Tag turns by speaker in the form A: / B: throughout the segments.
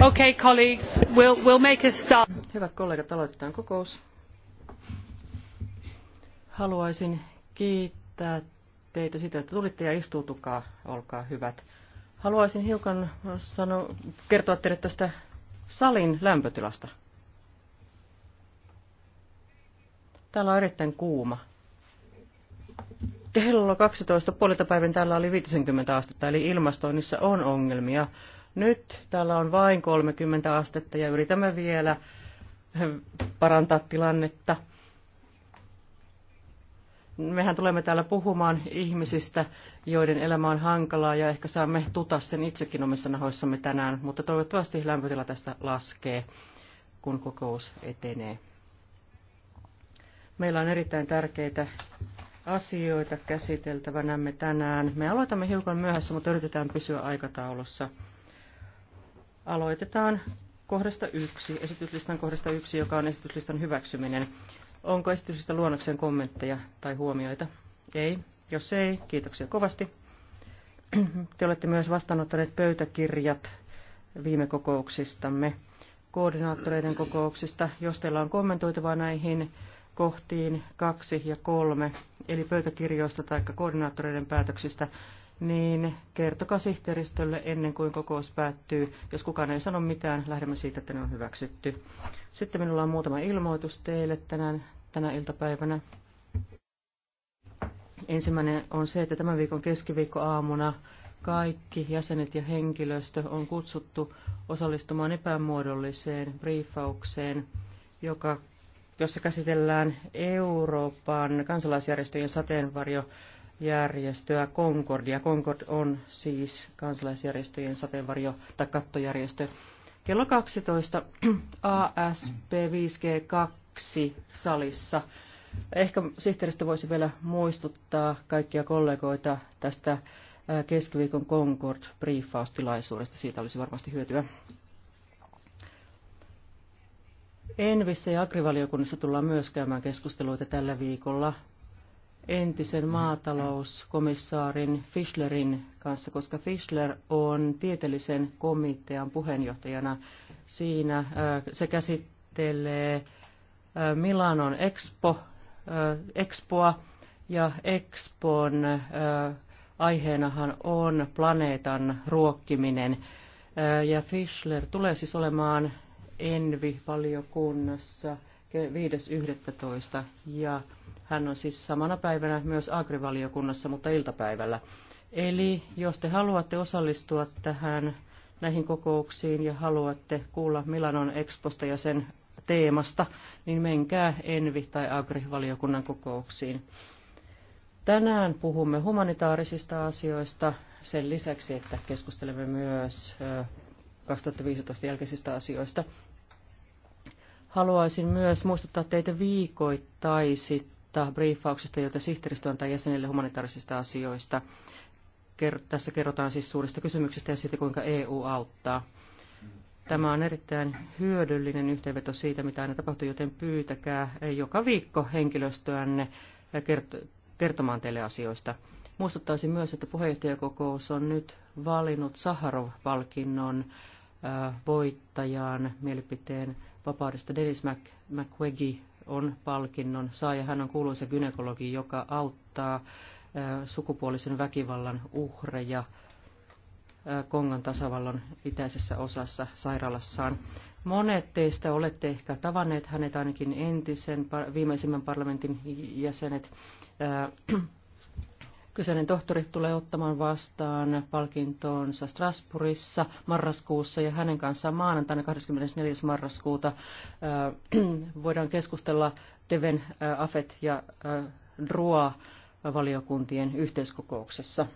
A: Okay, colleagues, we'll, we'll make a start. Hyvät kollegat, aloitetaan kokous. Haluaisin kiittää teitä siitä, että tulitte ja istuutukaa, olkaa hyvät. Haluaisin hiukan sano, kertoa teille tästä salin lämpötilasta. Täällä on erittäin kuuma. Kello 12 puolilta päivän täällä oli 50 astetta, eli ilmastoinnissa on ongelmia. Nyt täällä on vain 30 astetta ja yritämme vielä parantaa tilannetta. Mehän tulemme täällä puhumaan ihmisistä, joiden elämä on hankalaa ja ehkä saamme tuta sen itsekin omissa nahoissamme tänään, mutta toivottavasti lämpötila tästä laskee, kun kokous etenee. Meillä on erittäin tärkeitä asioita käsiteltävänämme tänään. Me aloitamme hiukan myöhässä, mutta yritetään pysyä aikataulussa. Aloitetaan kohdasta yksi, esityslistan kohdasta yksi, joka on esityslistan hyväksyminen. Onko esityslistä luonnoksen kommentteja tai huomioita? Ei. Jos ei, kiitoksia kovasti. Te olette myös vastaanottaneet pöytäkirjat viime kokouksistamme, koordinaattoreiden kokouksista. Jos teillä on kommentoitavaa näihin kohtiin kaksi ja kolme, eli pöytäkirjoista tai koordinaattoreiden päätöksistä, niin kertokaa sihteeristölle ennen kuin kokous päättyy. Jos kukaan ei sano mitään, lähdemme siitä, että ne on hyväksytty. Sitten minulla on muutama ilmoitus teille tänään, tänä iltapäivänä. Ensimmäinen on se, että tämän viikon keskiviikkoaamuna kaikki jäsenet ja henkilöstö on kutsuttu osallistumaan epämuodolliseen briefaukseen, joka, jossa käsitellään Euroopan kansalaisjärjestöjen sateenvarjo järjestöä Concordia. Concord on siis kansalaisjärjestöjen sateenvarjo- tai kattojärjestö. Kello 12 ASP 5G2 salissa. Ehkä sihteeristä voisi vielä muistuttaa kaikkia kollegoita tästä keskiviikon Concord briefaustilaisuudesta. Siitä olisi varmasti hyötyä. Envissä ja agrivaliokunnassa tullaan myös käymään keskusteluita tällä viikolla entisen maatalouskomissaarin Fischlerin kanssa, koska Fischler on tieteellisen komitean puheenjohtajana. Siinä se käsittelee Milanon Expo, Expoa ja Expon aiheenahan on planeetan ruokkiminen. Ja Fischler tulee siis olemaan Envi-valiokunnassa 5.11. ja hän on siis samana päivänä myös agrivaliokunnassa, mutta iltapäivällä. Eli jos te haluatte osallistua tähän näihin kokouksiin ja haluatte kuulla Milanon Exposta ja sen teemasta, niin menkää Envi- tai Agrivaliokunnan kokouksiin. Tänään puhumme humanitaarisista asioista sen lisäksi, että keskustelemme myös 2015 jälkeisistä asioista. Haluaisin myös muistuttaa teitä viikoittaisista vastaa briefauksesta, jota sihteeristö antaa jäsenille humanitaarisista asioista. Tässä kerrotaan siis suurista kysymyksistä ja siitä, kuinka EU auttaa. Tämä on erittäin hyödyllinen yhteenveto siitä, mitä aina tapahtuu, joten pyytäkää joka viikko henkilöstöänne kertomaan teille asioista. Muistuttaisin myös, että puheenjohtajakokous on nyt valinnut Saharov-palkinnon äh, voittajan mielipiteen vapaudesta Dennis McQuaggy on palkinnon saaja. Hän on kuuluisa gynekologi, joka auttaa sukupuolisen väkivallan uhreja Kongon tasavallan itäisessä osassa sairaalassaan. Monet teistä olette ehkä tavanneet hänet ainakin entisen viimeisimmän parlamentin jäsenet. Kyseinen tohtori tulee ottamaan vastaan palkintoonsa Strasbourgissa marraskuussa ja hänen kanssaan maanantaina 24. marraskuuta äh, voidaan keskustella äh, Afet ja äh, Rua valiokuntien yhteiskokouksessa.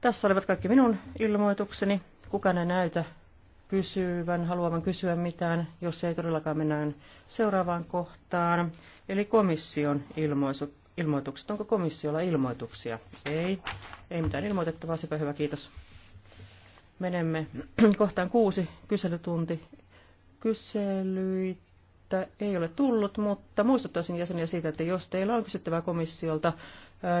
A: Tässä olivat kaikki minun ilmoitukseni. Kuka ne näytä kysyvän, haluavan kysyä mitään, jos ei todellakaan mennään seuraavaan kohtaan, eli komission ilmoisu, ilmoitukset. Onko komissiolla ilmoituksia? Ei. Ei mitään ilmoitettavaa, sepä hyvä, kiitos. Menemme kohtaan kuusi kyselytunti. Kyselyitä ei ole tullut, mutta muistuttaisin jäseniä siitä, että jos teillä on kysyttävää komissiolta,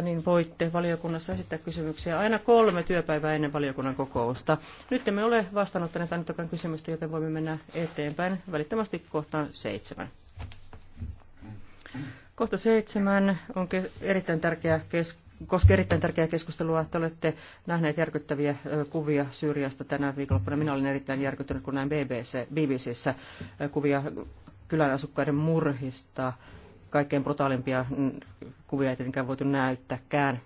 A: niin voitte valiokunnassa esittää kysymyksiä aina kolme työpäivää ennen valiokunnan kokousta. Nyt emme ole vastaanottaneet ainuttakaan kysymystä, joten voimme mennä eteenpäin välittömästi kohtaan seitsemän. Kohta seitsemän on erittäin tärkeä keskustelu koskee erittäin tärkeää keskustelua. Te olette nähneet järkyttäviä kuvia Syyriasta tänä viikonloppuna. Minä olin erittäin järkyttynyt, kun näin BBC, BBCissä kuvia kylän asukkaiden murhista. Kaikkein brutaalimpia mm, kuvia ei tietenkään voitu näyttääkään.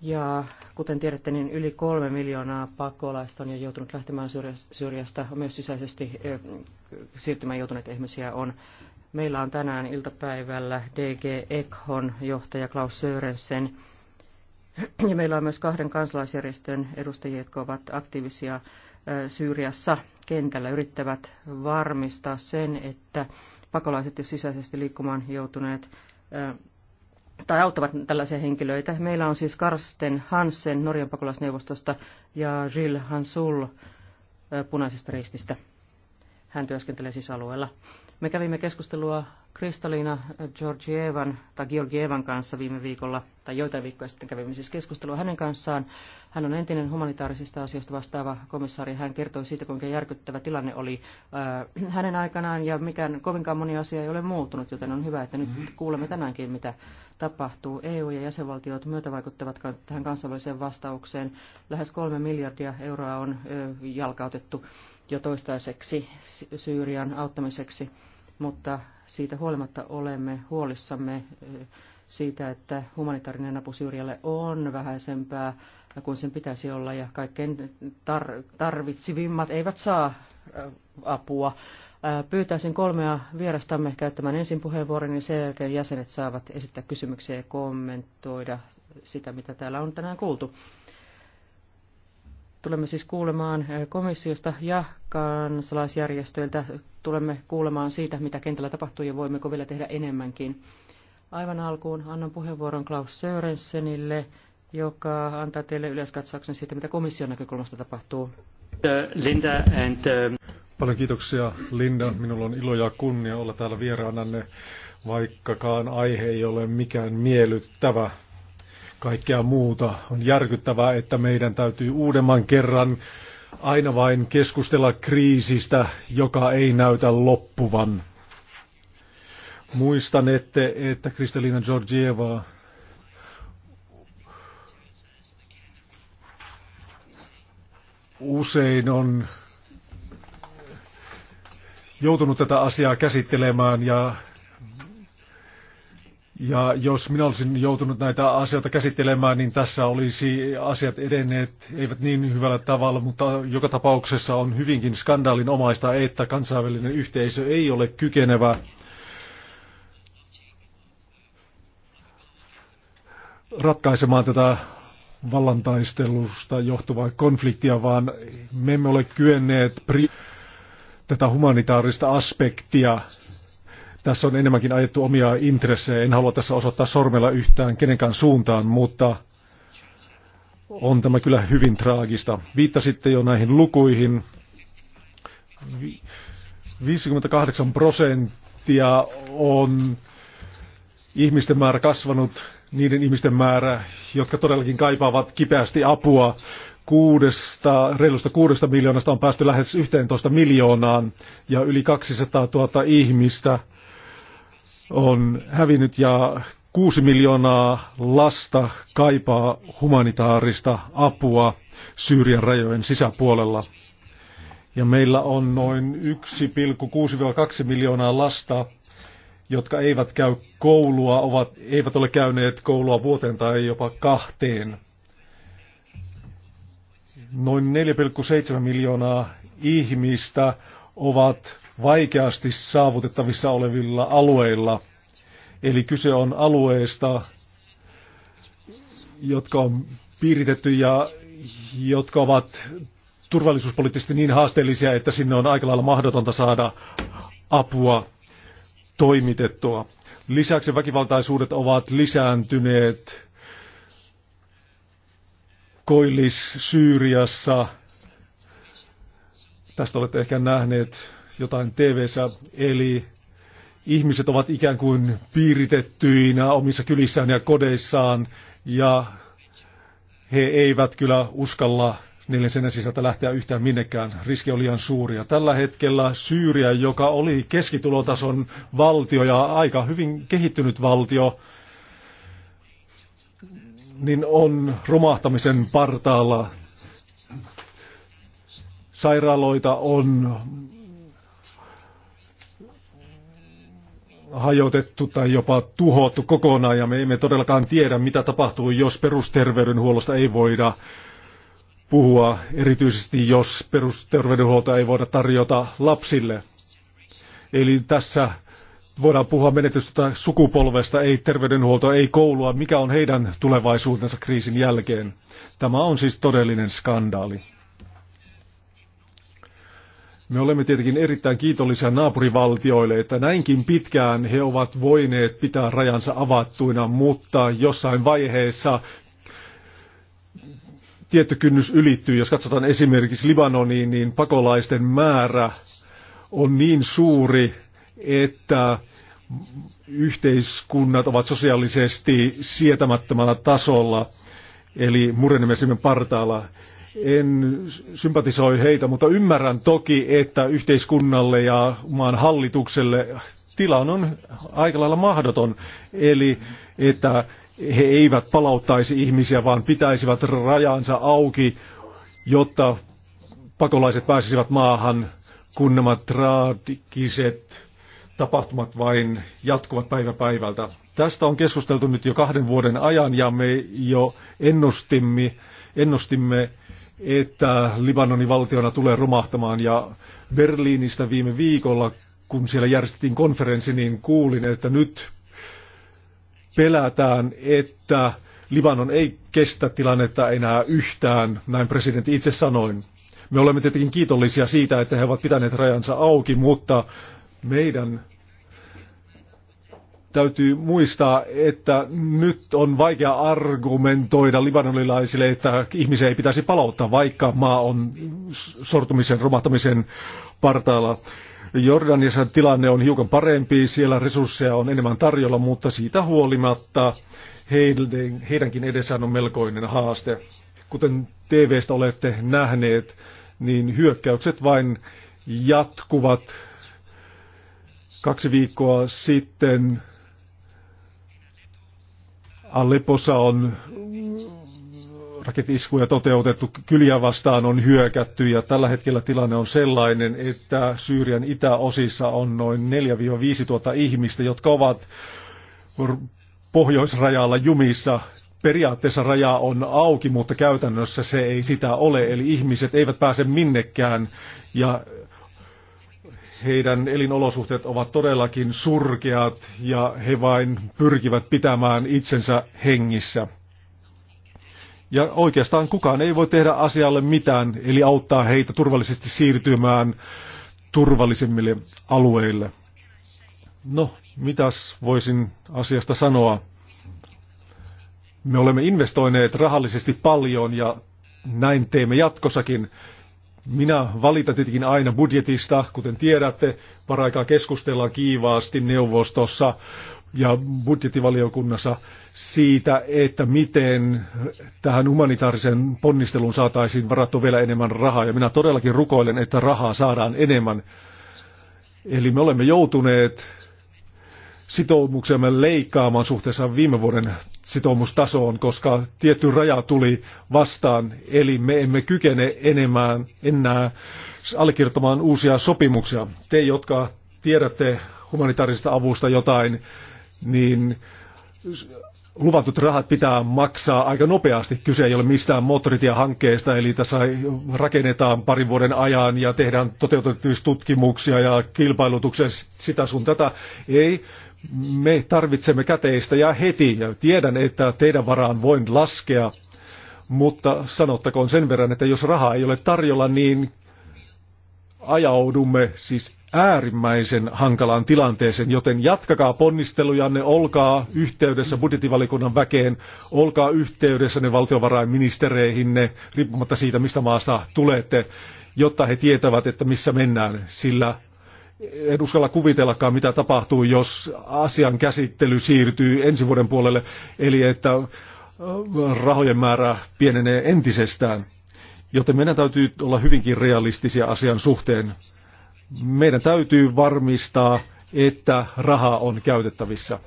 A: Ja kuten tiedätte, niin yli kolme miljoonaa pakolaista on jo joutunut lähtemään Syyriasta. Myös sisäisesti siirtymään joutuneita ihmisiä on Meillä on tänään iltapäivällä DG Ekhon johtaja Klaus Sörensen. Ja meillä on myös kahden kansalaisjärjestön edustajia, jotka ovat aktiivisia Syyriassa kentällä, yrittävät varmistaa sen, että pakolaiset ja sisäisesti liikkumaan joutuneet tai auttavat tällaisia henkilöitä. Meillä on siis Karsten Hansen Norjan pakolaisneuvostosta ja Jill Hansul punaisesta rististä. Hän työskentelee siis alueella. Me kävimme keskustelua Kristalina Georgievan tai Georgievan kanssa viime viikolla, tai joitain viikkoja sitten kävimme siis keskustelua hänen kanssaan. Hän on entinen humanitaarisista asioista vastaava komissaari. Hän kertoi siitä, kuinka järkyttävä tilanne oli äh, hänen aikanaan ja mikään kovinkaan moni asia ei ole muuttunut, joten on hyvä, että nyt mm-hmm. kuulemme tänäänkin, mitä tapahtuu. EU ja jäsenvaltiot myötävaikuttavat tähän kansainväliseen vastaukseen. Lähes kolme miljardia euroa on jalkautettu jo toistaiseksi Syyrian auttamiseksi mutta siitä huolimatta olemme huolissamme eh, siitä, että humanitaarinen apu Syyrialle on vähäisempää kuin sen pitäisi olla ja kaikkein tar- tarvitsivimmat eivät saa eh, apua. Eh, pyytäisin kolmea vierastamme käyttämään ensin puheenvuoron ja sen jälkeen jäsenet saavat esittää kysymyksiä ja kommentoida sitä, mitä täällä on tänään kuultu. Tulemme siis kuulemaan komissiosta ja kansalaisjärjestöiltä. Tulemme kuulemaan siitä, mitä kentällä tapahtuu ja voimmeko vielä tehdä enemmänkin. Aivan alkuun annan puheenvuoron Klaus Sörensenille, joka antaa teille yleiskatsauksen siitä, mitä komission näkökulmasta tapahtuu.
B: Linda and, Paljon kiitoksia Linda. Minulla on ilo ja kunnia olla täällä vieraananne, vaikkakaan aihe ei ole mikään miellyttävä kaikkea muuta. On järkyttävää, että meidän täytyy uudemman kerran aina vain keskustella kriisistä, joka ei näytä loppuvan. Muistan, että, että Kristalina Georgieva usein on joutunut tätä asiaa käsittelemään ja ja jos minä olisin joutunut näitä asioita käsittelemään, niin tässä olisi asiat edenneet, eivät niin hyvällä tavalla, mutta joka tapauksessa on hyvinkin skandaalinomaista, että kansainvälinen yhteisö ei ole kykenevä ratkaisemaan tätä vallantaistelusta johtuvaa konfliktia, vaan me emme ole kyenneet tätä humanitaarista aspektia tässä on enemmänkin ajettu omia intressejä. En halua tässä osoittaa sormella yhtään kenenkään suuntaan, mutta on tämä kyllä hyvin traagista. Viittasitte jo näihin lukuihin. 58 prosenttia on ihmisten määrä kasvanut, niiden ihmisten määrä, jotka todellakin kaipaavat kipeästi apua. Kuudesta, reilusta kuudesta miljoonasta on päästy lähes 11 miljoonaan ja yli 200 000 ihmistä on hävinnyt ja kuusi miljoonaa lasta kaipaa humanitaarista apua Syyrian rajojen sisäpuolella. Ja meillä on noin 1,6-2 miljoonaa lasta, jotka eivät käy koulua, ovat, eivät ole käyneet koulua vuoteen tai jopa kahteen. Noin 4,7 miljoonaa ihmistä ovat vaikeasti saavutettavissa olevilla alueilla. Eli kyse on alueista, jotka on piiritetty ja jotka ovat turvallisuuspoliittisesti niin haasteellisia, että sinne on aika lailla mahdotonta saada apua toimitettua. Lisäksi väkivaltaisuudet ovat lisääntyneet Koillis-Syyriassa. Tästä olette ehkä nähneet jotain tv eli ihmiset ovat ikään kuin piiritettyinä omissa kylissään ja kodeissaan, ja he eivät kyllä uskalla neljän sen sisältä lähteä yhtään minnekään. Riski on liian suuri. Ja tällä hetkellä Syyria, joka oli keskitulotason valtio ja aika hyvin kehittynyt valtio, niin on romahtamisen partaalla. Sairaaloita on hajotettu tai jopa tuhottu kokonaan ja me emme todellakaan tiedä, mitä tapahtuu, jos perusterveydenhuollosta ei voida puhua, erityisesti jos perusterveydenhuolta ei voida tarjota lapsille. Eli tässä voidaan puhua menetystä sukupolvesta, ei terveydenhuoltoa, ei koulua, mikä on heidän tulevaisuutensa kriisin jälkeen. Tämä on siis todellinen skandaali. Me olemme tietenkin erittäin kiitollisia naapurivaltioille, että näinkin pitkään he ovat voineet pitää rajansa avattuina, mutta jossain vaiheessa tietty kynnys ylittyy. Jos katsotaan esimerkiksi Libanoniin, niin pakolaisten määrä on niin suuri, että yhteiskunnat ovat sosiaalisesti sietämättömällä tasolla, eli murenemisimen partaalla en sympatisoi heitä, mutta ymmärrän toki, että yhteiskunnalle ja maan hallitukselle tilanne on aika lailla mahdoton. Eli että he eivät palauttaisi ihmisiä, vaan pitäisivät rajansa auki, jotta pakolaiset pääsisivät maahan, kun nämä traagiset tapahtumat vain jatkuvat päivä päivältä. Tästä on keskusteltu nyt jo kahden vuoden ajan ja me jo ennustimme, ennustimme että Libanonin valtiona tulee romahtamaan. Ja Berliinistä viime viikolla, kun siellä järjestettiin konferenssi, niin kuulin, että nyt pelätään, että Libanon ei kestä tilannetta enää yhtään, näin presidentti itse sanoin. Me olemme tietenkin kiitollisia siitä, että he ovat pitäneet rajansa auki, mutta meidän täytyy muistaa, että nyt on vaikea argumentoida libanonilaisille, että ihmisiä ei pitäisi palauttaa, vaikka maa on sortumisen, romahtamisen partaalla. Jordaniassa tilanne on hiukan parempi, siellä resursseja on enemmän tarjolla, mutta siitä huolimatta heidän, heidänkin edessään on melkoinen haaste. Kuten TVstä olette nähneet, niin hyökkäykset vain jatkuvat. Kaksi viikkoa sitten Aleppossa on rakettiiskuja toteutettu, kyliä vastaan on hyökätty ja tällä hetkellä tilanne on sellainen, että Syyrian itäosissa on noin 4-5 tuota ihmistä, jotka ovat pohjoisrajalla jumissa. Periaatteessa raja on auki, mutta käytännössä se ei sitä ole, eli ihmiset eivät pääse minnekään ja heidän elinolosuhteet ovat todellakin surkeat ja he vain pyrkivät pitämään itsensä hengissä. Ja oikeastaan kukaan ei voi tehdä asialle mitään, eli auttaa heitä turvallisesti siirtymään turvallisemmille alueille. No, mitäs voisin asiasta sanoa? Me olemme investoineet rahallisesti paljon ja näin teemme jatkossakin. Minä valitan tietenkin aina budjetista, kuten tiedätte, paraikaa keskustellaan kiivaasti neuvostossa ja budjettivaliokunnassa siitä, että miten tähän humanitaarisen ponnisteluun saataisiin varattu vielä enemmän rahaa. Ja minä todellakin rukoilen, että rahaa saadaan enemmän. Eli me olemme joutuneet sitoumuksemme leikkaamaan suhteessa viime vuoden sitoumustasoon, koska tietty raja tuli vastaan, eli me emme kykene enemmän enää allekirjoittamaan uusia sopimuksia. Te, jotka tiedätte humanitaarisesta avusta jotain, niin luvatut rahat pitää maksaa aika nopeasti. Kyse ei ole mistään hankkeesta, eli tässä rakennetaan parin vuoden ajan ja tehdään toteutettavissa tutkimuksia ja kilpailutuksia sitä sun tätä. Ei, me tarvitsemme käteistä ja heti. Ja tiedän, että teidän varaan voin laskea, mutta sanottakoon sen verran, että jos raha ei ole tarjolla, niin ajaudumme siis äärimmäisen hankalaan tilanteeseen, joten jatkakaa ponnistelujanne, olkaa yhteydessä budjettivalikunnan väkeen, olkaa yhteydessä ne valtiovarainministereihinne, riippumatta siitä, mistä maasta tulette, jotta he tietävät, että missä mennään, sillä en uskalla kuvitellakaan, mitä tapahtuu, jos asian käsittely siirtyy ensi vuoden puolelle, eli että rahojen määrä pienenee entisestään. Joten meidän täytyy olla hyvinkin realistisia asian suhteen. Meidän täytyy varmistaa, että raha on käytettävissä.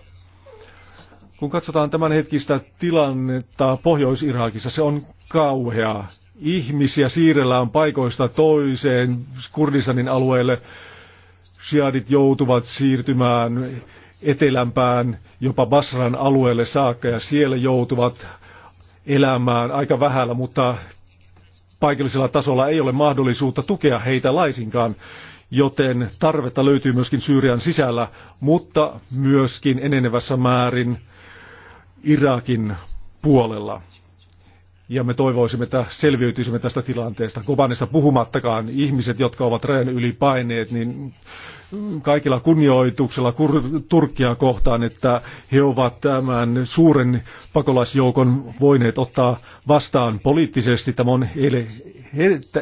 B: Kun katsotaan tämän hetkistä tilannetta Pohjois-Irakissa, se on kauheaa. Ihmisiä siirrellään paikoista toiseen Kurdistanin alueelle Shiadit joutuvat siirtymään etelämpään jopa Basran alueelle saakka ja siellä joutuvat elämään aika vähällä, mutta paikallisella tasolla ei ole mahdollisuutta tukea heitä laisinkaan, joten tarvetta löytyy myöskin Syyrian sisällä, mutta myöskin enenevässä määrin Irakin puolella. Ja me toivoisimme, että selviytyisimme tästä tilanteesta. Kobanista puhumattakaan ihmiset, jotka ovat rajan yli paineet, niin kaikilla kunnioituksella kur- Turkkia kohtaan, että he ovat tämän suuren pakolaisjoukon voineet ottaa vastaan poliittisesti. Tämä on heille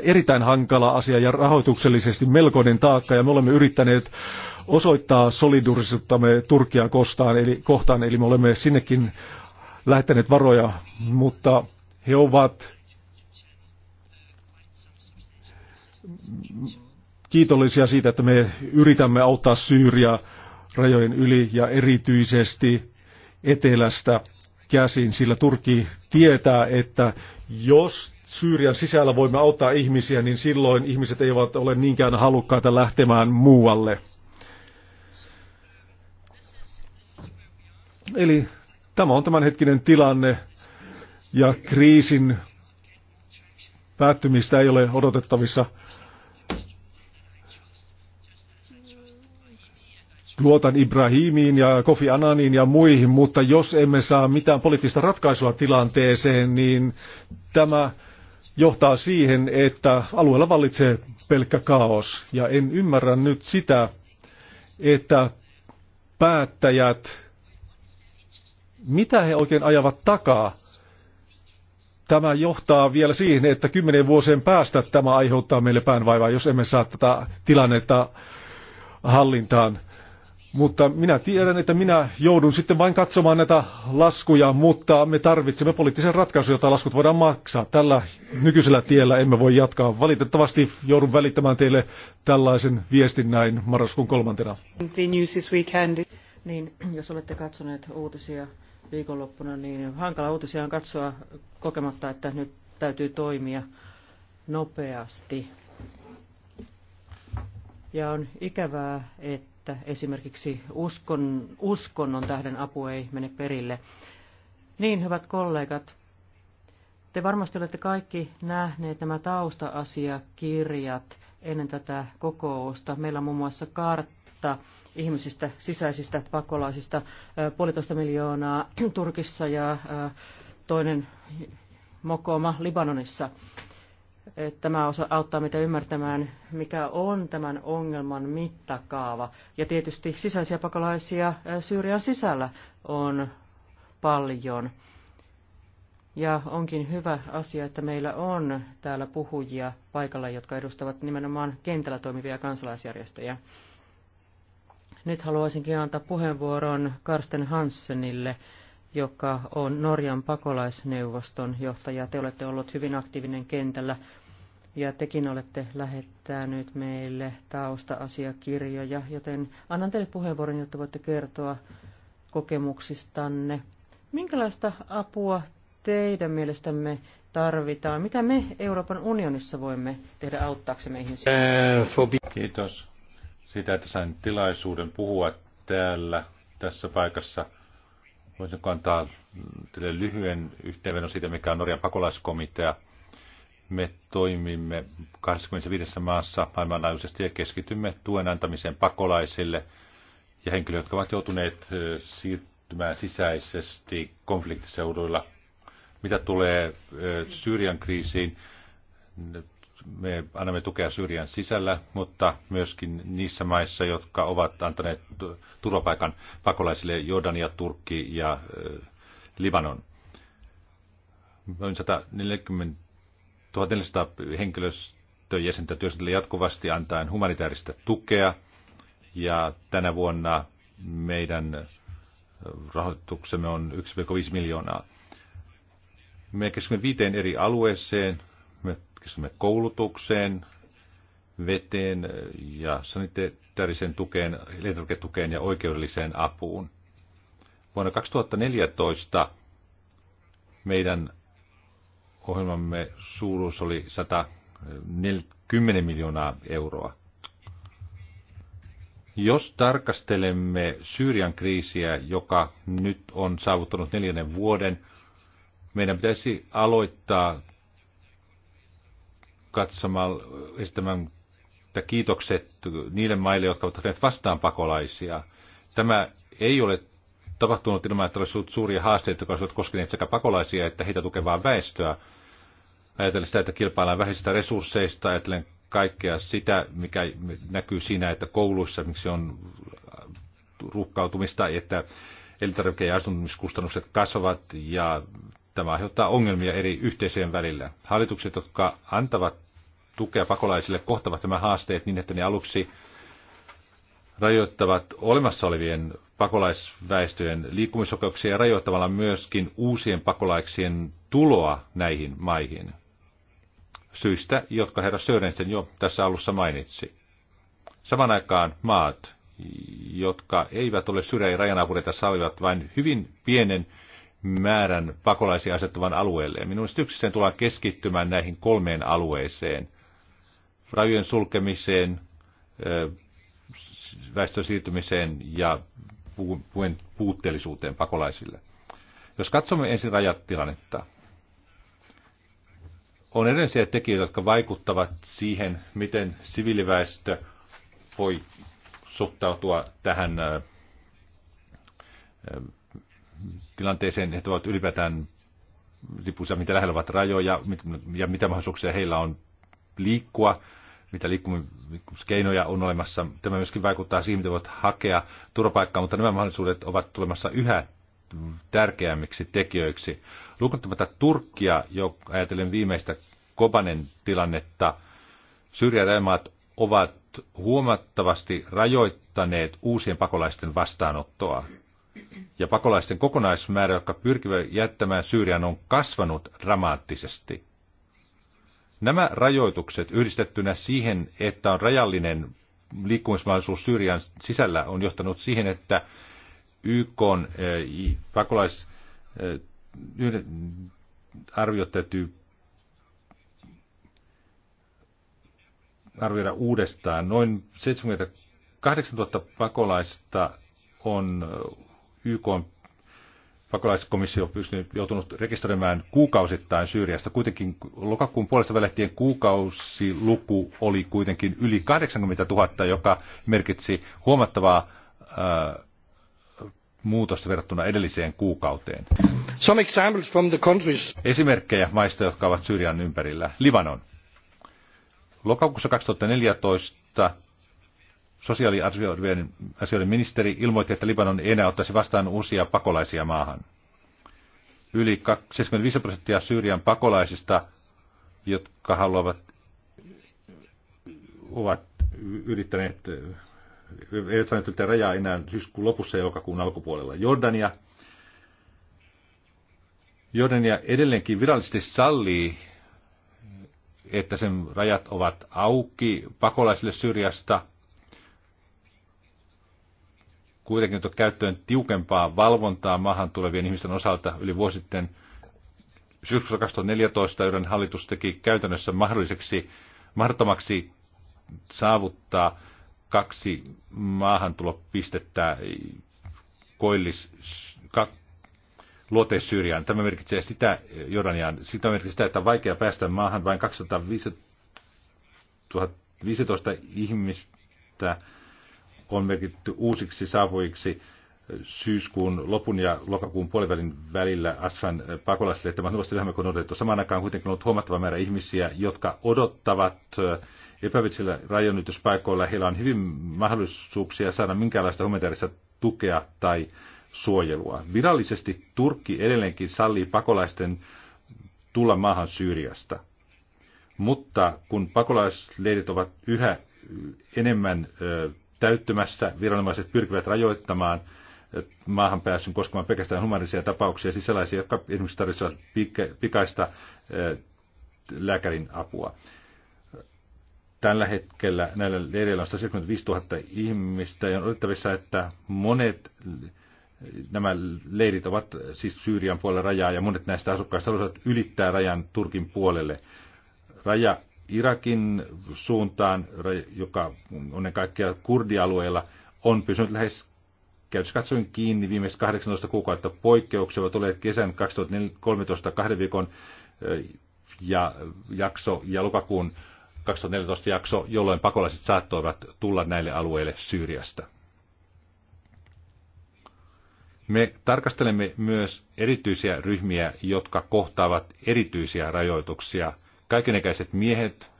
B: erittäin hankala asia ja rahoituksellisesti melkoinen taakka ja me olemme yrittäneet osoittaa solidurisuuttamme Turkia kohtaan, eli, kohtaan, eli me olemme sinnekin lähettäneet varoja, mutta he ovat kiitollisia siitä, että me yritämme auttaa Syyriä rajojen yli ja erityisesti etelästä käsin, sillä Turkki tietää, että jos Syyrian sisällä voimme auttaa ihmisiä, niin silloin ihmiset eivät ole niinkään halukkaita lähtemään muualle. Eli tämä on tämänhetkinen tilanne ja kriisin päättymistä ei ole odotettavissa. Luotan Ibrahimiin ja Kofi Ananiin ja muihin, mutta jos emme saa mitään poliittista ratkaisua tilanteeseen, niin tämä johtaa siihen, että alueella vallitsee pelkkä kaos. Ja en ymmärrä nyt sitä, että päättäjät, mitä he oikein ajavat takaa tämä johtaa vielä siihen, että kymmenen vuosien päästä tämä aiheuttaa meille päänvaivaa, jos emme saa tätä tilannetta hallintaan. Mutta minä tiedän, että minä joudun sitten vain katsomaan näitä laskuja, mutta me tarvitsemme poliittisen ratkaisun, jota laskut voidaan maksaa. Tällä nykyisellä tiellä emme voi jatkaa. Valitettavasti joudun välittämään teille tällaisen viestin näin marraskuun kolmantena.
A: Niin, jos olette katsoneet uutisia viikonloppuna, niin hankala uutisia on katsoa kokematta, että nyt täytyy toimia nopeasti. Ja on ikävää, että esimerkiksi uskon, uskonnon tähden apu ei mene perille. Niin, hyvät kollegat, te varmasti olette kaikki nähneet nämä tausta-asiakirjat ennen tätä kokousta. Meillä on muun muassa kartta ihmisistä, sisäisistä pakolaisista, puolitoista miljoonaa Turkissa ja toinen mokoma Libanonissa. Tämä osa auttaa meitä ymmärtämään, mikä on tämän ongelman mittakaava. Ja tietysti sisäisiä pakolaisia Syyrian sisällä on paljon. Ja onkin hyvä asia, että meillä on täällä puhujia paikalla, jotka edustavat nimenomaan kentällä toimivia kansalaisjärjestöjä. Nyt haluaisinkin antaa puheenvuoron Karsten Hansenille, joka on Norjan pakolaisneuvoston johtaja. Te olette ollut hyvin aktiivinen kentällä ja tekin olette lähettänyt meille tausta-asiakirjoja, joten annan teille puheenvuoron, jotta voitte kertoa kokemuksistanne. Minkälaista apua teidän mielestämme tarvitaan? Mitä me Euroopan unionissa voimme tehdä auttaaksemme ihmisiä? Eh,
C: Kiitos sitä, että sain tilaisuuden puhua täällä tässä paikassa. voisin kantaa teille lyhyen yhteenvedon siitä, mikä on Norjan pakolaiskomitea. Me toimimme 25 maassa maailmanlaajuisesti ja keskitymme tuen antamiseen pakolaisille ja henkilöille, jotka ovat joutuneet siirtymään sisäisesti konfliktiseuduilla. Mitä tulee Syyrian kriisiin, me annamme tukea Syyrian sisällä, mutta myöskin niissä maissa, jotka ovat antaneet turvapaikan pakolaisille Jordania, Turkki ja Libanon. Noin 140 1400 henkilöstöjäsentä työskentelee jatkuvasti antaen humanitaarista tukea. Ja tänä vuonna meidän rahoituksemme on 1,5 miljoonaa. Me keskimme viiteen eri alueeseen, keskitymme koulutukseen, veteen ja sanitaariseen tukeen, elintarviketukeen ja oikeudelliseen apuun. Vuonna 2014 meidän ohjelmamme suuruus oli 110 miljoonaa euroa. Jos tarkastelemme Syyrian kriisiä, joka nyt on saavuttanut neljännen vuoden, meidän pitäisi aloittaa katsomalla esittämään kiitokset niille maille, jotka ovat tehneet vastaan pakolaisia. Tämä ei ole tapahtunut ilman, että olisi ollut suuria haasteita, jotka olisivat koskeneet sekä pakolaisia että heitä tukevaa väestöä. Ajatellen sitä, että kilpaillaan vähäisistä resursseista, ajatellen kaikkea sitä, mikä näkyy siinä, että kouluissa miksi on ruuhkautumista, että elintarvike- ja asuntumiskustannukset kasvavat ja tämä aiheuttaa ongelmia eri yhteisöjen välillä. Hallitukset, jotka antavat tukea pakolaisille kohtavat nämä haasteet niin, että ne aluksi rajoittavat olemassa olevien pakolaisväestöjen liikkumisoikeuksia ja rajoittamalla myöskin uusien pakolaisien tuloa näihin maihin. Syistä, jotka herra Sörensen jo tässä alussa mainitsi. Saman aikaan maat, jotka eivät ole syrjä- ja rajanapureita, sallivat vain hyvin pienen määrän pakolaisia asettuvan alueelle. Minun sen tullaan keskittymään näihin kolmeen alueeseen rajojen sulkemiseen, väestön siirtymiseen ja puutteellisuuteen pakolaisille. Jos katsomme ensin rajatilannetta, on edellisiä tekijöitä, jotka vaikuttavat siihen, miten siviiliväestö voi suhtautua tähän tilanteeseen, että ovat ylipäätään lipussa, mitä lähellä ovat rajoja ja mitä mahdollisuuksia heillä on liikkua mitä liikkumiskeinoja on olemassa. Tämä myöskin vaikuttaa siihen, miten voit hakea turvapaikkaa, mutta nämä mahdollisuudet ovat tulemassa yhä tärkeämmiksi tekijöiksi. Lukuttamatta Turkkia, jo ajatellen viimeistä Kobanen tilannetta, syrjäräjämaat ovat huomattavasti rajoittaneet uusien pakolaisten vastaanottoa. Ja pakolaisten kokonaismäärä, joka pyrkivät jättämään Syyrian, on kasvanut dramaattisesti. Nämä rajoitukset yhdistettynä siihen, että on rajallinen liikkumismahdollisuus Syyrian sisällä, on johtanut siihen, että YK on eh, pakolais eh, arviot täytyy arvioida uudestaan. Noin 78 000 pakolaista on eh, YK pakolaiskomissio on pystynyt, joutunut rekisteröimään kuukausittain Syyriasta. Kuitenkin lokakuun puolesta välehtien kuukausiluku oli kuitenkin yli 80 000, joka merkitsi huomattavaa ää, äh, muutosta verrattuna edelliseen kuukauteen. Some examples from the countries. Esimerkkejä maista, jotka ovat Syyrian ympärillä. Libanon. Lokakuussa 2014 sosiaaliasioiden ministeri ilmoitti, että Libanon ei enää ottaisi vastaan uusia pakolaisia maahan. Yli 75 prosenttia Syyrian pakolaisista, jotka haluavat, ovat yrittäneet eivät saaneet rajaa enää syyskuun lopussa ja lokakuun alkupuolella. Jordania, Jordania edelleenkin virallisesti sallii, että sen rajat ovat auki pakolaisille Syyriasta – kuitenkin ottaa käyttöön tiukempaa valvontaa maahan tulevien ihmisten osalta yli vuosi sitten. Syksyllä 2014 yhden hallitus teki käytännössä mahdolliseksi, mahdottomaksi saavuttaa kaksi maahantulopistettä koillis, kak, Tämä merkitsee sitä, Jordaniaan, sitä merkitsee sitä, että on vaikea päästä maahan vain 215 ihmistä on merkitty uusiksi saavuiksi syyskuun lopun ja lokakuun puolivälin välillä Asfan pakolaisille. Tämä on huomattavasti vähemmän odotettu. Samaan aikaan kuitenkin on ollut huomattava määrä ihmisiä, jotka odottavat epävitsillä rajanylityspaikoilla. Heillä on hyvin mahdollisuuksia saada minkäänlaista humanitaarista tukea tai suojelua. Virallisesti Turkki edelleenkin sallii pakolaisten tulla maahan Syyriasta. Mutta kun pakolaisleirit ovat yhä enemmän täyttymässä. Viranomaiset pyrkivät rajoittamaan eh, maahan pääsyn koskemaan pelkästään humanisia tapauksia, siis sellaisia, jotka esimerkiksi tarvitsevat pikaista eh, lääkärin apua. Tällä hetkellä näillä leireillä on 175 000 ihmistä ja on odotettavissa, että monet eh, nämä leirit ovat siis Syyrian puolella rajaa ja monet näistä asukkaista haluavat ylittää rajan Turkin puolelle. Raja Irakin suuntaan, joka onnen kaikkea kurdialueella, on pysynyt lähes käytössä katsoin kiinni viimeiset 18 kuukautta poikkeuksia, ovat olleet kesän 2013 kahden viikon eh, ja jakso ja lokakuun 2014 jakso, jolloin pakolaiset saattoivat tulla näille alueille Syyriasta. Me tarkastelemme myös erityisiä ryhmiä, jotka kohtaavat erityisiä rajoituksia Kaikenikäiset miehet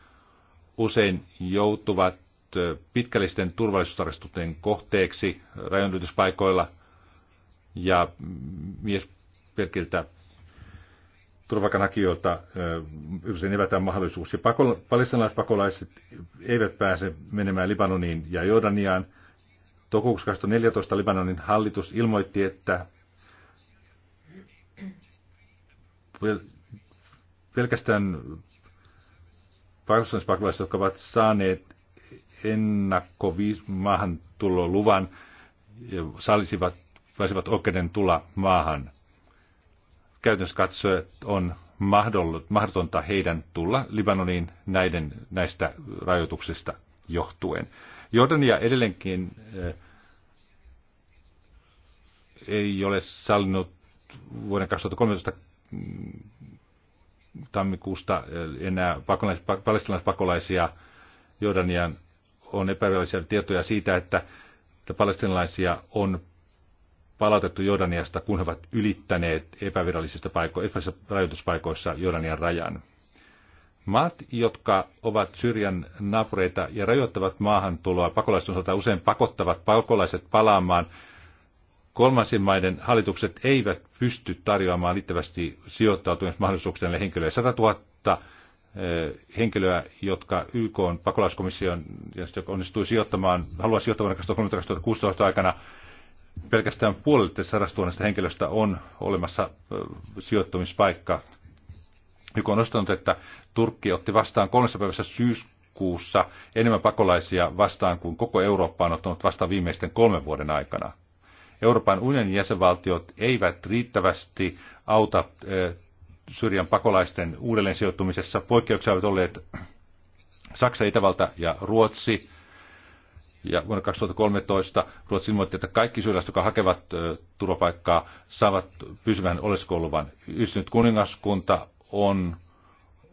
C: usein joutuvat pitkällisten turvallisuustarkastusten kohteeksi rajanylityspaikoilla ja pelkiltä turvakanakijoilta usein evätään mahdollisuus. Ja pakol- palestinalaispakolaiset eivät pääse menemään Libanoniin ja Jordaniaan. Toukokuussa 2014 Libanonin hallitus ilmoitti, että pelkästään pakolaispakolaiset, jotka ovat saaneet ennakkomaahantuloluvan, salisivat, saisivat oikeuden tulla maahan. Käytännössä katsoen on mahdotonta heidän tulla Libanoniin näiden, näistä rajoituksista johtuen. Jordania edelleenkin eh, ei ole sallinut vuoden 2013 tammikuusta eh, enää pakolais- palestinalaispakolaisia Jordanian on epävirallisia tietoja siitä, että, että palestinalaisia on palautettu Jordaniasta, kun he ovat ylittäneet epävirallisista paiko- rajoituspaikoissa Jordanian rajan. Maat, jotka ovat Syyrian naapureita ja rajoittavat maahantuloa pakolaisten osalta, usein pakottavat pakolaiset palaamaan kolmansien maiden hallitukset eivät pysty tarjoamaan riittävästi sijoittautumismahdollisuuksia näille henkilöille. 100 000 eh, henkilöä, jotka YK on pakolaiskomission onnistui sijoittamaan, haluaa sijoittamaan 2016 aikana pelkästään puolelle sadastuonnasta henkilöstä on olemassa eh, sijoittumispaikka. YK on nostanut, että Turkki otti vastaan kolmessa päivässä syyskuussa enemmän pakolaisia vastaan kuin koko Eurooppa on ottanut vastaan viimeisten kolmen vuoden aikana. Euroopan unionin jäsenvaltiot eivät riittävästi auta Syyrian pakolaisten uudelleen sijoittumisessa. Poikkeuksia ovat olleet Saksa, Itävalta ja Ruotsi. Ja vuonna 2013 Ruotsi ilmoitti, että kaikki syyrialaiset, jotka hakevat turvapaikkaa, saavat pysyvän oleskeluluvan. Yhdistynyt kuningaskunta on,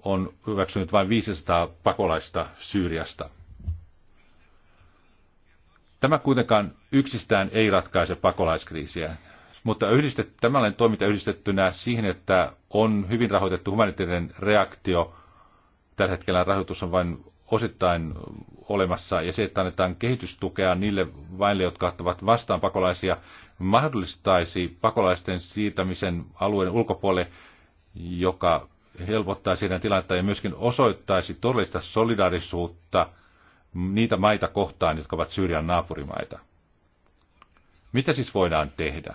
C: on hyväksynyt vain 500 pakolaista Syyriasta. Tämä kuitenkaan yksistään ei ratkaise pakolaiskriisiä, mutta yhdistet, tämänlainen toiminta yhdistettynä siihen, että on hyvin rahoitettu humanitaarinen reaktio, tällä hetkellä rahoitus on vain osittain olemassa, ja se, että annetaan kehitystukea niille vaille, jotka ottavat vastaan pakolaisia, mahdollistaisi pakolaisten siirtämisen alueen ulkopuolelle, joka helpottaisi heidän tilannetta ja myöskin osoittaisi todellista solidaarisuutta – niitä maita kohtaan, jotka ovat Syyrian naapurimaita. Mitä siis voidaan tehdä?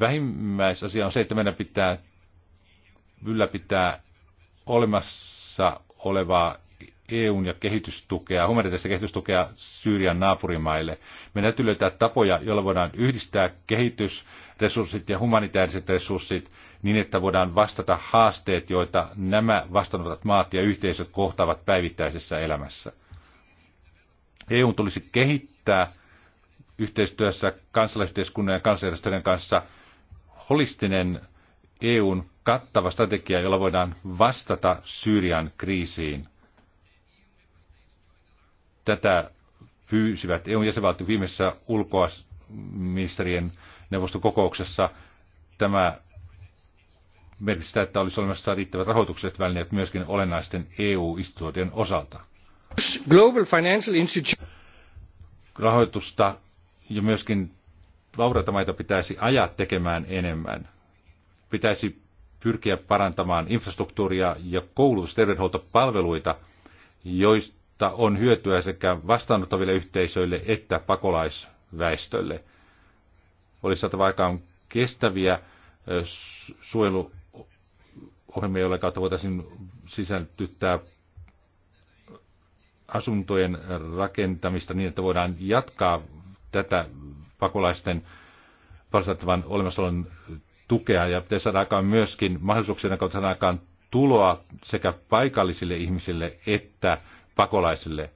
C: Vähimmäisasia on se, että meidän pitää ylläpitää olemassa olevaa EUn ja kehitystukea, humanitaarista kehitystukea Syyrian naapurimaille. Meidän täytyy löytää tapoja, joilla voidaan yhdistää kehitysresurssit ja humanitaariset resurssit niin, että voidaan vastata haasteet, joita nämä vastaanotat maat ja yhteisöt kohtaavat päivittäisessä elämässä. EUn tulisi kehittää yhteistyössä kansalaisyhteiskunnan ja kansanjärjestöjen kanssa holistinen EUn kattava strategia, jolla voidaan vastata Syyrian kriisiin. Tätä pyysivät EUn jäsenvaltiot viimeisessä ulkoasministerien neuvostokokouksessa. Tämä merkitsi että olisi olemassa riittävät rahoitukset välineet myöskin olennaisten EU-instituutioiden osalta. Global Financial Institute. Rahoitusta ja myöskin vauraita maita pitäisi ajaa tekemään enemmän. Pitäisi pyrkiä parantamaan infrastruktuuria ja koulutus- ja terveydenhuoltopalveluita, joista josta on hyötyä sekä vastaanottaville yhteisöille että pakolaisväestölle. Olisi saatava aikaan kestäviä suojeluohjelmia, joilla kautta voitaisiin sisältyttää asuntojen rakentamista niin, että voidaan jatkaa tätä pakolaisten palautettavan olemassaolon tukea ja pitäisi saada aikaan myöskin mahdollisuuksien kautta saada aikaan tuloa sekä paikallisille ihmisille että pakolaisille.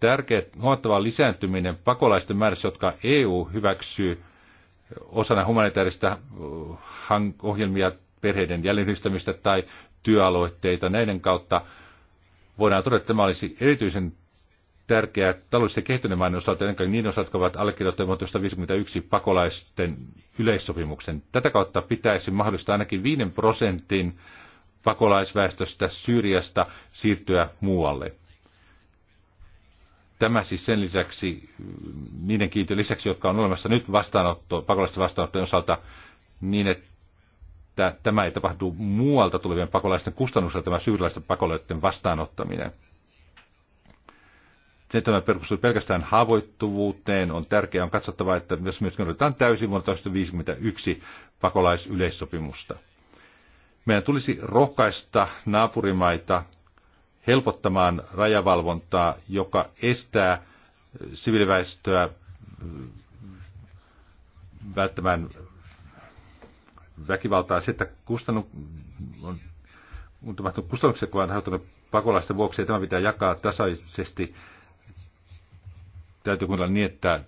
C: Tärkeä huomattava lisääntyminen pakolaisten määrässä, jotka EU hyväksyy osana humanitaarista uh, ohjelmia perheiden jälleenyhdistämistä tai työaloitteita. Näiden kautta voidaan todeta, että tämä olisi erityisen tärkeää taloudellisesti kehittyneen maiden osalta, ennen kaikkea niin osalta, jotka ovat allekirjoittaneet 1951 pakolaisten yleissopimuksen. Tätä kautta pitäisi mahdollistaa ainakin 5 prosentin pakolaisväestöstä Syyriasta siirtyä muualle. Tämä siis sen lisäksi, niiden kiintiön lisäksi, jotka on olemassa nyt vastaanotto, pakolaisten vastaanottojen osalta, niin että tämä ei tapahdu muualta tulevien pakolaisten kustannuksella, tämä syyrialaisten pakolaisten vastaanottaminen. Se, että tämä perustuu pelkästään haavoittuvuuteen, on tärkeää. On katsottava, että myös myös noudatetaan täysin vuonna 1951 pakolaisyleissopimusta. Meidän tulisi rohkaista naapurimaita helpottamaan rajavalvontaa, joka estää siviiliväestöä mm, välttämään väkivaltaa. Se, että kustannu, on, kustannukset kun on pakolaisten vuoksi, ja tämä pitää jakaa tasaisesti. Täytyy kuunnella niin, että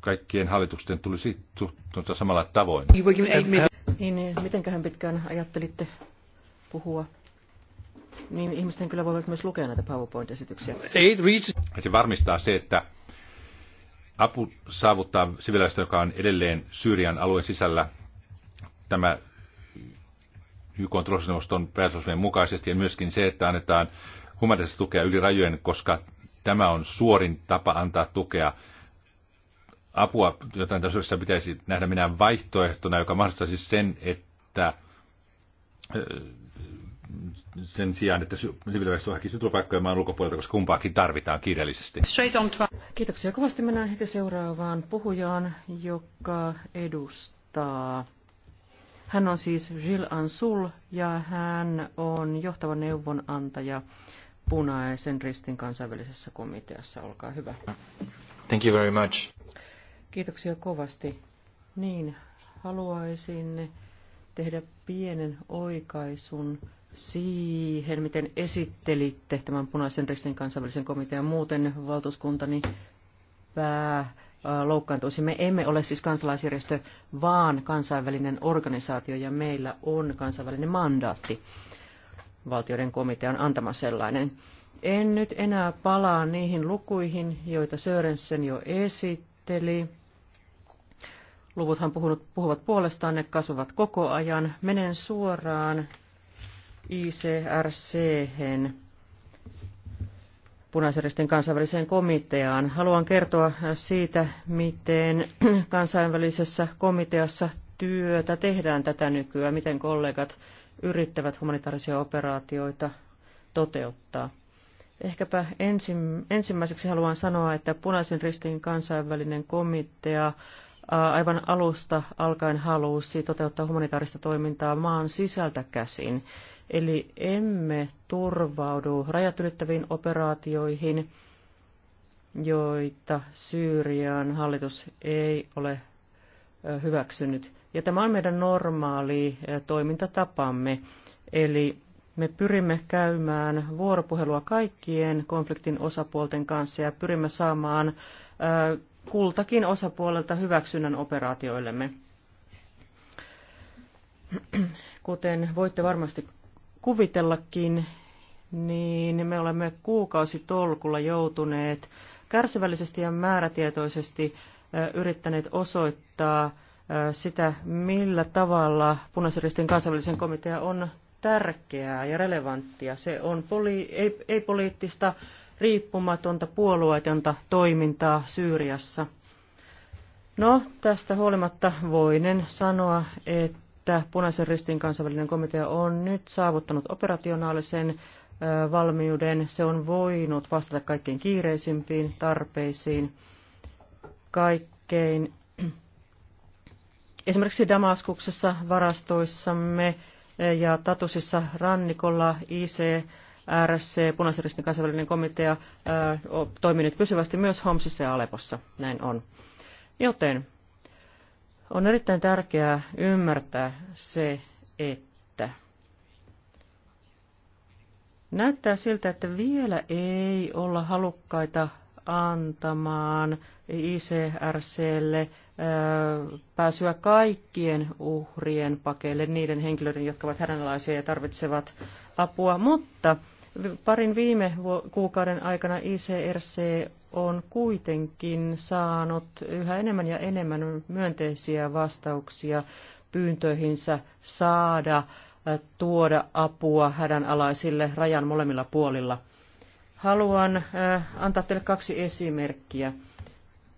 C: kaikkien hallitusten tulisi suhtautua samalla tavoin.
A: Niin, mitenköhän pitkään ajattelitte puhua? niin ihmisten kyllä voivat myös lukea näitä PowerPoint-esityksiä.
C: Se varmistaa se, että apu saavuttaa sivilaista, joka on edelleen Syyrian alueen sisällä. Tämä YK turvallisuusneuvoston päätösosvien mukaisesti ja myöskin se, että annetaan humanitaarista tukea yli rajojen, koska tämä on suorin tapa antaa tukea apua, jotain tässä pitäisi nähdä minä vaihtoehtona, joka mahdollistaisi sen, että sen sijaan, että siviiliväestö hakisi turvapaikkoja maan ulkopuolelta, koska kumpaakin tarvitaan kiireellisesti.
A: Kiitoksia kovasti. Mennään heti seuraavaan puhujaan, joka edustaa. Hän on siis Gilles Ansul ja hän on johtava neuvonantaja Punaisen ristin kansainvälisessä komiteassa. Olkaa hyvä.
C: Thank you very much.
A: Kiitoksia kovasti. Niin, haluaisin tehdä pienen oikaisun siihen, miten esittelitte tämän punaisen ristin kansainvälisen komitean. Muuten valtuuskuntani pää loukkaantuisi. Me emme ole siis kansalaisjärjestö, vaan kansainvälinen organisaatio ja meillä on kansainvälinen mandaatti valtioiden komitean antama sellainen. En nyt enää palaa niihin lukuihin, joita Sörensen jo esitteli. Luvuthan puhunut, puhuvat puolestaan, ne kasvavat koko ajan. Menen suoraan icrc punaisjärjestön kansainväliseen komiteaan. Haluan kertoa siitä, miten kansainvälisessä komiteassa työtä tehdään tätä nykyään, miten kollegat yrittävät humanitaarisia operaatioita toteuttaa. Ehkäpä ensimmäiseksi haluan sanoa, että Punaisen ristin kansainvälinen komitea aivan alusta alkaen halusi toteuttaa humanitaarista toimintaa maan sisältä käsin. Eli emme turvaudu rajat ylittäviin operaatioihin, joita Syyrian hallitus ei ole hyväksynyt. Ja tämä on meidän normaali toimintatapamme. Eli me pyrimme käymään vuoropuhelua kaikkien konfliktin osapuolten kanssa ja pyrimme saamaan kultakin osapuolelta hyväksynnän operaatioillemme. Kuten voitte varmasti kuvitellakin, niin me olemme kuukausitolkulla joutuneet kärsivällisesti ja määrätietoisesti yrittäneet osoittaa sitä, millä tavalla punaisristin kansainvälisen komitea on tärkeää ja relevanttia. Se on poli- ei, ei poliittista, riippumatonta, puolueetonta toimintaa Syyriassa. No, tästä huolimatta voinen sanoa, että että Punaisen ristin kansainvälinen komitea on nyt saavuttanut operationaalisen valmiuden. Se on voinut vastata kaikkein kiireisimpiin tarpeisiin, kaikkein esimerkiksi Damaskuksessa varastoissamme ja Tatusissa rannikolla IC RSC, Punaisen ristin kansainvälinen komitea, toimii nyt pysyvästi myös Homsissa ja Alepossa. Näin on. Joten on erittäin tärkeää ymmärtää se, että näyttää siltä, että vielä ei olla halukkaita antamaan ICRClle pääsyä kaikkien uhrien pakeille, niiden henkilöiden, jotka ovat hädänalaisia ja tarvitsevat apua, mutta Parin viime kuukauden aikana ICRC on kuitenkin saanut yhä enemmän ja enemmän myönteisiä vastauksia pyyntöihinsä saada äh, tuoda apua hädänalaisille rajan molemmilla puolilla. Haluan äh, antaa teille kaksi esimerkkiä.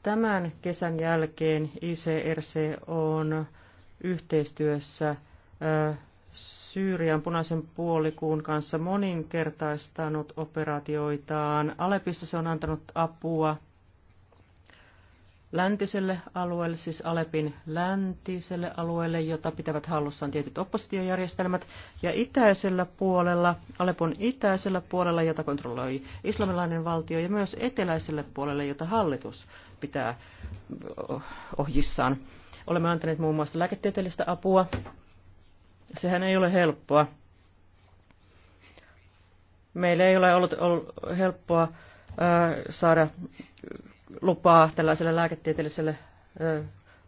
A: Tämän kesän jälkeen ICRC on yhteistyössä äh, Syyrian punaisen puolikuun kanssa moninkertaistanut operaatioitaan. Alepissa se on antanut apua läntiselle alueelle, siis Alepin läntiselle alueelle, jota pitävät hallussaan tietyt oppositiojärjestelmät, ja itäisellä puolella, Alepon itäisellä puolella, jota kontrolloi islamilainen valtio, ja myös eteläiselle puolelle, jota hallitus pitää ohjissaan. Olemme antaneet muun muassa lääketieteellistä apua Sehän ei ole helppoa. Meillä ei ole ollut, ollut helppoa ää, saada lupaa tällaiselle lääketieteelliselle ää,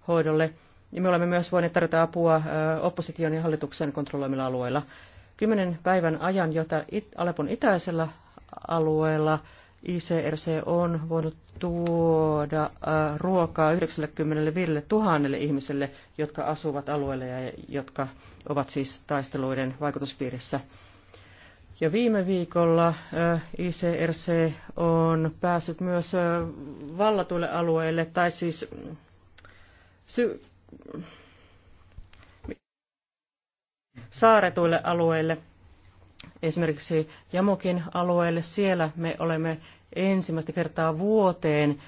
A: hoidolle. Ja me olemme myös voineet tarjota apua ää, opposition ja hallituksen kontrolloimilla alueilla. Kymmenen päivän ajan, jota It- Alepon itäisellä alueella ICRC on voinut tuoda äh, ruokaa 95 000 ihmiselle, jotka asuvat alueella ja jotka ovat siis taisteluiden vaikutuspiirissä. Ja viime viikolla äh, ICRC on päässyt myös äh, vallatuille alueille, tai siis sy- saaretuille alueille – esimerkiksi Jamokin alueelle. Siellä me olemme ensimmäistä kertaa vuoteen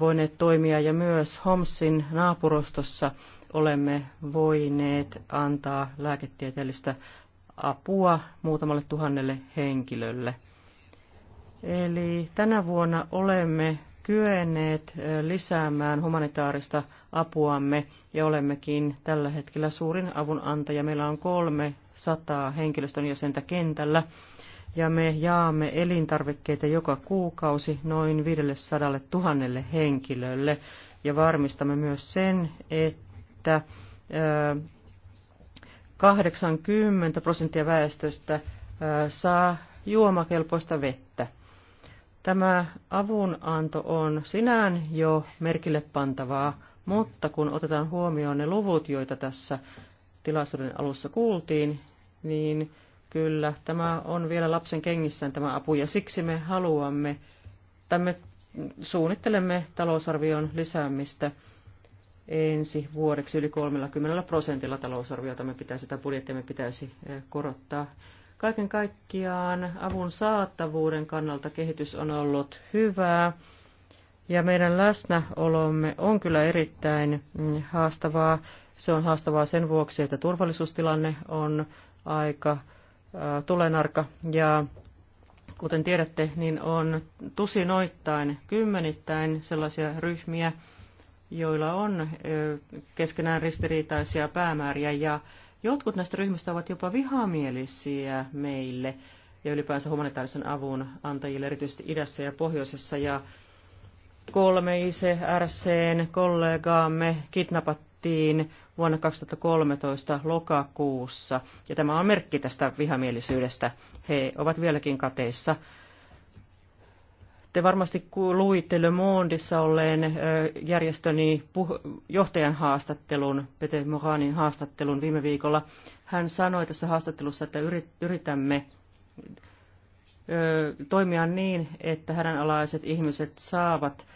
A: voineet toimia ja myös Homsin naapurustossa olemme voineet antaa lääketieteellistä apua muutamalle tuhannelle henkilölle. Eli tänä vuonna olemme kyenneet lisäämään humanitaarista apuamme ja olemmekin tällä hetkellä suurin avunantaja. Meillä on kolme sataa henkilöstön jäsentä kentällä ja me jaamme elintarvikkeita joka kuukausi noin 500 000 henkilölle ja varmistamme myös sen, että 80 prosenttia väestöstä saa juomakelpoista vettä. Tämä avunanto on sinään jo merkille pantavaa, mutta kun otetaan huomioon ne luvut, joita tässä tilaisuuden alussa kuultiin, niin kyllä tämä on vielä lapsen kengissään tämä apu ja siksi me haluamme, tai me suunnittelemme talousarvion lisäämistä ensi vuodeksi yli 30 prosentilla talousarviota me pitäisi, tai me pitäisi eh, korottaa. Kaiken kaikkiaan avun saatavuuden kannalta kehitys on ollut hyvää. Ja meidän läsnäolomme on kyllä erittäin mm, haastavaa. Se on haastavaa sen vuoksi, että turvallisuustilanne on aika äh, tulenarka. Ja kuten tiedätte, niin on tusinoittain, kymmenittäin sellaisia ryhmiä, joilla on keskenään ristiriitaisia päämääriä. Ja jotkut näistä ryhmistä ovat jopa vihamielisiä meille ja ylipäänsä humanitaarisen avun antajille, erityisesti idässä ja pohjoisessa. Ja Kolme ICRCn kollegaamme kidnappattiin vuonna 2013 lokakuussa, ja tämä on merkki tästä vihamielisyydestä. He ovat vieläkin kateissa. Te varmasti luitte Le Mondissa olleen järjestöni johtajan haastattelun, Pete Moranin haastattelun viime viikolla. Hän sanoi tässä haastattelussa, että yritämme toimia niin, että hädänalaiset ihmiset saavat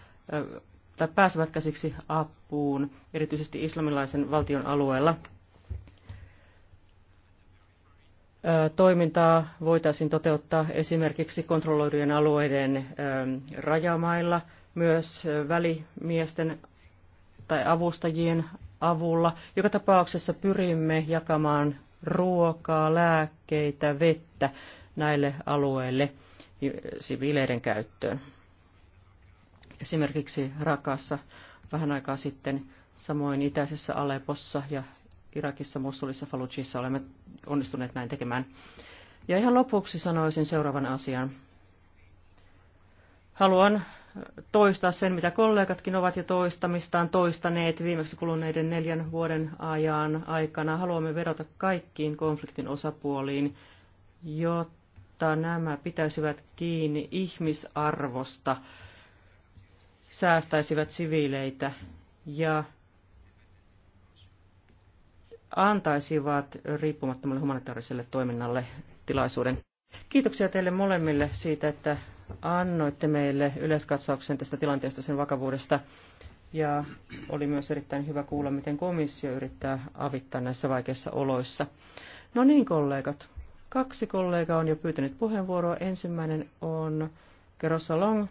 A: tai pääsevät käsiksi apuun, erityisesti islamilaisen valtion alueella. Toimintaa voitaisiin toteuttaa esimerkiksi kontrolloidujen alueiden rajamailla, myös välimiesten tai avustajien avulla. Joka tapauksessa pyrimme jakamaan ruokaa, lääkkeitä, vettä näille alueille siviileiden käyttöön. Esimerkiksi Rakassa vähän aikaa sitten, samoin itäisessä Alepossa ja Irakissa, Mosulissa, Fallujissa olemme onnistuneet näin tekemään. Ja ihan lopuksi sanoisin seuraavan asian. Haluan toistaa sen, mitä kollegatkin ovat jo toistamistaan toistaneet viimeksi kuluneiden neljän vuoden ajan aikana. Haluamme vedota kaikkiin konfliktin osapuoliin, jotta jotta nämä pitäisivät kiinni ihmisarvosta, säästäisivät siviileitä ja antaisivat riippumattomalle humanitaariselle toiminnalle tilaisuuden. Kiitoksia teille molemmille siitä, että annoitte meille yleiskatsauksen tästä tilanteesta, sen vakavuudesta. Ja oli myös erittäin hyvä kuulla, miten komissio yrittää avittaa näissä vaikeissa oloissa. No niin, kollegat. Kaksi kollegaa on jo pyytänyt puheenvuoroa. Ensimmäinen on Kerossa Long.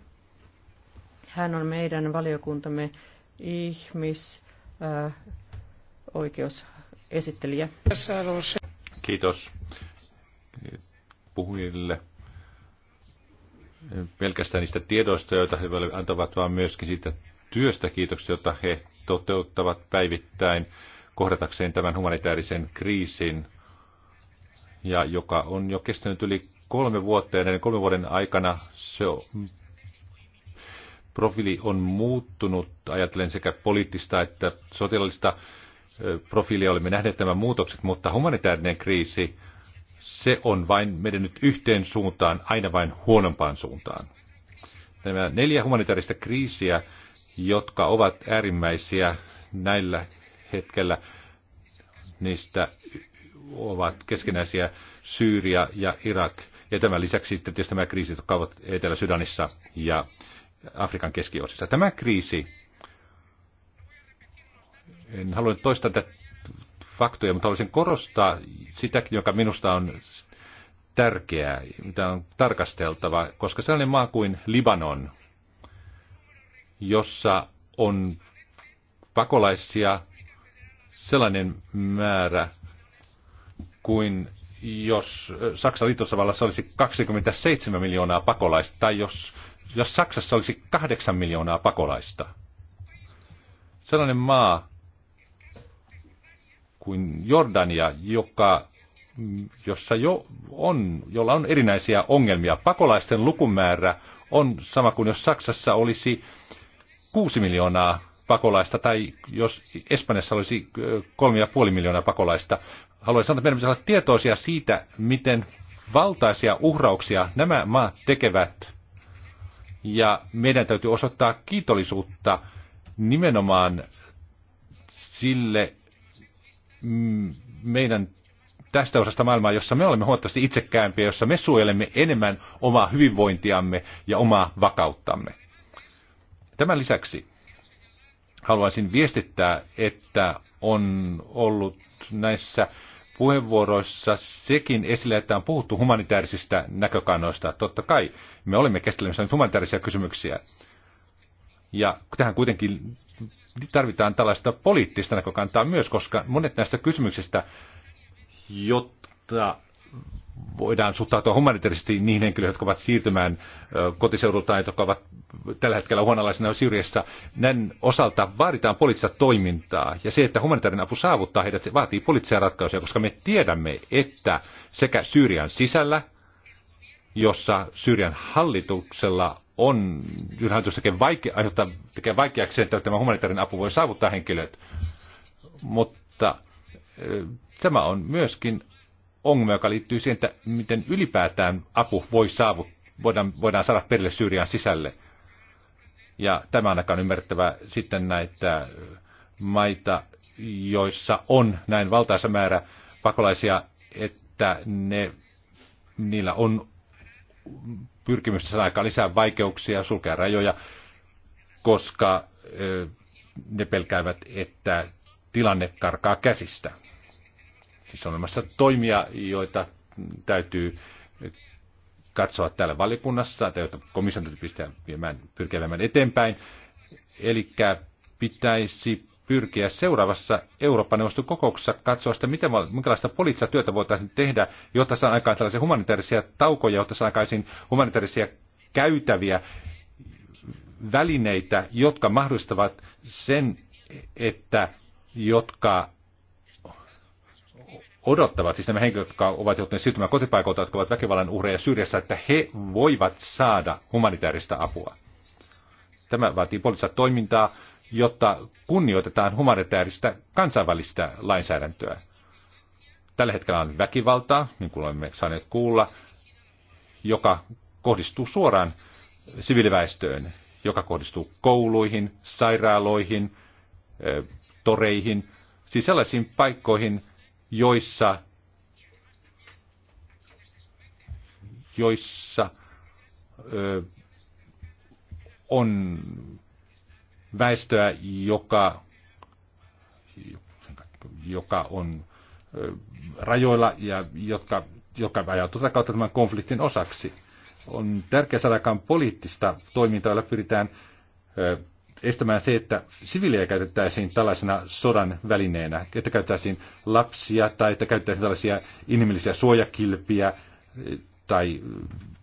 A: Hän on meidän valiokuntamme ihmisoikeusesittelijä.
C: Kiitos puhujille pelkästään niistä tiedoista, joita he antavat, vaan myöskin siitä työstä kiitoksia, jota he toteuttavat päivittäin kohdatakseen tämän humanitaarisen kriisin ja joka on jo kestänyt yli kolme vuotta ja näiden kolmen vuoden aikana se on, profiili on muuttunut, ajatellen sekä poliittista että sotilaallista profiilia olemme nähneet nämä muutokset, mutta humanitaarinen kriisi, se on vain nyt yhteen suuntaan, aina vain huonompaan suuntaan. Nämä neljä humanitaarista kriisiä, jotka ovat äärimmäisiä näillä hetkellä, niistä ovat keskinäisiä Syyria ja Irak. Ja tämän lisäksi sitten tietysti nämä kriisit, jotka ovat etelä sydänissä ja Afrikan keskiosissa. Tämä kriisi, en halua toistaa tätä faktoja, mutta haluaisin korostaa sitäkin, joka minusta on tärkeää, mitä on tarkasteltava, koska sellainen maa kuin Libanon, jossa on pakolaisia sellainen määrä, kuin jos äh, Saksan liittosavallassa olisi 27 miljoonaa pakolaista, tai jos, jos Saksassa olisi 8 miljoonaa pakolaista. Sellainen maa kuin Jordania, joka, jossa jo on, jolla on erinäisiä ongelmia. Pakolaisten lukumäärä on sama kuin jos Saksassa olisi 6 miljoonaa pakolaista tai jos Espanjassa olisi 3,5 äh, miljoonaa pakolaista haluaisin sanoa, että meidän pitäisi olla tietoisia siitä, miten valtaisia uhrauksia nämä maat tekevät. Ja meidän täytyy osoittaa kiitollisuutta nimenomaan sille mm, meidän tästä osasta maailmaa, jossa me olemme huomattavasti itsekäämpiä, jossa me suojelemme enemmän omaa hyvinvointiamme ja omaa vakauttamme. Tämän lisäksi haluaisin viestittää, että on ollut näissä puheenvuoroissa sekin esille, että on puhuttu humanitaarisista näkökannoista. Totta kai me olemme käsittelemässä nyt humanitaarisia kysymyksiä. Ja tähän kuitenkin tarvitaan tällaista poliittista näkökantaa myös, koska monet näistä kysymyksistä, jotta voidaan suhtautua humanitaarisesti niihin henkilöihin, jotka ovat siirtymään kotiseudultaan, jotka ovat tällä hetkellä huonalaisena syrjässä. Näin osalta vaaditaan poliittista toimintaa ja se, että humanitaarinen apu saavuttaa heidät, se vaatii poliittisia ratkaisuja, koska me tiedämme, että sekä Syyrian sisällä, jossa Syyrian hallituksella on, hallitus tekee, vaike, aiheuttaa, tekee vaikeaksi, että tämä humanitaarinen apu voi saavuttaa henkilöt, mutta tämä on myöskin ongelma, joka liittyy siihen, että miten ylipäätään apu voi saavu, voidaan, voidaan saada perille Syyrian sisälle. Ja tämä ainakaan ymmärrettävä sitten näitä maita, joissa on näin valtaisa määrä pakolaisia, että ne, niillä on pyrkimystä saada aikaan lisää vaikeuksia, sulkea rajoja, koska ne pelkäävät, että tilanne karkaa käsistä. Siis on olemassa toimia, joita täytyy katsoa täällä valikunnassa, tai joita komission täytyy pistää viemään, pyrkiä viemään eteenpäin. Eli pitäisi pyrkiä seuraavassa Euroopan neuvoston kokouksessa katsoa sitä, miten, minkälaista poliittista työtä voitaisiin tehdä, jotta saadaan aikaan tällaisia humanitaarisia taukoja, jotta saadaan aikaisin humanitaarisia käytäviä välineitä, jotka mahdollistavat sen, että jotka odottavat, siis nämä henkilöt, jotka ovat joutuneet siirtymään kotipaikoilta, jotka ovat väkivallan uhreja Syyriassa, että he voivat saada humanitaarista apua. Tämä vaatii poliittista toimintaa, jotta kunnioitetaan humanitaarista kansainvälistä lainsäädäntöä. Tällä hetkellä on väkivaltaa, niin kuin olemme saaneet kuulla, joka kohdistuu suoraan siviiliväestöön, joka kohdistuu kouluihin, sairaaloihin, toreihin, siis sellaisiin paikkoihin, joissa, joissa ö, on väestöä, joka, joka on ö, rajoilla ja jotka, jotka ajautuvat tätä kautta tämän konfliktin osaksi. On tärkeää saada poliittista toimintaa, jolla pyritään ö, estämään se, että siviilejä käytettäisiin tällaisena sodan välineenä, että käytettäisiin lapsia tai että käytettäisiin tällaisia inhimillisiä suojakilpiä tai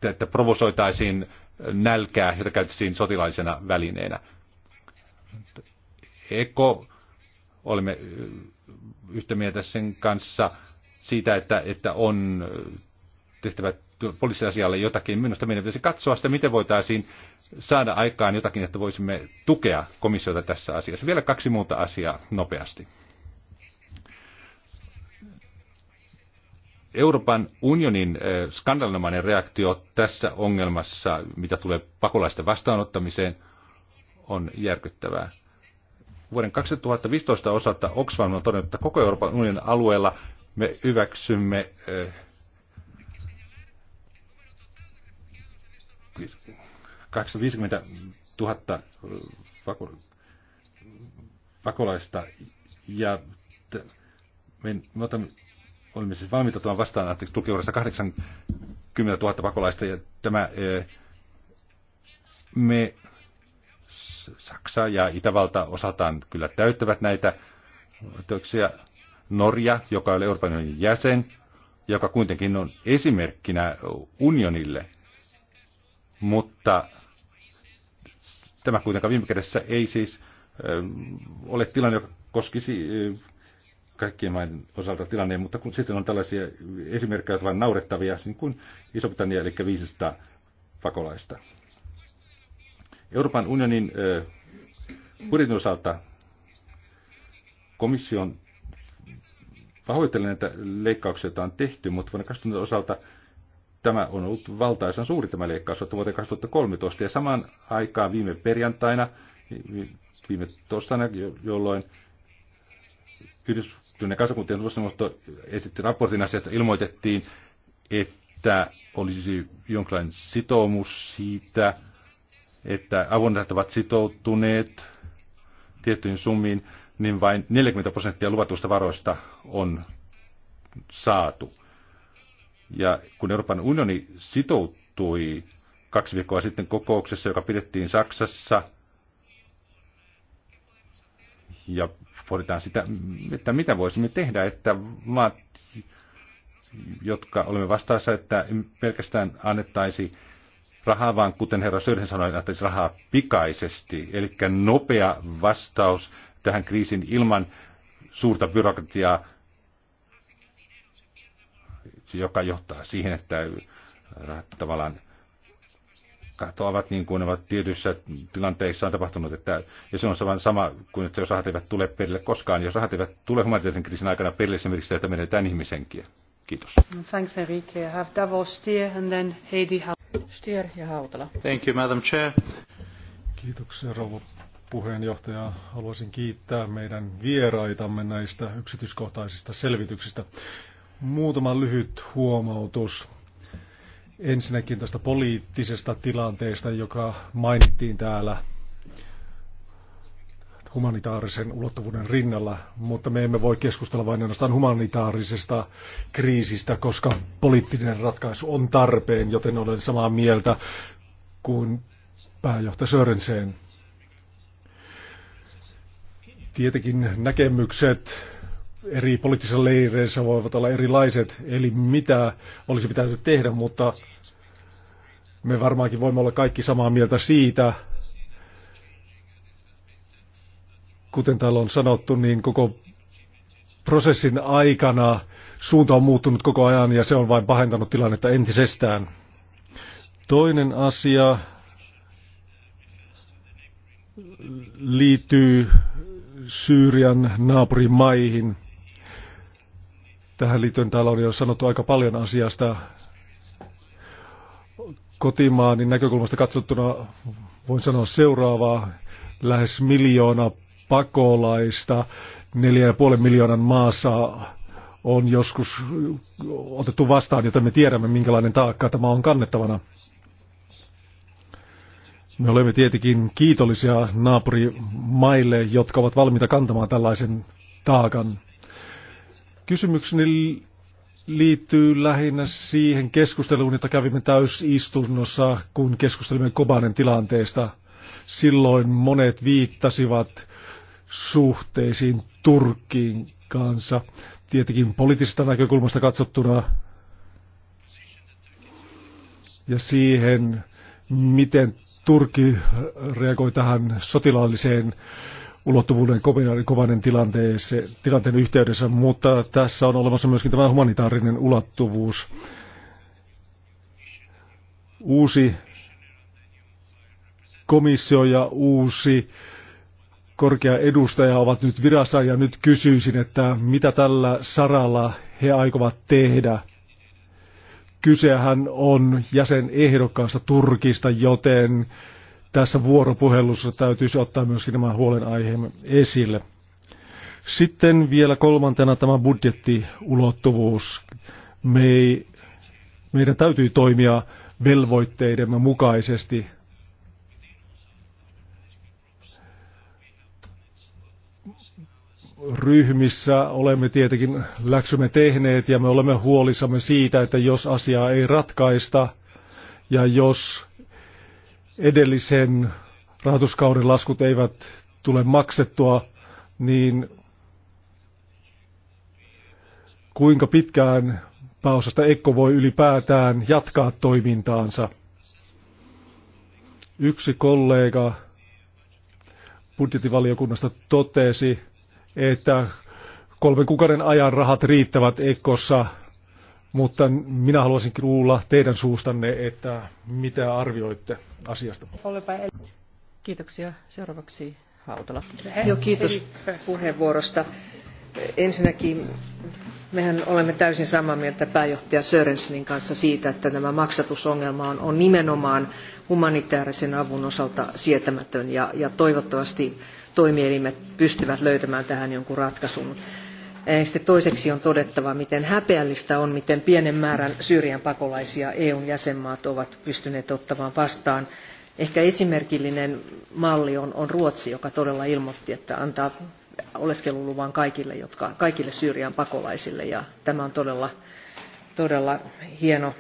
C: että provosoitaisiin nälkää, jota käytettäisiin sotilaisena välineenä. Eko, olemme yhtä mieltä sen kanssa siitä, että, että on tehtävä poliisiasialle jotakin. Minusta meidän pitäisi katsoa sitä, miten voitaisiin saada aikaan jotakin, että voisimme tukea komissiota tässä asiassa. Vielä kaksi muuta asiaa nopeasti. Euroopan unionin eh, skandalinomainen reaktio tässä ongelmassa, mitä tulee pakolaisten vastaanottamiseen, on järkyttävää. Vuoden 2015 osalta Oxfam on todennut, että koko Euroopan unionin alueella me hyväksymme eh, 850 000 äh, vaku- pakolaista ja me, me otamme, olimme siis valmiita tuon vastaan tukiurassa 80 000 pakolaista ja tämä äh, me Saksa ja Itävalta osataan kyllä täyttävät näitä oikeuksia. Norja, joka oli Euroopan unionin jäsen, joka kuitenkin on esimerkkinä unionille, mutta Tämä kuitenkaan viime kädessä ei siis ähm, ole tilanne, joka koskisi äh, kaikkien maiden osalta tilanne, mutta kun sitten on tällaisia esimerkkejä, jotka ovat naurettavia, niin kuin Iso-Britannia, eli 500 pakolaista. Euroopan unionin äh, budjetin osalta komission pahoittelen että leikkauksia, on tehty, mutta vuonna 2000 osalta Tämä on ollut valtaisan suuri tämä leikkaus vuoteen 2013 ja samaan aikaan viime perjantaina, viime torstaina, jolloin Yhdistyneen kansakuntien suosimusto esitti raportin asiasta, ilmoitettiin, että olisi jonkinlainen sitoumus siitä, että avunnat ovat sitoutuneet tiettyihin summiin, niin vain 40 prosenttia luvatusta varoista on saatu. Ja kun Euroopan unioni sitoutui kaksi viikkoa sitten kokouksessa, joka pidettiin Saksassa, ja pohditaan sitä, että mitä voisimme tehdä, että maat, jotka olemme vastaassa, että pelkästään annettaisi rahaa, vaan kuten herra Sörhen sanoi, annettaisi rahaa pikaisesti. Eli nopea vastaus tähän kriisin ilman suurta byrokratiaa joka johtaa siihen, että tavallaan katoavat niin kuin ne ovat tietyissä tilanteissa on tapahtunut. Että, ja se on sama, sama kuin, että jos rahat eivät tule perille koskaan, jos rahat eivät tule humanitaarisen kriisin aikana perille, se merkitsee, että menetään ihmisenkiä. Kiitos.
A: Thanks Enrique. I have Davos Stier and then Heidi Stier ja Hautala. Thank
C: you, Madam Chair. Kiitoksia, rouva
B: puheenjohtaja. Haluaisin kiittää meidän vieraitamme näistä yksityiskohtaisista selvityksistä. Muutama lyhyt huomautus. Ensinnäkin tästä poliittisesta tilanteesta, joka mainittiin täällä humanitaarisen ulottuvuuden rinnalla, mutta me emme voi keskustella vain ainoastaan humanitaarisesta kriisistä, koska poliittinen ratkaisu on tarpeen, joten olen samaa mieltä kuin pääjohtaja Sörenseen. Tietenkin näkemykset eri poliittisissa leireissä voivat olla erilaiset, eli mitä olisi pitänyt tehdä, mutta me varmaankin voimme olla kaikki samaa mieltä siitä, kuten täällä on sanottu, niin koko prosessin aikana suunta on muuttunut koko ajan ja se on vain pahentanut tilannetta entisestään. Toinen asia liittyy Syyrian naapurimaihin. Tähän liittyen täällä on jo sanottu aika paljon asiasta. Kotimaan niin näkökulmasta katsottuna voin sanoa seuraavaa. Lähes miljoona pakolaista, 4,5 miljoonan maassa on joskus otettu vastaan, joten me tiedämme, minkälainen taakka tämä on kannettavana. Me olemme tietenkin kiitollisia naapurimaille, jotka ovat valmiita kantamaan tällaisen taakan. Kysymykseni liittyy lähinnä siihen keskusteluun, jota kävimme täysistunnossa, kun keskustelimme Kobanen tilanteesta. Silloin monet viittasivat suhteisiin Turkkiin kanssa. Tietenkin poliittisesta näkökulmasta katsottuna ja siihen, miten Turkki reagoi tähän sotilaalliseen ulottuvuuden kovainen tilanteen yhteydessä, mutta tässä on olemassa myöskin tämä humanitaarinen ulottuvuus. Uusi komissio ja uusi korkea edustaja ovat nyt virassa ja nyt kysyisin, että mitä tällä saralla he aikovat tehdä. Kysehän on jäsenehdokkaasta Turkista, joten tässä vuoropuhelussa täytyisi ottaa myöskin nämä huolenaiheemme esille. Sitten vielä kolmantena tämä budjettiulottuvuus. Me ei, meidän täytyy toimia velvoitteidemme mukaisesti. Ryhmissä olemme tietenkin läksymme tehneet ja me olemme huolissamme siitä, että jos asiaa ei ratkaista ja jos edellisen rahoituskauden laskut eivät tule maksettua, niin kuinka pitkään pääosasta Ekko voi ylipäätään jatkaa toimintaansa. Yksi kollega budjettivaliokunnasta totesi, että kolmen kuukauden ajan rahat riittävät Ekossa mutta minä haluaisin kuulla teidän suustanne, että mitä arvioitte asiasta.
A: Kiitoksia. Seuraavaksi Hautala. Jo, kiitos
D: puheenvuorosta. Ensinnäkin mehän olemme täysin samaa mieltä pääjohtaja Sörensenin kanssa siitä, että tämä maksatusongelma on, on nimenomaan humanitaarisen avun osalta sietämätön ja, ja toivottavasti toimielimet pystyvät löytämään tähän jonkun ratkaisun. Eh, sitten toiseksi on todettava, miten häpeällistä on, miten pienen määrän Syyrian pakolaisia EUn jäsenmaat ovat pystyneet ottamaan vastaan. Ehkä esimerkillinen malli on, on Ruotsi, joka todella ilmoitti, että antaa oleskeluluvan kaikille, jotka, kaikille Syyrian pakolaisille ja tämä on todella, todella hieno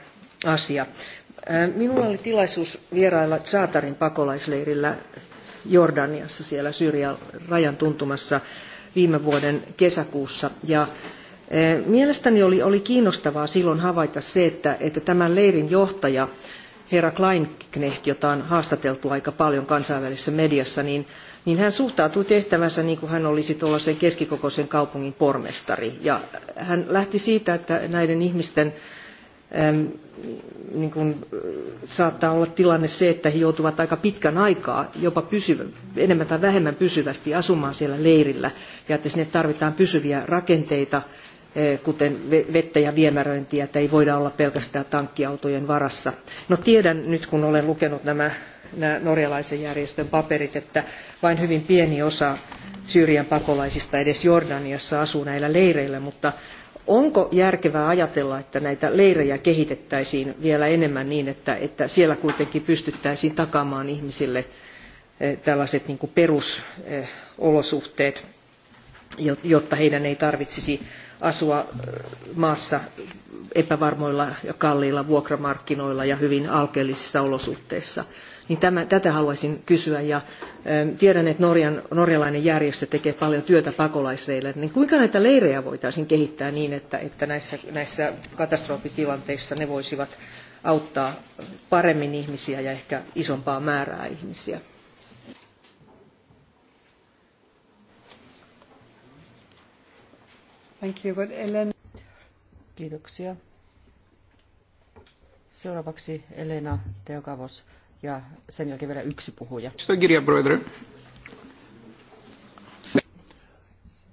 D: asia. Eh, minulla oli tilaisuus vierailla Saatarin pakolaisleirillä Jordaniassa siellä Syyrian rajan tuntumassa viime vuoden kesäkuussa. Ja e, Mielestäni oli, oli kiinnostavaa silloin havaita se, että, että tämän leirin johtaja, herra Kleinknecht, jota on haastateltu aika paljon kansainvälisessä mediassa, niin, niin hän suhtautui tehtävänsä niin kuin hän olisi tuollaisen keskikokoisen kaupungin pormestari. Ja hän lähti siitä, että näiden ihmisten niin kuin, äh, saattaa olla tilanne se, että he joutuvat aika pitkän aikaa, jopa pysyvä, enemmän tai vähemmän pysyvästi asumaan siellä leirillä, ja että sinne tarvitaan pysyviä rakenteita, äh, kuten vettä ja viemäröintiä, että ei voida olla pelkästään tankkiautojen varassa. No tiedän nyt, kun olen lukenut nämä, nämä norjalaisen järjestön paperit, että vain hyvin pieni osa Syyrian pakolaisista edes Jordaniassa asuu näillä leireillä, mutta onko järkevää ajatella, että näitä leirejä kehitettäisiin vielä enemmän niin, että, että siellä kuitenkin pystyttäisiin takaamaan ihmisille eh, tällaiset niin perusolosuhteet, eh, jotta heidän ei tarvitsisi asua eh, maassa epävarmoilla ja kalliilla vuokramarkkinoilla ja hyvin alkeellisissa olosuhteissa. Niin tätä haluaisin kysyä ja ähm, tiedän, että Norjan, norjalainen järjestö tekee paljon työtä pakolaisleireillä niin kuinka näitä leirejä voitaisiin kehittää niin, että, että näissä, näissä katastrofitilanteissa ne voisivat auttaa paremmin ihmisiä ja ehkä isompaa määrää ihmisiä.
A: Thank you, Ellen. Kiitoksia. Seuraavaksi Elena Teokavos ja sen jälkeen vielä yksi puhuja.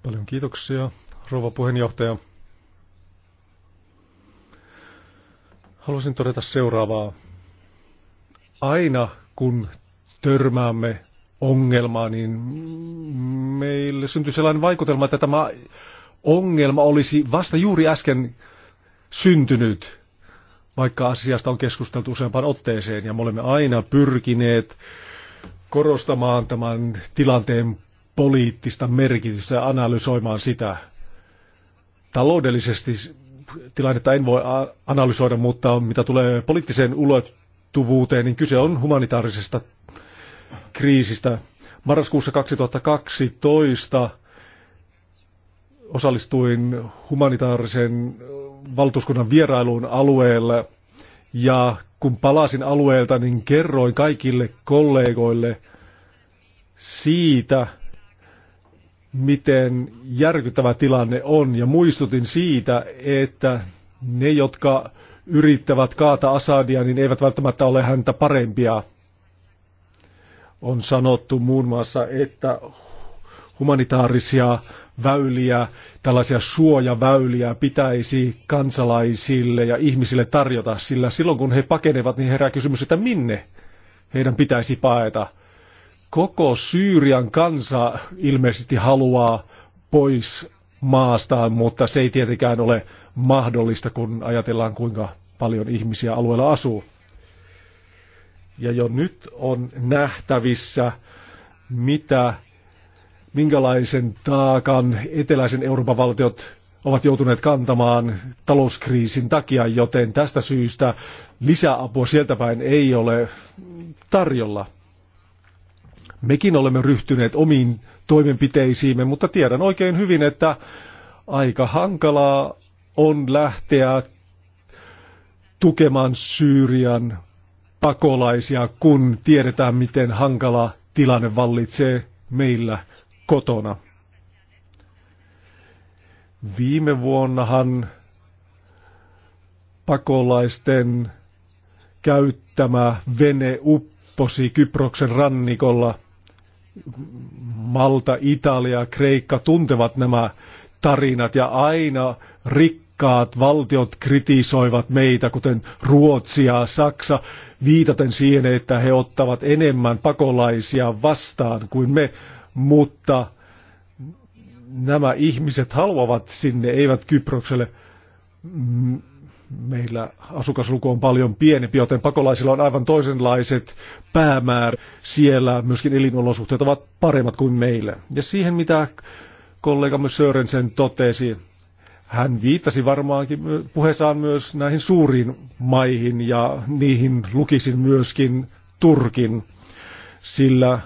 B: Paljon kiitoksia, rouva puheenjohtaja. Haluaisin todeta seuraavaa. Aina kun törmäämme ongelmaan, niin meille syntyy sellainen vaikutelma, että tämä ongelma olisi vasta juuri äsken syntynyt vaikka asiasta on keskusteltu useampaan otteeseen ja me olemme aina pyrkineet korostamaan tämän tilanteen poliittista merkitystä ja analysoimaan sitä. Taloudellisesti tilannetta en voi analysoida, mutta mitä tulee poliittiseen ulottuvuuteen, niin kyse on humanitaarisesta kriisistä. Marraskuussa 2012 osallistuin humanitaarisen valtuuskunnan vierailuun alueella ja kun palasin alueelta, niin kerroin kaikille kollegoille siitä, miten järkyttävä tilanne on ja muistutin siitä, että ne, jotka yrittävät kaata asadia, niin eivät välttämättä ole häntä parempia. On sanottu muun muassa, että humanitaarisia väyliä, tällaisia suojaväyliä pitäisi kansalaisille ja ihmisille tarjota, sillä silloin kun he pakenevat, niin herää kysymys, että minne heidän pitäisi paeta. Koko Syyrian kansa ilmeisesti haluaa pois maastaan, mutta se ei tietenkään ole mahdollista, kun ajatellaan kuinka paljon ihmisiä alueella asuu. Ja jo nyt on nähtävissä, mitä minkälaisen taakan eteläisen Euroopan valtiot ovat joutuneet kantamaan talouskriisin takia, joten tästä syystä lisäapua sieltä päin ei ole tarjolla. Mekin olemme ryhtyneet omiin toimenpiteisiimme, mutta tiedän oikein hyvin, että aika hankalaa on lähteä tukemaan Syyrian pakolaisia, kun tiedetään, miten hankala tilanne vallitsee meillä kotona. Viime vuonnahan pakolaisten käyttämä vene upposi Kyproksen rannikolla. Malta, Italia, Kreikka tuntevat nämä tarinat ja aina rikkaat valtiot kritisoivat meitä, kuten Ruotsi ja Saksa, viitaten siihen, että he ottavat enemmän pakolaisia vastaan kuin me mutta nämä ihmiset haluavat sinne, eivät Kyprokselle. Mm, meillä asukasluku on paljon pienempi, joten pakolaisilla on aivan toisenlaiset päämäärät. Siellä myöskin elinolosuhteet ovat paremmat kuin meillä. Ja siihen, mitä kollegamme Sörensen totesi, hän viittasi varmaankin puheessaan myös näihin suuriin maihin ja niihin lukisin myöskin Turkin, sillä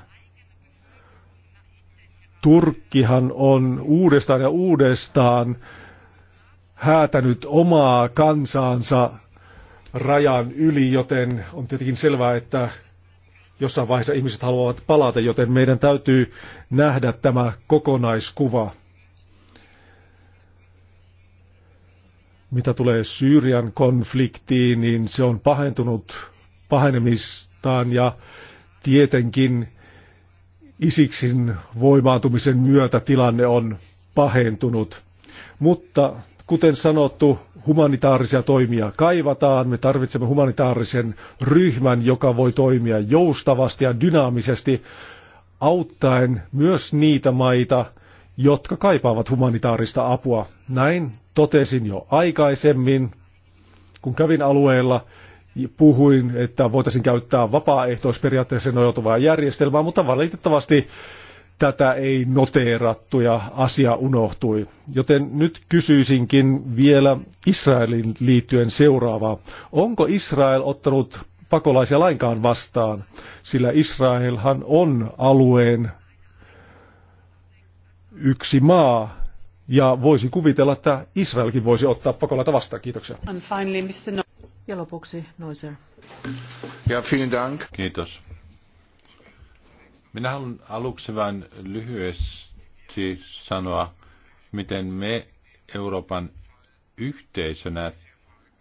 B: Turkkihan on uudestaan ja uudestaan häätänyt omaa kansaansa rajan yli, joten on tietenkin selvää, että jossain vaiheessa ihmiset haluavat palata, joten meidän täytyy nähdä tämä kokonaiskuva. Mitä tulee Syyrian konfliktiin, niin se on pahentunut pahenemistaan ja tietenkin Isiksin voimaantumisen myötä tilanne on pahentunut. Mutta kuten sanottu, humanitaarisia toimia kaivataan. Me tarvitsemme humanitaarisen ryhmän, joka voi toimia joustavasti ja dynaamisesti, auttaen myös niitä maita, jotka kaipaavat humanitaarista apua. Näin totesin jo aikaisemmin, kun kävin alueella, puhuin, että voitaisiin käyttää vapaaehtoisperiaatteeseen nojautuvaa järjestelmää, mutta valitettavasti tätä ei noteerattu ja asia unohtui. Joten nyt kysyisinkin vielä Israelin liittyen seuraavaa. Onko Israel ottanut pakolaisia lainkaan vastaan? Sillä Israelhan on alueen yksi maa, ja voisi kuvitella, että Israelkin voisi ottaa pakolaita vastaan. Kiitoksia.
A: And finally, Mr. Ja lopuksi Noiser.
C: Ja vielen dank. Kiitos. Minä haluan aluksi vain lyhyesti sanoa, miten me Euroopan yhteisönä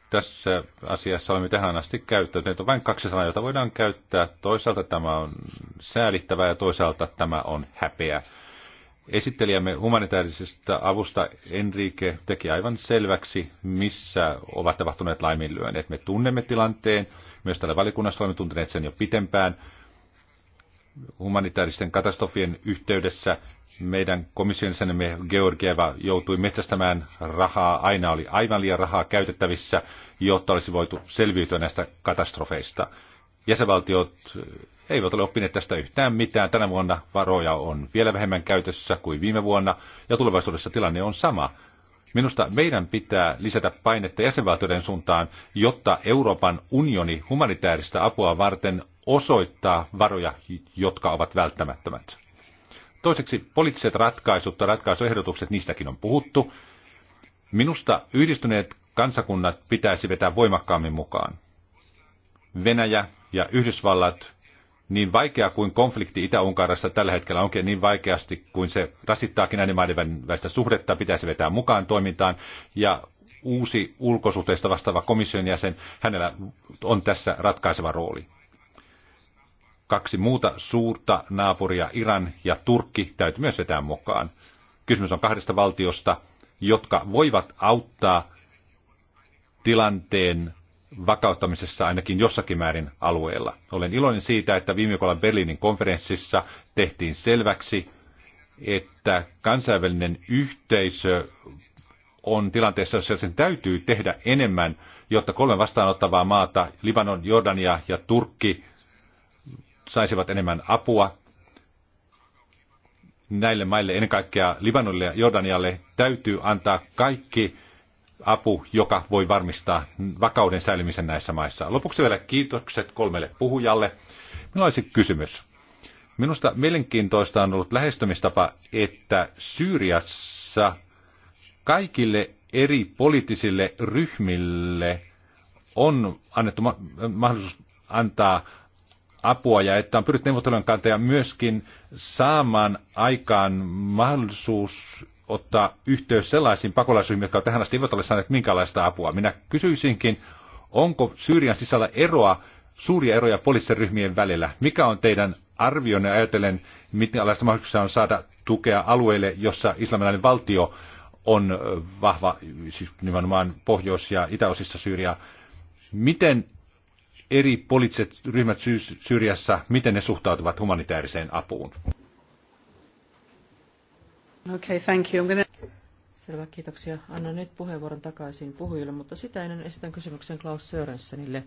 C: tässä asiassa olemme tähän asti käyttäneet. On vain kaksi sanaa, joita voidaan käyttää. Toisaalta tämä on säälittävää ja toisaalta tämä on häpeä. Esittelijämme humanitaarisesta avusta Enrique teki aivan selväksi, missä ovat tapahtuneet laiminlyönneet. Me tunnemme tilanteen, myös täällä valikunnassa olemme tunteneet sen jo pitempään. Humanitaaristen katastrofien yhteydessä meidän komissionisämme Georgieva joutui metsästämään rahaa, aina oli aivan liian rahaa käytettävissä, jotta olisi voitu selviytyä näistä katastrofeista. Jäsenvaltiot eivät ole oppineet tästä yhtään mitään. Tänä vuonna varoja on vielä vähemmän käytössä kuin viime vuonna, ja tulevaisuudessa tilanne on sama. Minusta meidän pitää lisätä painetta jäsenvaltioiden suuntaan, jotta Euroopan unioni humanitaarista apua varten osoittaa varoja, jotka ovat välttämättömät. Toiseksi poliittiset ratkaisut ja ratkaisuehdotukset, niistäkin on puhuttu. Minusta yhdistyneet kansakunnat pitäisi vetää voimakkaammin mukaan. Venäjä ja Yhdysvallat niin vaikea kuin konflikti itä unkarassa tällä hetkellä onkin, niin vaikeasti kuin se rasittaakin näiden maiden välistä suhdetta, pitäisi vetää mukaan toimintaan. Ja uusi ulkosuhteista vastaava komission jäsen, hänellä on tässä ratkaiseva rooli. Kaksi muuta suurta naapuria, Iran ja Turkki, täytyy myös vetää mukaan. Kysymys on kahdesta valtiosta, jotka voivat auttaa tilanteen vakauttamisessa ainakin jossakin määrin alueella. Olen iloinen siitä, että viime viikolla Berliinin konferenssissa tehtiin selväksi, että kansainvälinen yhteisö on tilanteessa, jossa sen täytyy tehdä enemmän, jotta kolme vastaanottavaa maata, Libanon, Jordania ja Turkki, saisivat enemmän apua. Näille maille, ennen kaikkea Libanonille ja Jordanialle, täytyy antaa kaikki apu, joka voi varmistaa vakauden säilymisen näissä maissa. Lopuksi vielä kiitokset kolmelle puhujalle. Minulla olisi kysymys. Minusta mielenkiintoista on ollut lähestymistapa, että Syyriassa kaikille eri poliittisille ryhmille on annettu ma- mahdollisuus antaa apua ja että on pyritty neuvottelujen kantaja myöskin saamaan aikaan mahdollisuus ottaa yhteys sellaisiin pakolaisryhmiin, jotka tähän asti eivät ole saaneet minkäänlaista apua. Minä kysyisinkin, onko Syyrian sisällä eroa, suuria eroja poliittisten ryhmien välillä? Mikä on teidän arvionne ajatellen, miten mahdollisuuksia on saada tukea alueille, jossa islamilainen valtio on vahva, siis nimenomaan pohjois- ja itäosissa Syyriaa. Miten eri poliittiset ryhmät Syyriassa, miten ne suhtautuvat humanitaariseen apuun?
A: Okay, thank you. I'm gonna... Selvä, kiitoksia. Annan nyt puheenvuoron takaisin puhujille, mutta sitä ennen esitän kysymyksen Klaus Sörensenille.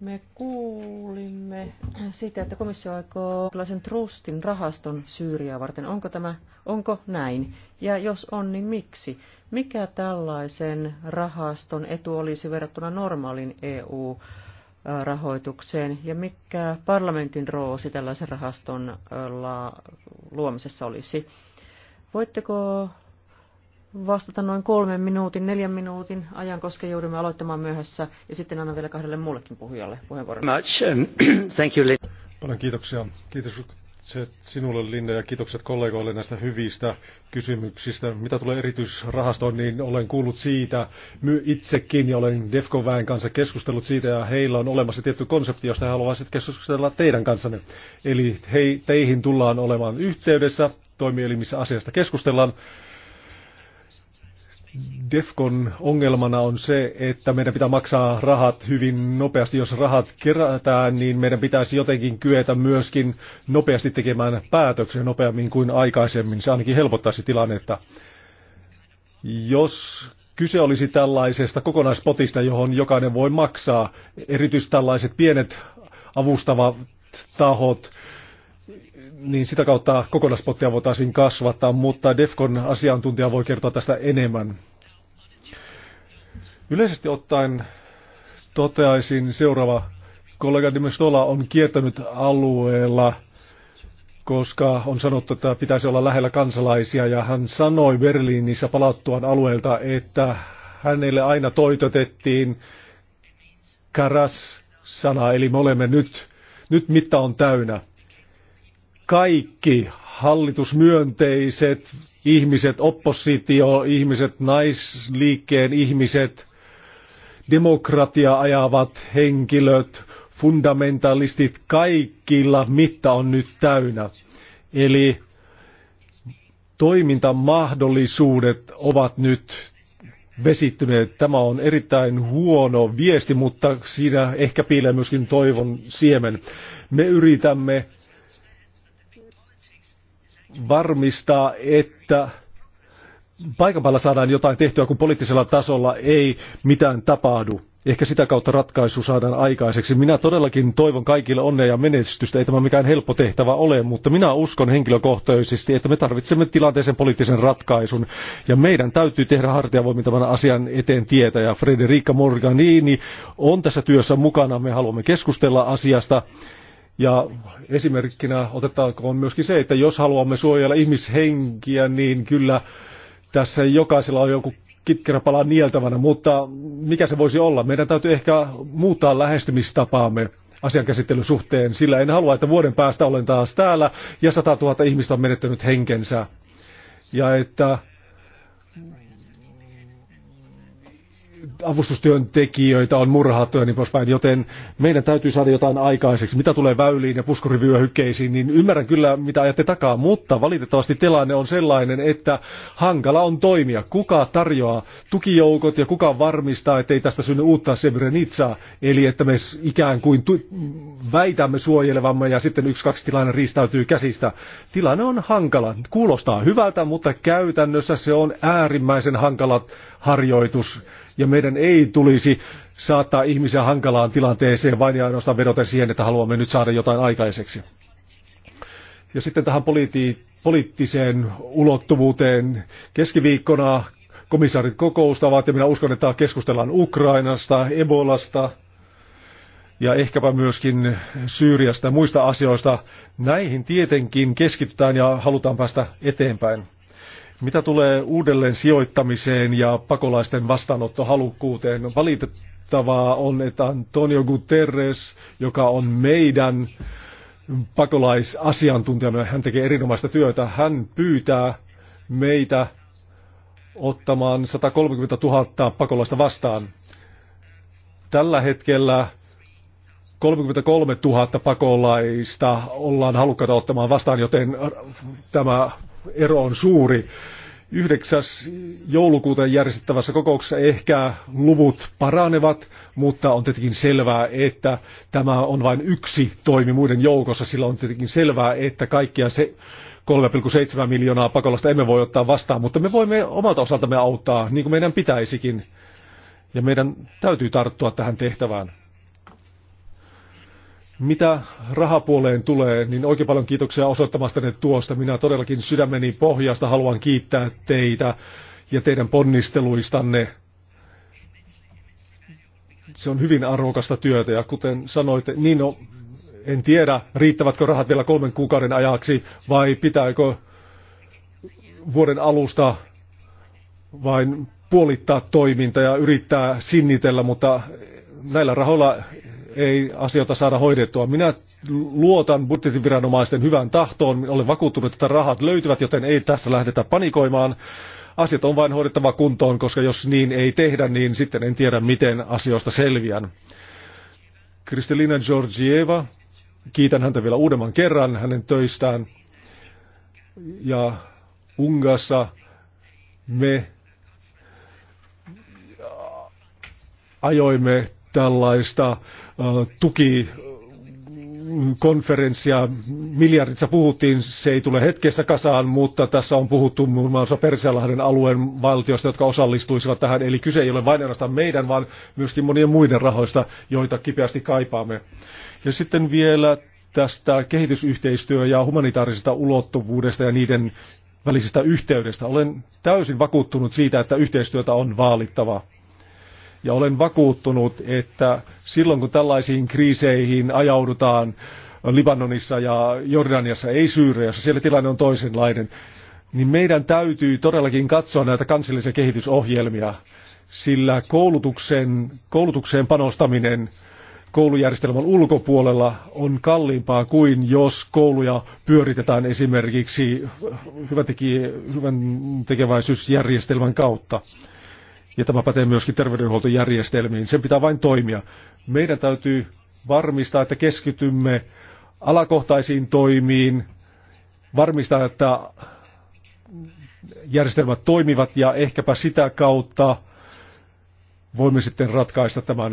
A: Me kuulimme siitä, että komissio aikoo tällaisen trustin rahaston Syyriaa varten. Onko tämä, onko näin? Ja jos on, niin miksi? Mikä tällaisen rahaston etu olisi verrattuna normaalin EU-rahoitukseen ja mikä parlamentin rooli tällaisen rahaston luomisessa olisi? Voitteko vastata noin kolmen minuutin, neljän minuutin ajan, koska joudumme aloittamaan myöhässä, ja sitten annan vielä kahdelle muullekin puhujalle puheenvuoron.
B: Paljon kiitoksia. Kiitos Kiitokset sinulle, Linda, ja kiitokset kollegoille näistä hyvistä kysymyksistä. Mitä tulee erityisrahastoon, niin olen kuullut siitä my itsekin ja olen Defcoväen kanssa keskustellut siitä ja heillä on olemassa tietty konsepti, josta he haluaisivat keskustella teidän kanssanne. Eli hei, teihin tullaan olemaan yhteydessä, toimielimissä asiasta keskustellaan. Defcon ongelmana on se, että meidän pitää maksaa rahat hyvin nopeasti. Jos rahat kerätään, niin meidän pitäisi jotenkin kyetä myöskin nopeasti tekemään päätöksiä nopeammin kuin aikaisemmin. Se ainakin helpottaisi tilannetta. Jos kyse olisi tällaisesta kokonaispotista, johon jokainen voi maksaa, erityisesti tällaiset pienet avustavat tahot, niin sitä kautta kokonaispottia voitaisiin kasvattaa, mutta DEFCON asiantuntija voi kertoa tästä enemmän. Yleisesti ottaen toteaisin seuraava. Kollega Dimestola on kiertänyt alueella, koska on sanottu, että pitäisi olla lähellä kansalaisia, ja hän sanoi Berliinissä palattuaan alueelta, että hänelle aina toitotettiin karas sana, eli me olemme nyt, nyt mitta on täynnä kaikki hallitusmyönteiset ihmiset, oppositio-ihmiset, naisliikkeen ihmiset, demokratia ajavat henkilöt, fundamentalistit, kaikilla mitta on nyt täynnä. Eli toimintamahdollisuudet ovat nyt vesittyneet. Tämä on erittäin huono viesti, mutta siinä ehkä piilee myöskin toivon siemen. Me yritämme varmistaa, että paikan päällä saadaan jotain tehtyä, kun poliittisella tasolla ei mitään tapahdu. Ehkä sitä kautta ratkaisu saadaan aikaiseksi. Minä todellakin toivon kaikille onnea ja menestystä. Ei tämä mikään helppo tehtävä ole, mutta minä uskon henkilökohtaisesti, että me tarvitsemme tilanteeseen poliittisen ratkaisun. Ja meidän täytyy tehdä hartiavoimin tämän asian eteen tietä. Ja Frederica Morganini on tässä työssä mukana. Me haluamme keskustella asiasta. Ja esimerkkinä otetaanko myöskin se, että jos haluamme suojella ihmishenkiä, niin kyllä tässä jokaisella on joku kitkeräpala nieltävänä, mutta mikä se voisi olla? Meidän täytyy ehkä muuttaa lähestymistapaamme asian käsittelyn suhteen, sillä en halua, että vuoden päästä olen taas täällä ja 100 000 ihmistä on menettänyt henkensä. Ja että avustustyöntekijöitä on murhattu ja niin poispäin, joten meidän täytyy saada jotain aikaiseksi. Mitä tulee väyliin ja puskurivyöhykkeisiin, niin ymmärrän kyllä, mitä ajatte takaa, mutta valitettavasti tilanne on sellainen, että hankala on toimia. Kuka tarjoaa tukijoukot ja kuka varmistaa, ettei tästä synny uutta Srebrenicaa, eli että me ikään kuin väitämme suojelevamme ja sitten yksi kaksi tilanne riistäytyy käsistä. Tilanne on hankala. Kuulostaa hyvältä, mutta käytännössä se on äärimmäisen hankala harjoitus ja meidän ei tulisi saattaa ihmisiä hankalaan tilanteeseen vain ja ainoastaan vedoten siihen, että haluamme nyt saada jotain aikaiseksi. Ja sitten tähän politi- poliittiseen ulottuvuuteen. Keskiviikkona komissaarit kokoustavat ja minä uskon, että keskustellaan Ukrainasta, Ebolasta ja ehkäpä myöskin Syyriasta ja muista asioista. Näihin tietenkin keskitytään ja halutaan päästä eteenpäin. Mitä tulee uudelleen sijoittamiseen ja pakolaisten vastaanottohalukkuuteen, valitettavaa on, että Antonio Guterres, joka on meidän pakolaisasiantuntijamme, hän tekee erinomaista työtä, hän pyytää meitä ottamaan 130 000 pakolaista vastaan. Tällä hetkellä 33 000 pakolaista ollaan halukkaita ottamaan vastaan, joten tämä ero on suuri. 9. joulukuuta järjestettävässä kokouksessa ehkä luvut paranevat, mutta on tietenkin selvää, että tämä on vain yksi toimi muiden joukossa. Sillä on tietenkin selvää, että kaikkia se 3,7 miljoonaa pakolasta emme voi ottaa vastaan, mutta me voimme omalta osaltamme auttaa, niin kuin meidän pitäisikin. Ja meidän täytyy tarttua tähän tehtävään. Mitä rahapuoleen tulee, niin oikein paljon kiitoksia osoittamastanne tuosta. Minä todellakin sydämeni pohjasta haluan kiittää teitä ja teidän ponnisteluistanne. Se on hyvin arvokasta työtä ja kuten sanoitte, niin no, en tiedä, riittävätkö rahat vielä kolmen kuukauden ajaksi vai pitääkö vuoden alusta vain puolittaa toiminta ja yrittää sinnitellä, mutta näillä rahoilla ei asioita saada hoidettua. Minä luotan budjettiviranomaisten hyvään tahtoon, olen vakuuttunut, että rahat löytyvät, joten ei tässä lähdetä panikoimaan. Asiat on vain hoidettava kuntoon, koska jos niin ei tehdä, niin sitten en tiedä, miten asioista selviän. Kristelina Georgieva, kiitän häntä vielä uudemman kerran hänen töistään. Ja Ungassa me ajoimme tällaista äh, tuki konferenssia, miljardissa puhuttiin, se ei tule hetkessä kasaan, mutta tässä on puhuttu muun muassa Persialahden alueen valtiosta, jotka osallistuisivat tähän. Eli kyse ei ole vain ainoastaan meidän, vaan myöskin monien muiden rahoista, joita kipeästi kaipaamme. Ja sitten vielä tästä kehitysyhteistyö- ja humanitaarisesta ulottuvuudesta ja niiden välisestä yhteydestä. Olen täysin vakuuttunut siitä, että yhteistyötä on vaalittava. Ja olen vakuuttunut, että silloin kun tällaisiin kriiseihin ajaudutaan Libanonissa ja Jordaniassa, ei Syyriassa, siellä tilanne on toisenlainen, niin meidän täytyy todellakin katsoa näitä kansallisia kehitysohjelmia, sillä koulutuksen, koulutukseen panostaminen koulujärjestelmän ulkopuolella on kalliimpaa kuin jos kouluja pyöritetään esimerkiksi hyvän tekeväisyysjärjestelmän kautta. Ja tämä pätee myöskin terveydenhuoltojärjestelmiin. Sen pitää vain toimia. Meidän täytyy varmistaa, että keskitymme alakohtaisiin toimiin, varmistaa, että järjestelmät toimivat ja ehkäpä sitä kautta voimme sitten ratkaista tämän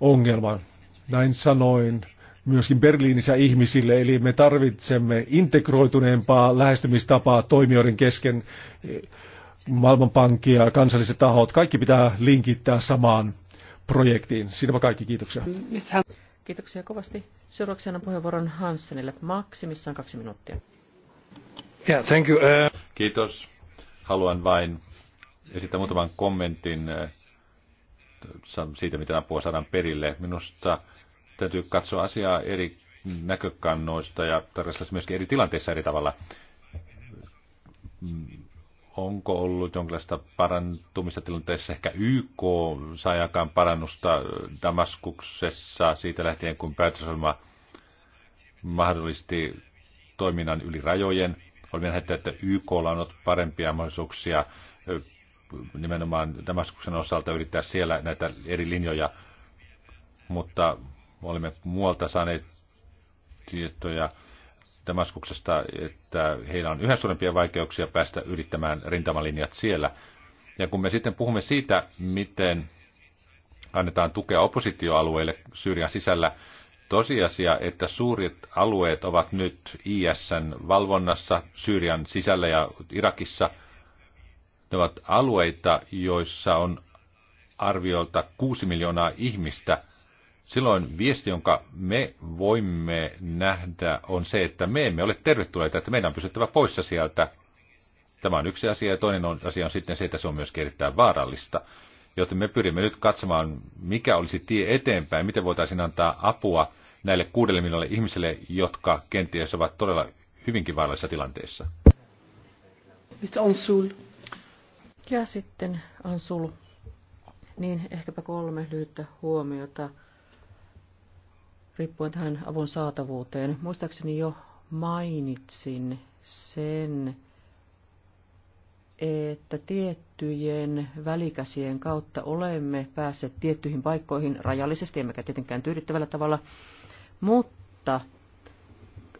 B: ongelman. Näin sanoin myöskin Berliinissä ihmisille, eli me tarvitsemme integroituneempaa lähestymistapaa toimijoiden kesken Maailmanpankki ja kansalliset tahot, kaikki pitää linkittää samaan projektiin. Siinäpä kaikki, kiitoksia.
A: Kiitoksia kovasti. Seuraavaksi annan puheenvuoron Hansenille. Maksimissaan kaksi minuuttia.
C: Yeah, thank you. Uh... Kiitos. Haluan vain esittää muutaman kommentin uh, siitä, miten apua saadaan perille. Minusta täytyy katsoa asiaa eri näkökannoista ja tarkastella myöskin eri tilanteissa eri tavalla. Mm, onko ollut jonkinlaista parantumista tilanteessa? Ehkä YK sai aikaan parannusta Damaskuksessa siitä lähtien, kun päätösohjelma mahdollisti toiminnan yli rajojen. Olemme nähneet, että YK on ollut parempia mahdollisuuksia nimenomaan Damaskuksen osalta yrittää siellä näitä eri linjoja, mutta olemme muualta saaneet tietoja Damaskuksesta, että heillä on yhä suurempia vaikeuksia päästä ylittämään rintamalinjat siellä. Ja kun me sitten puhumme siitä, miten annetaan tukea oppositioalueille Syyrian sisällä, tosiasia, että suuret alueet ovat nyt ISN valvonnassa Syyrian sisällä ja Irakissa. Ne ovat alueita, joissa on arviolta 6 miljoonaa ihmistä – silloin viesti, jonka me voimme nähdä, on se, että me emme ole tervetulleita, että meidän on pysyttävä poissa sieltä. Tämä on yksi asia, ja toinen on, asia on sitten se, että se on myös erittäin vaarallista. Joten me pyrimme nyt katsomaan, mikä olisi tie eteenpäin, miten voitaisiin antaa apua näille kuudelle miljoonalle ihmiselle, jotka kenties ovat todella hyvinkin vaarallisissa tilanteissa.
A: Ja sitten Ansul. Niin, ehkäpä kolme lyhyttä huomiota riippuen tähän avun saatavuuteen. Muistaakseni jo mainitsin sen, että tiettyjen välikäsien kautta olemme päässeet tiettyihin paikkoihin rajallisesti, emmekä tietenkään tyydyttävällä tavalla, mutta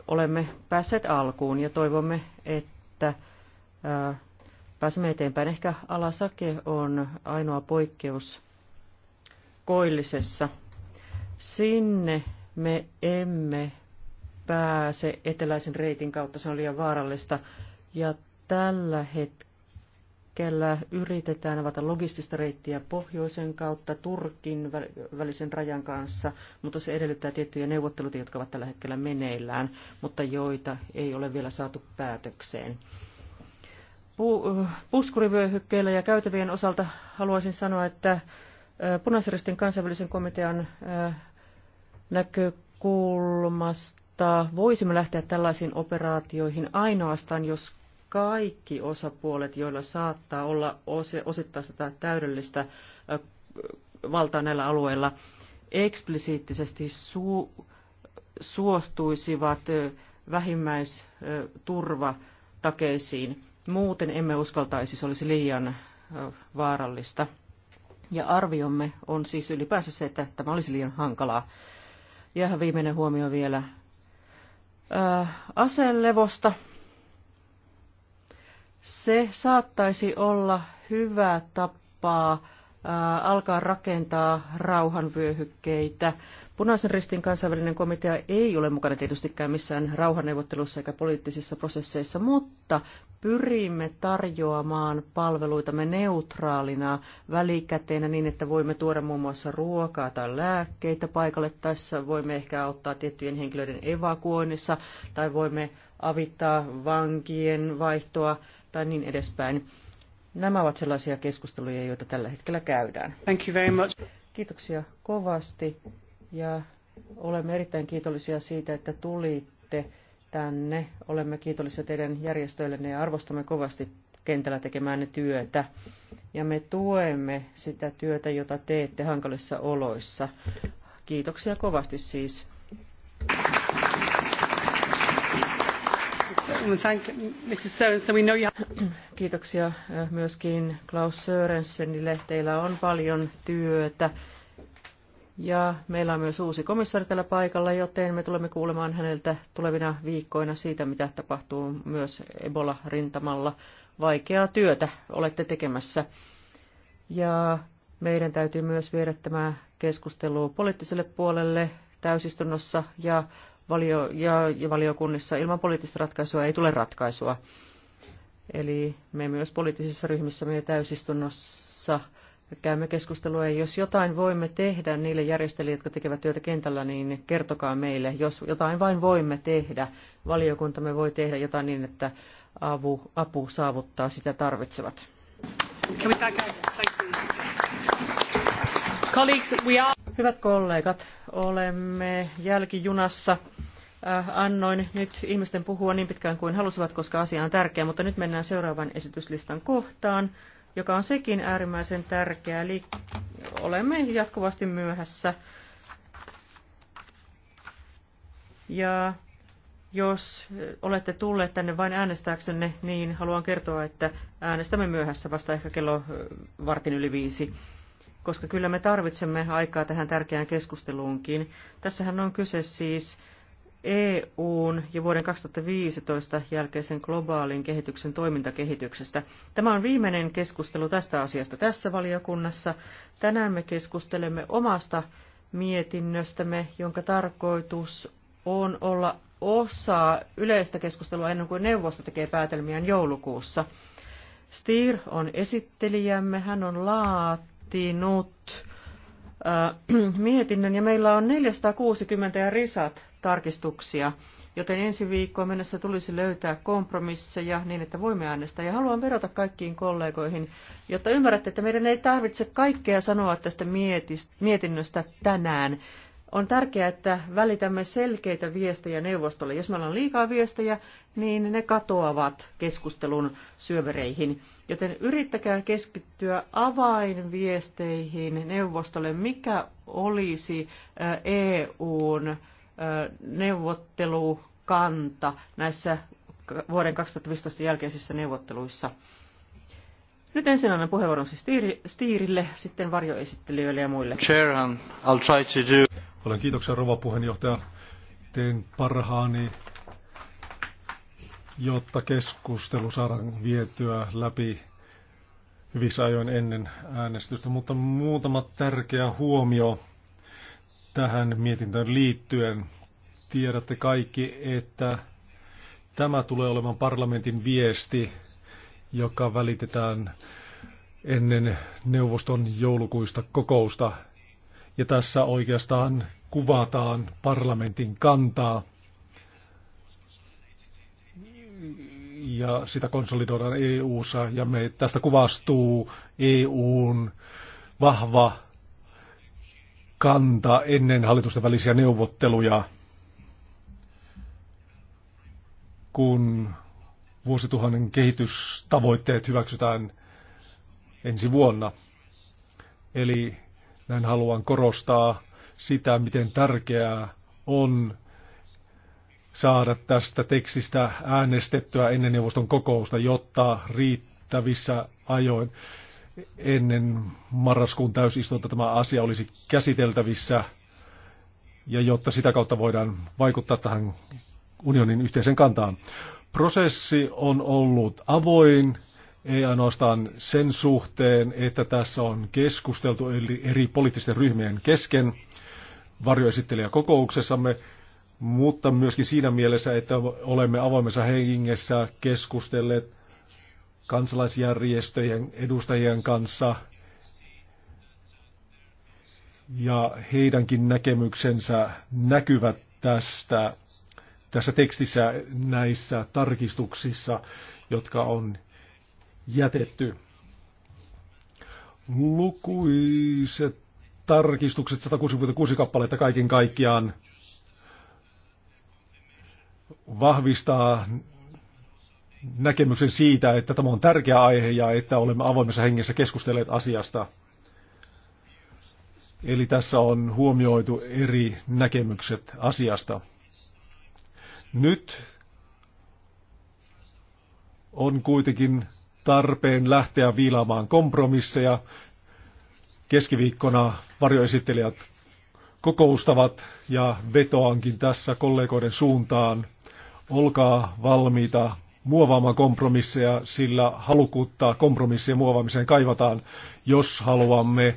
A: olemme päässeet alkuun ja toivomme, että ää, pääsemme eteenpäin. Ehkä alasake on ainoa poikkeus koillisessa. Sinne me emme pääse eteläisen reitin kautta, se on liian vaarallista. Ja tällä hetkellä yritetään avata logistista reittiä pohjoisen kautta Turkin välisen rajan kanssa, mutta se edellyttää tiettyjä neuvotteluita, jotka ovat tällä hetkellä meneillään, mutta joita ei ole vielä saatu päätökseen puskurivyöhykkeillä ja käytävien osalta haluaisin sanoa, että punaisristin kansainvälisen komitean näkökulmasta voisimme lähteä tällaisiin operaatioihin ainoastaan, jos kaikki osapuolet, joilla saattaa olla osittaista tai täydellistä valtaa näillä alueilla, eksplisiittisesti su- suostuisivat vähimmäisturvatakeisiin. Muuten emme uskaltaisi, se olisi liian vaarallista. Ja arviomme on siis ylipäänsä se, että tämä olisi liian hankalaa. Ja viimeinen huomio vielä äh, aselevosta. Se saattaisi olla hyvä tapaa alkaa rakentaa rauhanvyöhykkeitä. Punaisen ristin kansainvälinen komitea ei ole mukana tietystikään missään rauhanneuvottelussa eikä poliittisissa prosesseissa, mutta pyrimme tarjoamaan palveluitamme neutraalina välikäteenä niin, että voimme tuoda muun muassa ruokaa tai lääkkeitä paikalle. Tässä voimme ehkä auttaa tiettyjen henkilöiden evakuoinnissa tai voimme avittaa vankien vaihtoa tai niin edespäin. Nämä ovat sellaisia keskusteluja, joita tällä hetkellä käydään. Thank you very much. Kiitoksia kovasti ja olemme erittäin kiitollisia siitä, että tulitte tänne. Olemme kiitollisia teidän järjestöillenne ja arvostamme kovasti kentällä tekemäänne työtä. Ja me tuemme sitä työtä, jota teette hankalissa oloissa. Kiitoksia kovasti siis. Kiitoksia äh, myöskin Klaus Sörensenille. Teillä on paljon työtä. Ja meillä on myös uusi komissaari täällä paikalla, joten me tulemme kuulemaan häneltä tulevina viikkoina siitä, mitä tapahtuu myös Ebola-rintamalla. Vaikeaa työtä olette tekemässä. Ja meidän täytyy myös viedä tämä keskustelu poliittiselle puolelle täysistunnossa ja valio- ja, ja valiokunnissa ilman poliittista ratkaisua ei tule ratkaisua. Eli me myös poliittisissa ryhmissä ja täysistunnossa käymme keskustelua, ja jos jotain voimme tehdä niille järjestelijille, jotka tekevät työtä kentällä, niin kertokaa meille. Jos jotain vain voimme tehdä, valiokuntamme voi tehdä jotain niin, että avu, apu saavuttaa sitä tarvitsevat. Hyvät kollegat, olemme jälkijunassa. Äh, annoin nyt ihmisten puhua niin pitkään kuin halusivat, koska asia on tärkeä, mutta nyt mennään seuraavan esityslistan kohtaan, joka on sekin äärimmäisen tärkeä. Eli olemme jatkuvasti myöhässä. Ja jos olette tulleet tänne vain äänestääksenne, niin haluan kertoa, että äänestämme myöhässä vasta ehkä kello äh, vartin yli viisi koska kyllä me tarvitsemme aikaa tähän tärkeään keskusteluunkin. Tässähän on kyse siis EUn ja vuoden 2015 jälkeisen globaalin kehityksen toimintakehityksestä. Tämä on viimeinen keskustelu tästä asiasta tässä valiokunnassa. Tänään me keskustelemme omasta mietinnöstämme, jonka tarkoitus on olla osa yleistä keskustelua ennen kuin neuvosto tekee päätelmiään joulukuussa. Stier on esittelijämme, hän on laatu laatinut äh, mietinnön ja meillä on 460 ja risat tarkistuksia, joten ensi viikkoa mennessä tulisi löytää kompromisseja niin, että voimme äänestää. Ja haluan vedota kaikkiin kollegoihin, jotta ymmärrätte, että meidän ei tarvitse kaikkea sanoa tästä mietinnöstä tänään. On tärkeää, että välitämme selkeitä viestejä neuvostolle. Jos meillä on liikaa viestejä, niin ne katoavat keskustelun syövereihin. Joten yrittäkää keskittyä avainviesteihin neuvostolle, mikä olisi EUn neuvottelukanta näissä vuoden 2015 jälkeisissä
B: neuvotteluissa.
A: Nyt ensin annan puheenvuoron siis Stiirille, sitten varjoesittelijöille
B: ja muille. I'll try to do... Olen kiitoksia rouva puheenjohtaja. Teen parhaani, jotta keskustelu saadaan vietyä läpi hyvissä ajoin ennen äänestystä, mutta muutama tärkeä huomio tähän mietintöön liittyen. Tiedätte kaikki, että tämä tulee olemaan parlamentin viesti, joka välitetään ennen neuvoston joulukuista kokousta. Ja tässä oikeastaan kuvataan parlamentin kantaa ja sitä konsolidoidaan EU-ssa ja me, tästä kuvastuu EUn vahva kanta ennen hallitusten välisiä neuvotteluja, kun vuosituhannen kehitystavoitteet hyväksytään ensi vuonna. Eli näin haluan korostaa sitä, miten tärkeää on saada tästä tekstistä äänestettyä ennen neuvoston kokousta, jotta riittävissä ajoin ennen marraskuun täysistuntoa tämä asia olisi käsiteltävissä ja jotta sitä kautta voidaan vaikuttaa tähän unionin yhteisen kantaan. Prosessi on ollut avoin ei ainoastaan sen suhteen, että tässä on keskusteltu eri, eri poliittisten ryhmien kesken varjoesittelijäkokouksessamme, mutta myöskin siinä mielessä, että olemme avoimessa hengessä keskustelleet kansalaisjärjestöjen edustajien kanssa ja heidänkin näkemyksensä näkyvät tästä tässä tekstissä näissä tarkistuksissa, jotka on jätetty. Lukuiset tarkistukset, 166 kappaletta kaiken kaikkiaan, vahvistaa näkemyksen siitä, että tämä on tärkeä aihe ja että olemme avoimessa hengessä keskustelleet asiasta. Eli tässä on huomioitu eri näkemykset asiasta. Nyt on kuitenkin tarpeen lähteä viilaamaan kompromisseja. Keskiviikkona varjoesittelijät kokoustavat ja vetoankin tässä kollegoiden suuntaan. Olkaa valmiita muovaamaan kompromisseja, sillä halukkuutta kompromissien muovaamiseen kaivataan, jos haluamme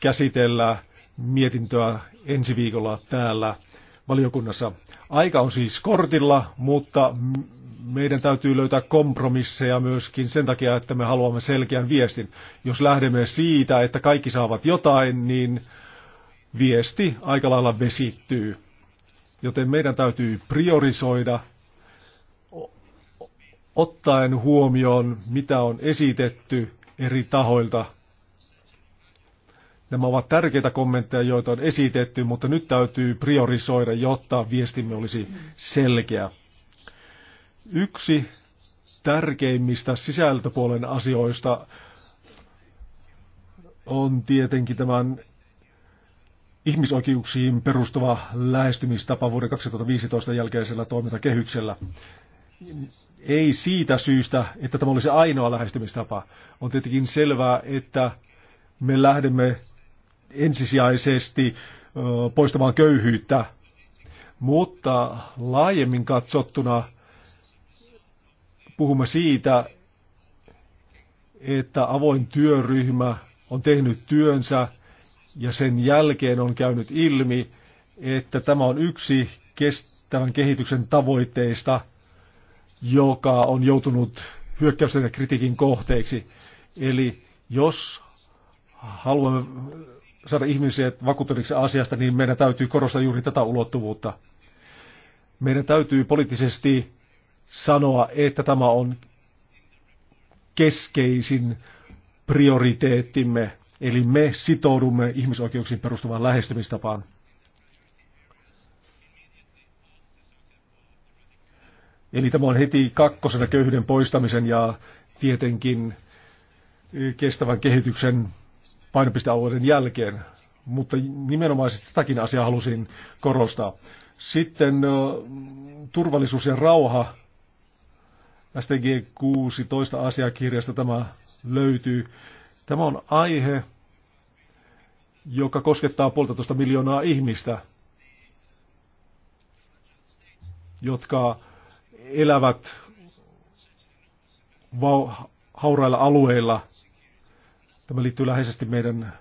B: käsitellä mietintöä ensi viikolla täällä valiokunnassa. Aika on siis kortilla, mutta meidän täytyy löytää kompromisseja myöskin sen takia, että me haluamme selkeän viestin. Jos lähdemme siitä, että kaikki saavat jotain, niin viesti aika lailla vesittyy. Joten meidän täytyy priorisoida ottaen huomioon, mitä on esitetty eri tahoilta. Nämä ovat tärkeitä kommentteja, joita on esitetty, mutta nyt täytyy priorisoida, jotta viestimme olisi selkeä. Yksi tärkeimmistä sisältöpuolen asioista on tietenkin tämän ihmisoikeuksiin perustuva lähestymistapa vuoden 2015 jälkeisellä toimintakehyksellä. Ei siitä syystä, että tämä olisi ainoa lähestymistapa. On tietenkin selvää, että me lähdemme ensisijaisesti poistamaan köyhyyttä, mutta laajemmin katsottuna puhumme siitä, että avoin työryhmä on tehnyt työnsä ja sen jälkeen on käynyt ilmi, että tämä on yksi kestävän kehityksen tavoitteista, joka on joutunut hyökkäysten ja kritiikin kohteeksi. Eli jos haluamme saada ihmisiä vakuuttuneiksi asiasta, niin meidän täytyy korostaa juuri tätä ulottuvuutta. Meidän täytyy poliittisesti sanoa, että tämä on keskeisin prioriteettimme, eli me sitoudumme ihmisoikeuksiin perustuvaan lähestymistapaan. Eli tämä on heti kakkosena köyhyyden poistamisen ja tietenkin e, kestävän kehityksen painopistealueiden jälkeen. Mutta nimenomaisesti tätäkin asiaa halusin korostaa. Sitten turvallisuus ja rauha STG 16 asiakirjasta tämä löytyy. Tämä on aihe, joka koskettaa puolitoista miljoonaa ihmistä, jotka elävät haurailla alueilla. Tämä liittyy läheisesti meidän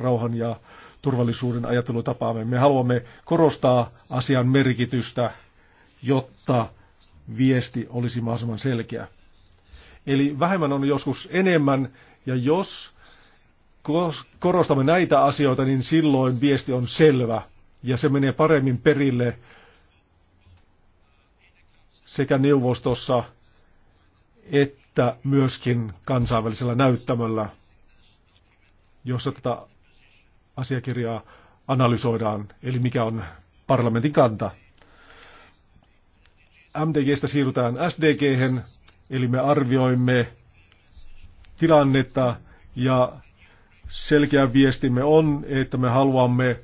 B: rauhan ja turvallisuuden ajattelutapaamme. Me haluamme korostaa asian merkitystä, jotta viesti olisi mahdollisimman selkeä. Eli vähemmän on joskus enemmän, ja jos korostamme näitä asioita, niin silloin viesti on selvä, ja se menee paremmin perille sekä neuvostossa että myöskin kansainvälisellä näyttämöllä, jossa tätä asiakirjaa analysoidaan, eli mikä on parlamentin kanta. MDGstä siirrytään SDGhen, eli me arvioimme tilannetta ja selkeä viestimme on, että me haluamme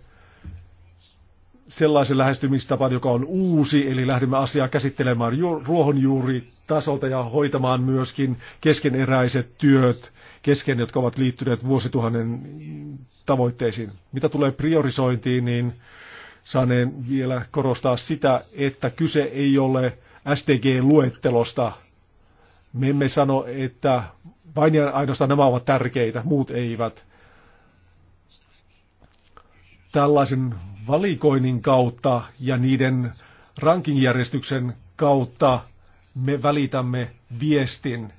B: sellaisen lähestymistapan, joka on uusi, eli lähdemme asiaa käsittelemään ruohonjuuritasolta ja hoitamaan myöskin keskeneräiset työt kesken, jotka ovat liittyneet vuosituhannen tavoitteisiin. Mitä tulee priorisointiin, niin saaneen vielä korostaa sitä, että kyse ei ole stg luettelosta Me emme sano, että vain ja ainoastaan nämä ovat tärkeitä, muut eivät. Tällaisen valikoinnin kautta ja niiden rankingjärjestyksen kautta me välitämme viestin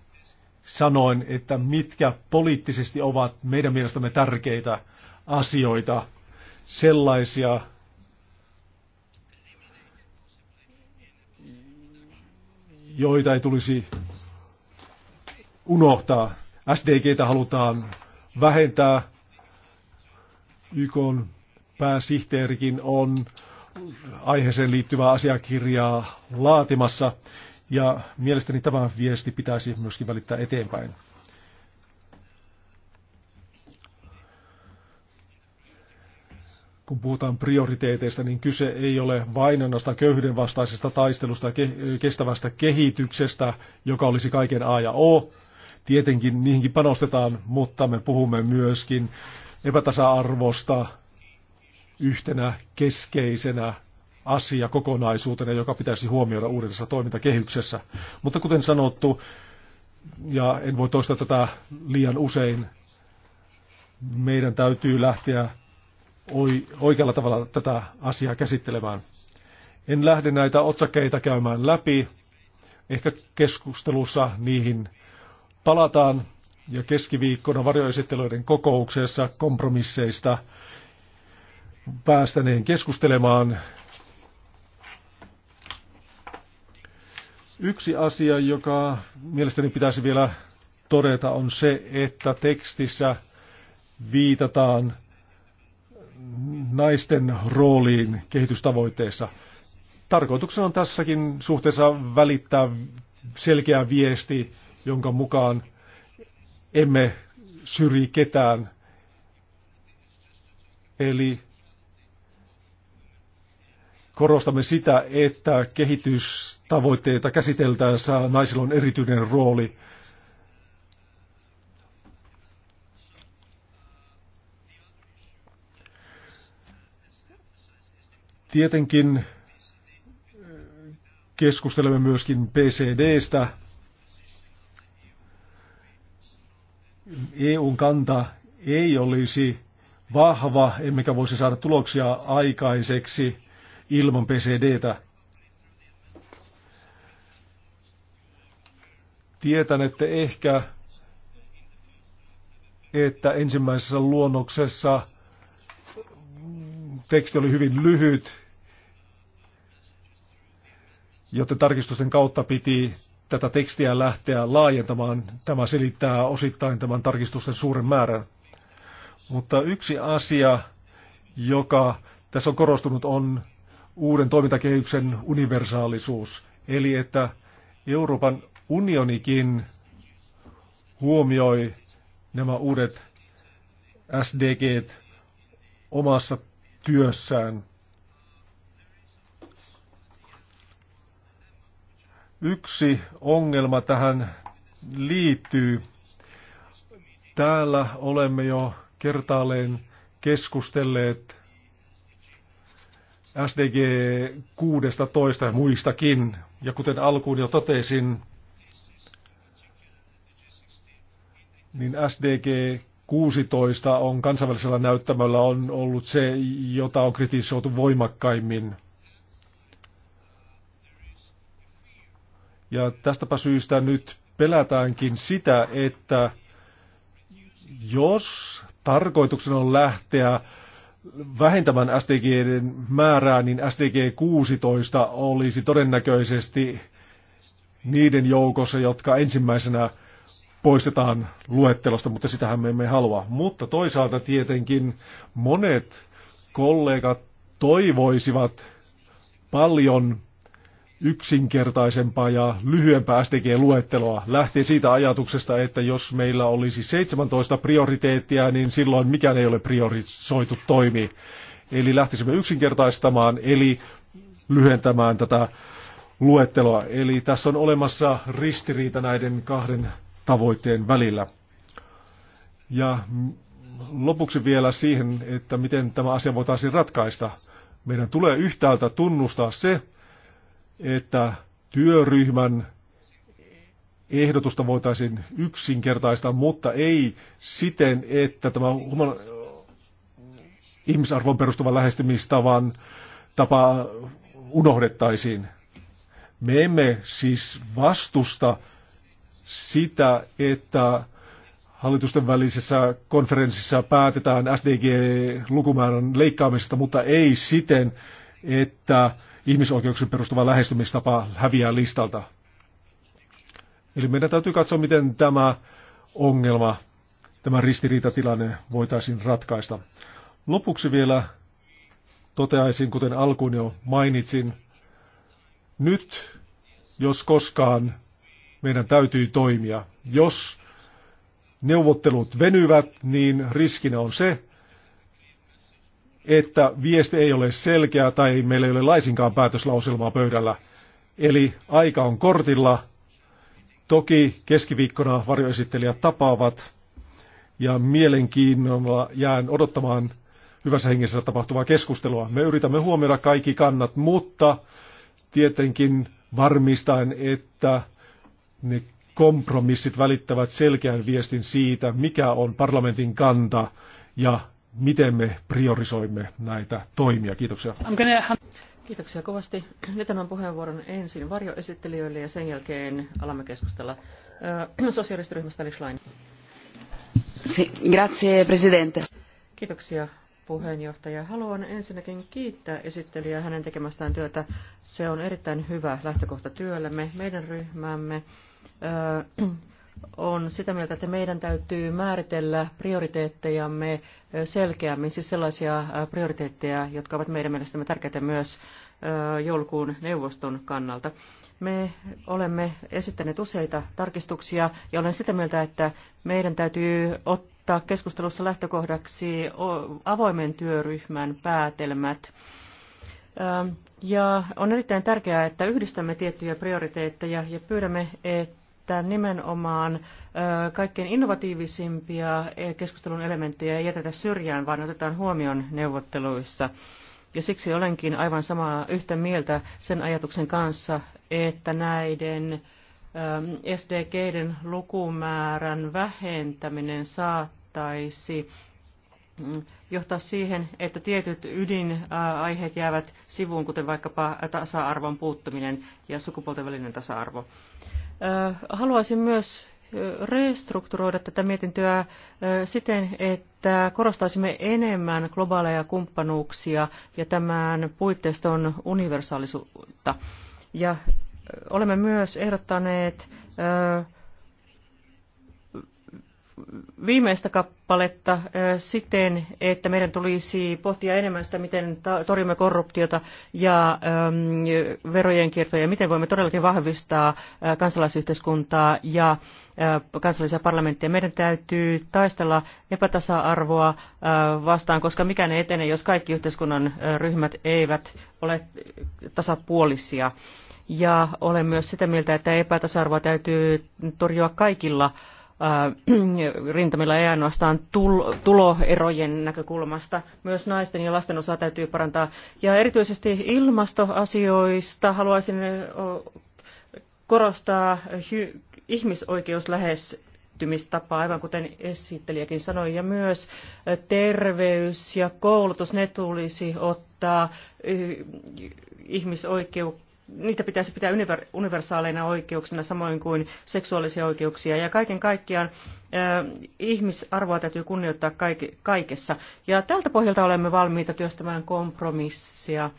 B: sanoen, että mitkä poliittisesti ovat meidän mielestämme tärkeitä asioita, sellaisia joita ei tulisi unohtaa. SDGtä halutaan vähentää. YK pääsihteerikin on aiheeseen liittyvää asiakirjaa laatimassa. Ja mielestäni tämä viesti pitäisi myöskin välittää eteenpäin. kun puhutaan prioriteeteista, niin kyse ei ole vain ainoastaan köyhyyden vastaisesta taistelusta ja kestävästä kehityksestä, joka olisi kaiken A ja O. Tietenkin niihinkin panostetaan, mutta me puhumme myöskin epätasa-arvosta yhtenä keskeisenä asiakokonaisuutena, joka pitäisi huomioida uudessa toimintakehyksessä. Mutta kuten sanottu, ja en voi toistaa tätä liian usein, meidän täytyy lähteä oikealla tavalla tätä asiaa käsittelemään. En lähde näitä otsakeita käymään läpi. Ehkä keskustelussa niihin palataan ja keskiviikkona varjoesittelyiden kokouksessa kompromisseista päästäneen keskustelemaan. Yksi asia, joka mielestäni pitäisi vielä todeta, on se, että tekstissä viitataan naisten rooliin kehitystavoitteissa. Tarkoituksena on tässäkin suhteessa välittää selkeä viesti, jonka mukaan emme syrji ketään. Eli korostamme sitä, että kehitystavoitteita käsiteltäessä naisilla on erityinen rooli Tietenkin äh, keskustelemme myöskin PCDstä. EUn kanta ei olisi vahva, emmekä voisi saada tuloksia aikaiseksi ilman PCDtä. Tietän, että ehkä että ensimmäisessä luonnoksessa – teksti oli hyvin lyhyt, joten tarkistusten kautta piti tätä tekstiä lähteä laajentamaan. Tämä selittää osittain tämän tarkistusten suuren määrän. Mutta yksi asia, joka tässä on korostunut, on uuden toimintakehyksen universaalisuus. Eli että Euroopan unionikin huomioi nämä uudet SDGt omassa työssään. Yksi ongelma tähän liittyy. Täällä olemme jo kertaalleen keskustelleet SDG 16 ja muistakin. Ja kuten alkuun jo totesin, niin SDG 16 on kansainvälisellä näyttämöllä on ollut se, jota on kritisoitu voimakkaimmin. Ja tästäpä syystä nyt pelätäänkin sitä, että jos tarkoituksena on lähteä vähentämään SDG määrää, niin SDG 16 olisi todennäköisesti niiden joukossa, jotka ensimmäisenä poistetaan luettelosta, mutta sitähän me emme halua. Mutta toisaalta tietenkin monet kollegat toivoisivat paljon yksinkertaisempaa ja lyhyempää SDG-luetteloa. Lähtee siitä ajatuksesta, että jos meillä olisi 17 prioriteettia, niin silloin mikään ei ole priorisoitu toimi. Eli lähtisimme yksinkertaistamaan, eli lyhentämään tätä luetteloa. Eli tässä on olemassa ristiriita näiden kahden tavoitteen välillä. Ja lopuksi vielä siihen, että miten tämä asia voitaisiin ratkaista. Meidän tulee yhtäältä tunnustaa se, että työryhmän ehdotusta voitaisiin yksinkertaistaa, mutta ei siten, että tämä human... ihmisarvon perustuva lähestymistavan tapa unohdettaisiin. Me emme siis vastusta sitä, että hallitusten välisessä konferenssissa päätetään SDG-lukumäärän leikkaamisesta, mutta ei siten, että ihmisoikeuksien perustuva lähestymistapa häviää listalta. Eli meidän täytyy katsoa, miten tämä ongelma, tämä ristiriitatilanne voitaisiin ratkaista. Lopuksi vielä toteaisin, kuten alkuun jo mainitsin, nyt jos koskaan meidän täytyy toimia. Jos neuvottelut venyvät, niin riskinä on se, että viesti ei ole selkeä tai meillä ei ole laisinkaan päätöslauselmaa pöydällä. Eli aika on kortilla. Toki keskiviikkona varjoesittelijät tapaavat ja mielenkiinnolla jään odottamaan hyvässä hengessä tapahtuvaa keskustelua. Me yritämme huomioida kaikki kannat, mutta tietenkin varmistaen, että ne kompromissit välittävät selkeän viestin siitä, mikä on parlamentin kanta ja miten me priorisoimme näitä toimia. Kiitoksia.
A: Kiitoksia kovasti. Nyt annan puheenvuoron ensin varjoesittelijöille ja sen jälkeen alamme keskustella sosiaalistyryhmästä Lischlein. Si, grazie, presidente. Kiitoksia puheenjohtaja. Haluan ensinnäkin kiittää esittelijää hänen tekemästään työtä. Se on erittäin hyvä lähtökohta työllemme. Meidän ryhmämme on sitä mieltä, että meidän täytyy määritellä prioriteettejamme selkeämmin, siis sellaisia prioriteetteja, jotka ovat meidän mielestämme tärkeitä myös joulukuun neuvoston kannalta. Me olemme esittäneet useita tarkistuksia ja olen sitä mieltä, että meidän täytyy ottaa keskustelussa lähtökohdaksi avoimen työryhmän päätelmät Ähm, ja on erittäin tärkeää, että yhdistämme tiettyjä prioriteetteja ja pyydämme, että nimenomaan äh, kaikkein innovatiivisimpia äh, keskustelun elementtejä ei jätetä syrjään, vaan otetaan huomioon neuvotteluissa. Ja siksi olenkin aivan samaa yhtä mieltä sen ajatuksen kanssa, että näiden ähm, SDGiden lukumäärän vähentäminen saattaisi mm, johtaa siihen, että tietyt ydinaiheet jäävät sivuun, kuten vaikkapa tasa-arvon puuttuminen ja sukupuolten välinen tasa-arvo. Haluaisin myös restrukturoida tätä mietintöä siten, että korostaisimme enemmän globaaleja kumppanuuksia ja tämän puitteiston universaalisuutta. Ja olemme myös ehdottaneet äh, viimeistä kappaletta siten, että meidän tulisi pohtia enemmän sitä, miten torjumme korruptiota ja verojen kiertoja, miten voimme todellakin vahvistaa kansalaisyhteiskuntaa ja kansallisia parlamentteja. Meidän täytyy taistella epätasa-arvoa vastaan, koska mikään ei etene, jos kaikki yhteiskunnan ryhmät eivät ole tasapuolisia. Ja olen myös sitä mieltä, että epätasa-arvoa täytyy torjua kaikilla rintamilla ei ainoastaan tuloerojen näkökulmasta. Myös naisten ja lasten osaa täytyy parantaa. Ja erityisesti ilmastoasioista haluaisin korostaa ihmisoikeuslähes kehittymistapaa, aivan kuten esittelijäkin sanoi, ja myös terveys ja koulutus, ne tulisi ottaa ihmisoikeuksien niitä pitäisi pitää universaaleina oikeuksina samoin kuin seksuaalisia oikeuksia. Ja kaiken kaikkiaan ihmisarvoa täytyy kunnioittaa kaikessa. Ja tältä pohjalta olemme valmiita työstämään kompromissia.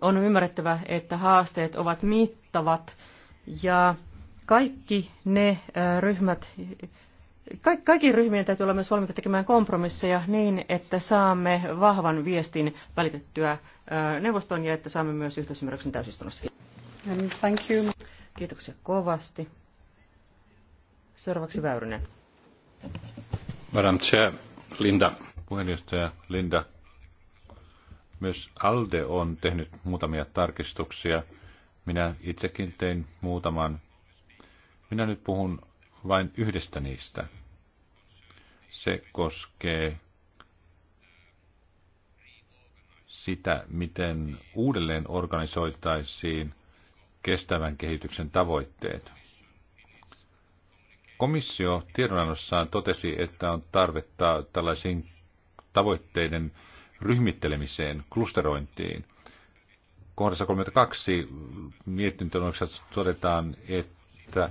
A: On ymmärrettävä, että haasteet ovat mittavat ja kaikki ne ryhmät, kaikkien ryhmien täytyy olla myös valmiita tekemään kompromisseja niin, että saamme vahvan viestin välitettyä neuvostoon ja että saamme myös yhteisymmärryksen täysistunnossa. Thank you. Kiitoksia kovasti. Seuraavaksi Väyrynen.
C: Madam Chair, Linda. Puheenjohtaja Linda. Myös ALDE on tehnyt muutamia tarkistuksia. Minä itsekin tein muutaman. Minä nyt puhun vain yhdestä niistä. Se koskee sitä, miten uudelleen organisoitaisiin kestävän kehityksen tavoitteet. Komissio tiedonannossaan totesi, että on tarvetta tällaisiin tavoitteiden ryhmittelemiseen, klusterointiin. Kohdassa 32 mietintönoksessa todetaan, että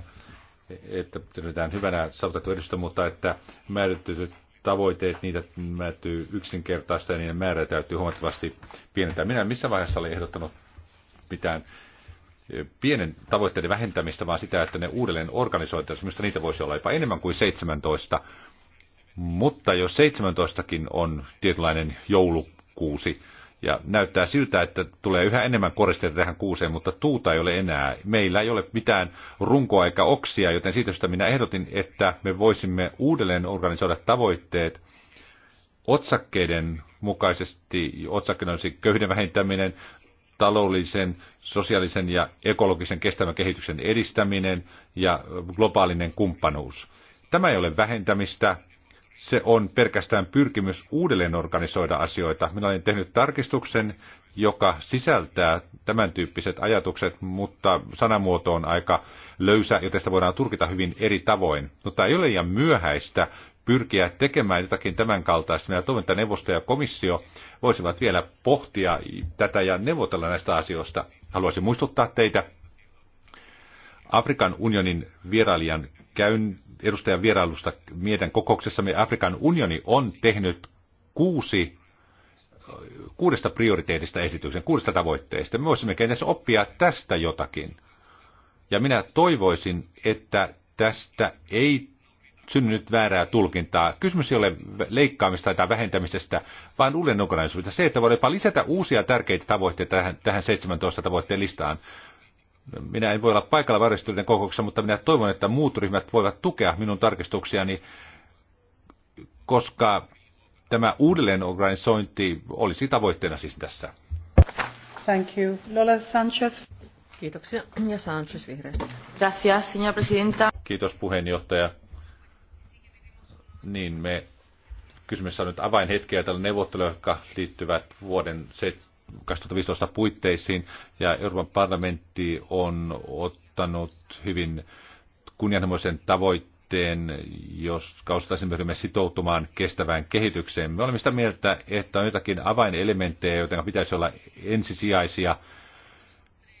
C: että pidetään hyvänä saavutettu edistö, mutta että määrittyy tavoitteet, niitä määrittyy yksinkertaista ja niiden määrä täytyy huomattavasti pienentää. Minä missä vaiheessa olin ehdottanut mitään eh, pienen tavoitteiden vähentämistä, vaan sitä, että ne uudelleen organisoitaisiin. Minusta niitä voisi olla jopa enemmän kuin 17. Mutta jos 17kin on tietynlainen joulukuusi, ja näyttää siltä, että tulee yhä enemmän koristeita tähän kuuseen, mutta tuuta ei ole enää. Meillä ei ole mitään runkoa eikä oksia, joten siitä syystä minä ehdotin, että me voisimme uudelleen organisoida tavoitteet otsakkeiden mukaisesti. Otsakkeiden olisi köyhyyden vähentäminen, taloudellisen, sosiaalisen ja ekologisen kestävän kehityksen edistäminen ja globaalinen kumppanuus. Tämä ei ole vähentämistä, se on pelkästään pyrkimys uudelleen organisoida asioita. Minä olen tehnyt tarkistuksen, joka sisältää tämän tyyppiset ajatukset, mutta sanamuoto on aika löysä, joten sitä voidaan tulkita hyvin eri tavoin. Mutta ei ole liian myöhäistä pyrkiä tekemään jotakin tämän kaltaista. Minä toivon, että neuvosto ja komissio voisivat vielä pohtia tätä ja neuvotella näistä asioista. Haluaisin muistuttaa teitä Afrikan unionin vierailijan käyn edustajan vierailusta kokouksessa. me Afrikan unioni on tehnyt kuusi kuudesta prioriteetista esityksen, kuudesta tavoitteesta. Me voisimme kenties oppia tästä jotakin. Ja minä toivoisin, että tästä ei synnynyt väärää tulkintaa. Kysymys ei ole leikkaamista tai vähentämisestä, vaan uuden kokonaisuudesta. Se, että voidaan jopa lisätä uusia tärkeitä tavoitteita tähän, tähän 17 tavoitteen listaan. Minä en voi olla paikalla varjostuneiden kokouksessa, mutta minä toivon, että muut ryhmät voivat tukea minun tarkistuksiani, koska tämä uudelleenorganisointi olisi tavoitteena siis tässä. Thank you. Lola Sanchez.
A: Kiitoksia. Ja Sanchez vihreästä. Gracias, señora presidenta.
C: Kiitos puheenjohtaja. Niin, me kysymys on nyt avainhetkiä tällä neuvottelu, jotka liittyvät vuoden 2015 puitteisiin ja Euroopan parlamentti on ottanut hyvin kunnianhimoisen tavoitteen, jos kaustaisen pyrimme sitoutumaan kestävään kehitykseen. Me olemme sitä mieltä, että on jotakin avainelementtejä, joten pitäisi olla ensisijaisia.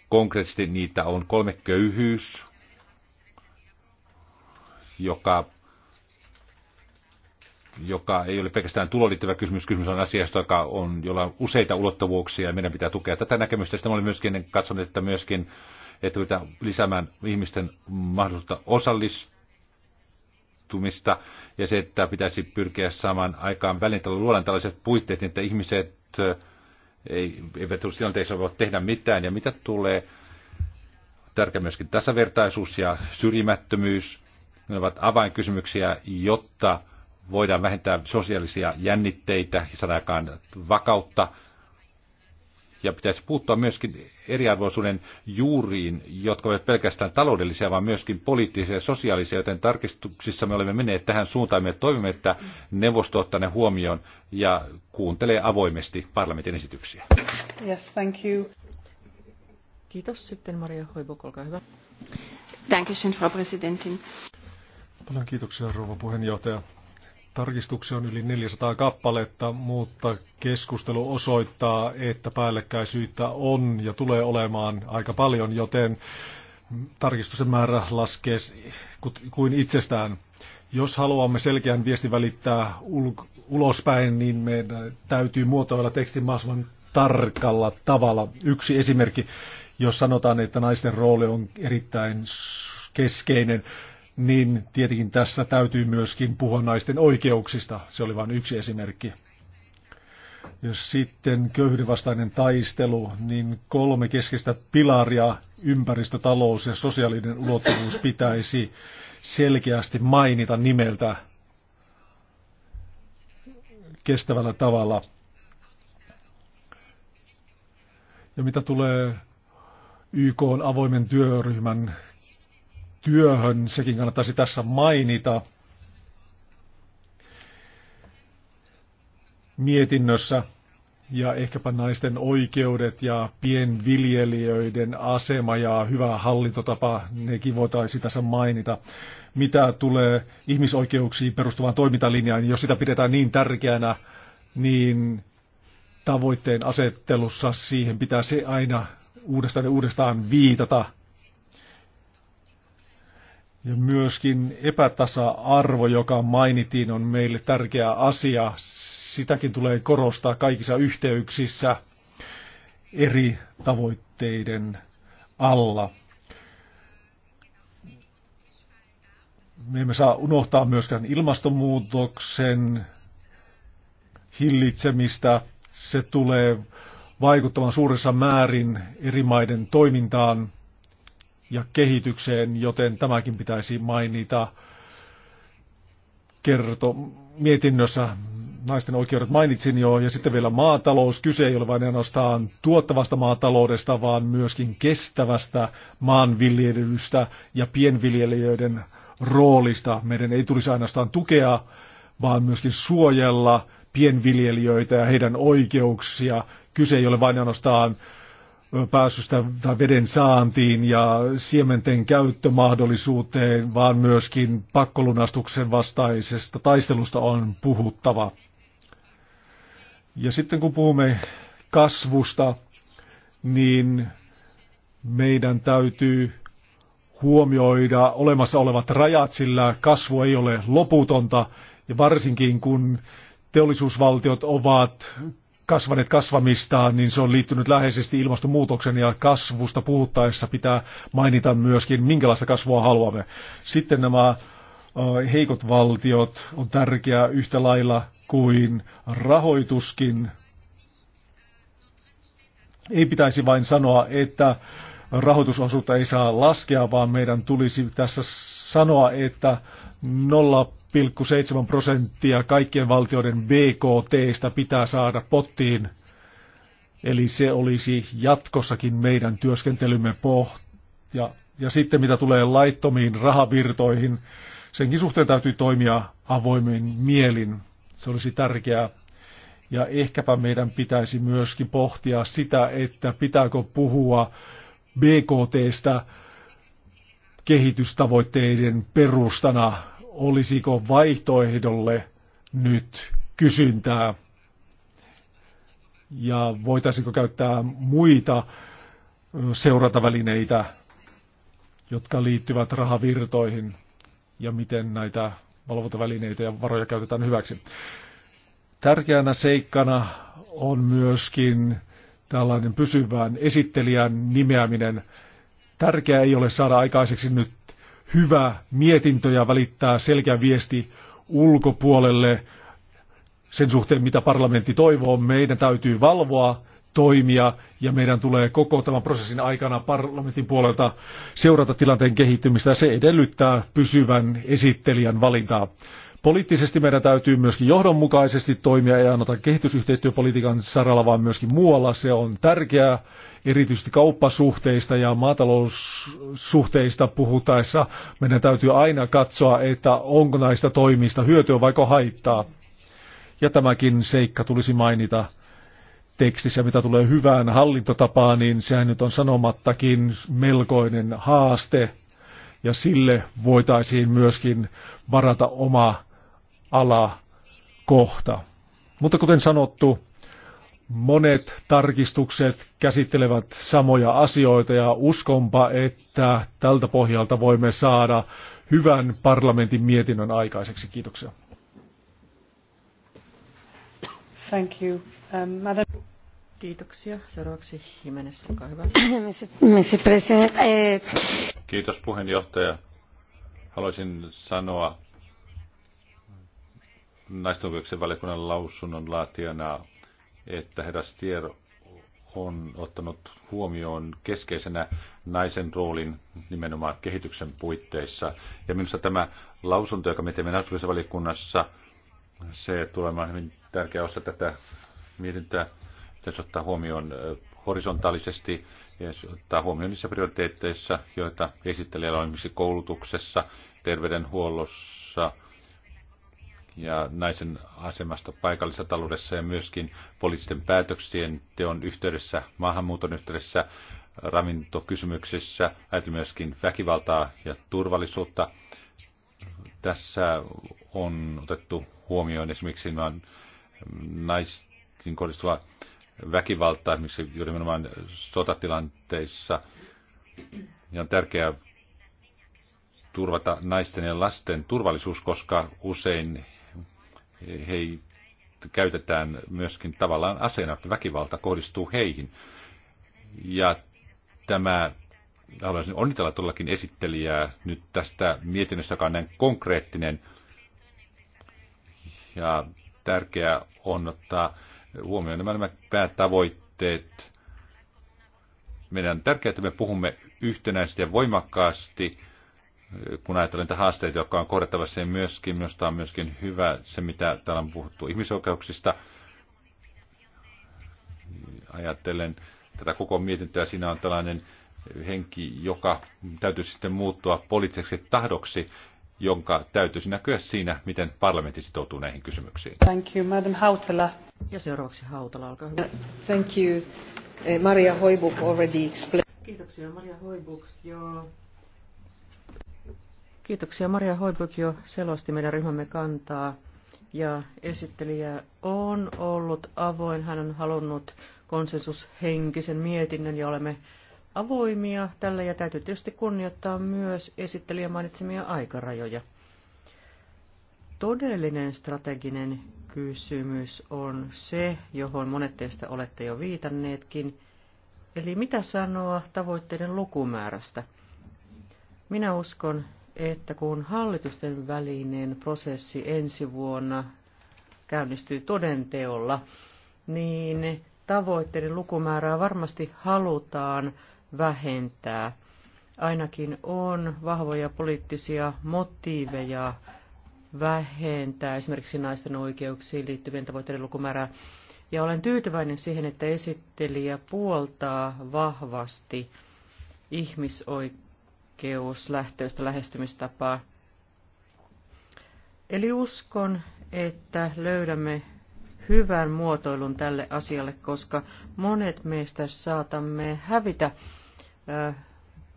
C: Konkreettisesti niitä on kolme köyhyys, joka joka ei ole pelkästään tuloon liittyvä kysymys. Kysymys on asiasta, joka on, jolla on useita ulottuvuuksia ja meidän pitää tukea tätä näkemystä. Sitten olen myöskin katsonut, että myöskin että pitää lisäämään ihmisten mahdollisuutta osallistumista ja se, että pitäisi pyrkiä saamaan aikaan välintällä luodaan tällaiset puitteet, niin että ihmiset eh, ei, eivät tilanteissa voi tehdä mitään ja mitä tulee. Tärkeä myöskin tasavertaisuus ja syrjimättömyys. Ne ovat avainkysymyksiä, jotta voidaan vähentää sosiaalisia jännitteitä ja sanakaan vakautta. Ja pitäisi puuttua myöskin eriarvoisuuden juuriin, jotka ovat pelkästään taloudellisia, vaan myöskin poliittisia ja sosiaalisia, joten tarkistuksissa me olemme menneet tähän suuntaan. Me toivomme, että neuvosto ottaa ne huomioon ja kuuntelee avoimesti parlamentin esityksiä.
B: Yes, thank you. Kiitos.
A: Sitten Maria Hoibuk, olkaa hyvä. Dankeschön, Frau Präsidentin.
C: Paljon
B: kiitoksia, rouva puheenjohtaja. Tarkistuksia on yli 400 kappaletta, mutta keskustelu osoittaa, että päällekkäisyyttä on ja tulee olemaan aika paljon, joten tarkistusten määrä laskee kuin itsestään. Jos haluamme selkeän viesti välittää ul- ulospäin, niin meidän täytyy muotoilla tekstin mahdollisimman tarkalla tavalla. Yksi esimerkki, jos sanotaan, että naisten rooli on erittäin keskeinen, niin tietenkin tässä täytyy myöskin puhua naisten oikeuksista. Se oli vain yksi esimerkki. Ja sitten köyhdenvastainen taistelu, niin kolme keskeistä pilaria, ympäristötalous talous ja sosiaalinen ulottuvuus pitäisi selkeästi mainita nimeltä kestävällä tavalla. Ja mitä tulee YK avoimen työryhmän työhön, sekin kannattaisi tässä mainita mietinnössä. Ja ehkäpä naisten oikeudet ja pienviljelijöiden asema ja hyvä hallintotapa, nekin voitaisiin tässä mainita. Mitä tulee ihmisoikeuksiin perustuvaan toimintalinjaan, jos sitä pidetään niin tärkeänä, niin tavoitteen asettelussa siihen pitää se aina uudestaan ja uudestaan viitata. Ja myöskin epätasa-arvo, joka mainitiin, on meille tärkeä asia. Sitäkin tulee korostaa kaikissa yhteyksissä eri tavoitteiden alla. Me emme saa unohtaa myöskään ilmastonmuutoksen hillitsemistä. Se tulee vaikuttamaan suuressa määrin eri maiden toimintaan ja kehitykseen, joten tämäkin pitäisi mainita kerto mietinnössä. Naisten oikeudet mainitsin jo, ja sitten vielä maatalous. Kyse ei ole vain ainoastaan tuottavasta maataloudesta, vaan myöskin kestävästä maanviljelystä ja pienviljelijöiden roolista. Meidän ei tulisi ainoastaan tukea, vaan myöskin suojella pienviljelijöitä ja heidän oikeuksia. Kyse ei ole vain ainoastaan äh, pääsystä tai veden saantiin ja siementen käyttömahdollisuuteen, vaan myöskin pakkolunastuksen vastaisesta taistelusta on puhuttava. Ja sitten kun puhumme kasvusta, niin meidän täytyy huomioida olemassa olevat rajat, sillä kasvu ei ole loputonta, ja varsinkin kun teollisuusvaltiot ovat kasvaneet kasvamistaan, niin se on liittynyt läheisesti ilmastonmuutoksen ja kasvusta puhuttaessa pitää mainita myöskin, minkälaista kasvua haluamme. Sitten nämä heikot valtiot on tärkeää yhtä lailla kuin rahoituskin. Ei pitäisi vain sanoa, että rahoitusosuutta ei saa laskea, vaan meidän tulisi tässä sanoa, että nolla 0,7 prosenttia kaikkien valtioiden BKTstä pitää saada pottiin. Eli se olisi jatkossakin meidän työskentelymme pohja. Ja sitten mitä tulee laittomiin rahavirtoihin, senkin suhteen täytyy toimia avoimin mielin. Se olisi tärkeää. Ja ehkäpä meidän pitäisi myöskin pohtia sitä, että pitääkö puhua BKTstä kehitystavoitteiden perustana olisiko vaihtoehdolle
C: nyt
B: kysyntää ja voitaisiko käyttää muita seurantavälineitä, jotka liittyvät rahavirtoihin ja miten näitä valvontavälineitä ja varoja käytetään hyväksi. Tärkeänä seikkana on myöskin tällainen pysyvään esittelijän nimeäminen. Tärkeää ei ole saada aikaiseksi nyt hyvä mietintö ja välittää selkeä viesti ulkopuolelle sen suhteen, mitä parlamentti toivoo. Meidän täytyy valvoa toimia ja meidän tulee koko tämän prosessin aikana parlamentin puolelta seurata tilanteen kehittymistä. Se edellyttää pysyvän esittelijän valintaa. Poliittisesti meidän täytyy myöskin johdonmukaisesti toimia, ei ainoastaan kehitysyhteistyöpolitiikan saralla, vaan myöskin muualla. Se on tärkeää, erityisesti kauppasuhteista ja maataloussuhteista puhutaessa. Meidän täytyy aina katsoa, että onko näistä toimista hyötyä vaiko haittaa. Ja tämäkin seikka tulisi mainita tekstissä, mitä tulee hyvään hallintotapaan, niin sehän nyt on sanomattakin melkoinen haaste, ja sille voitaisiin myöskin varata omaa alakohta. Mutta kuten sanottu, monet tarkistukset käsittelevät samoja asioita ja uskonpa, että tältä pohjalta voimme saada hyvän parlamentin mietinnön aikaiseksi. Kiitoksia.
A: Thank you. Um, madam... Kiitoksia. Seuraavaksi Jimenez, olkaa hyvä.
C: Eh. Kiitos puheenjohtaja. Haluaisin sanoa naisten oikeuksien valiokunnan lausunnon laatijana, että herra Tier on ottanut huomioon keskeisenä naisen roolin nimenomaan kehityksen puitteissa. Ja minusta tämä lausunto, joka me teemme naisten valiokunnassa, se tulee olemaan hyvin tärkeä osa tätä mietintöä. Pitäisi ottaa huomioon horisontaalisesti ja ottaa huomioon niissä prioriteetteissa, joita esittelijällä on esimerkiksi koulutuksessa, terveydenhuollossa – ja naisen asemasta paikallisessa taloudessa ja myöskin poliittisten päätöksien teon yhteydessä, maahanmuuton yhteydessä, ravintokysymyksissä, ajatellaan myöskin väkivaltaa ja turvallisuutta. Tässä on otettu huomioon esimerkiksi naisiin kohdistuva väkivaltaa, esimerkiksi juuri nimenomaan sotatilanteissa. Ja on tärkeää turvata naisten ja lasten turvallisuus, koska usein hei käytetään myöskin tavallaan aseena, että väkivalta kohdistuu heihin. Ja tämä, haluaisin onnitella todellakin esittelijää nyt tästä mietinnöstä, joka on näin konkreettinen. Ja tärkeää on ottaa huomioon nämä, nämä päätavoitteet. Meidän on tärkeää, että me puhumme yhtenäisesti ja voimakkaasti kun ajattelen niitä haasteita, jotka on kohdettava, se myöskin, minusta on myöskin hyvä se, mitä täällä on puhuttu ihmisoikeuksista. Ajattelen tätä koko mietintöä, siinä on tällainen henki, joka täytyy sitten muuttua poliittiseksi tahdoksi, jonka täytyisi näkyä siinä, miten parlamentti sitoutuu näihin kysymyksiin.
A: Thank you, Madam Hautala. Ja seuraavaksi
D: Hautala, olkaa hyvä. Thank you. Eh, Maria Hoibuk already explained.
A: Kiitoksia. Maria Hoibuk Joo. Kiitoksia. Maria Hoibuk jo selosti meidän ryhmämme kantaa ja esittelijä on ollut avoin. Hän on halunnut konsensushenkisen mietinnön ja olemme avoimia tällä ja täytyy tietysti kunnioittaa myös esittelijän mainitsemia aikarajoja. Todellinen strateginen kysymys on se, johon monet teistä olette jo viitanneetkin, eli mitä sanoa tavoitteiden lukumäärästä. Minä uskon, että kun hallitusten välinen prosessi ensi vuonna käynnistyy todenteolla, niin tavoitteiden lukumäärää varmasti halutaan vähentää. Ainakin on vahvoja poliittisia motiiveja vähentää esimerkiksi naisten oikeuksiin liittyvien tavoitteiden lukumäärää. Ja olen tyytyväinen siihen, että esittelijä puoltaa vahvasti ihmisoikeuksia oikeuslähtöistä lähestymistapaa. Eli uskon, että löydämme hyvän muotoilun tälle asialle, koska monet meistä saatamme hävitä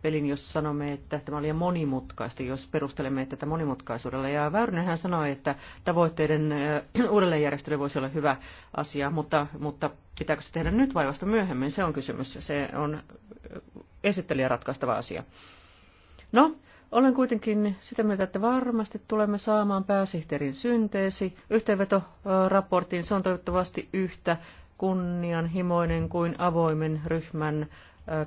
A: pelin, jos sanomme, että tämä oli monimutkaista, jos perustelemme tätä monimutkaisuudella. Ja Väyrynenhän sanoi, että tavoitteiden uudelleenjärjestely voisi olla hyvä asia, mutta, mutta pitääkö se tehdä nyt vai vasta myöhemmin, se on kysymys. Se on esittelijä ratkaistava asia. No, olen kuitenkin sitä mieltä, että varmasti tulemme saamaan pääsihteerin synteesi. Yhteenvetoraportin se on toivottavasti yhtä kunnianhimoinen kuin avoimen ryhmän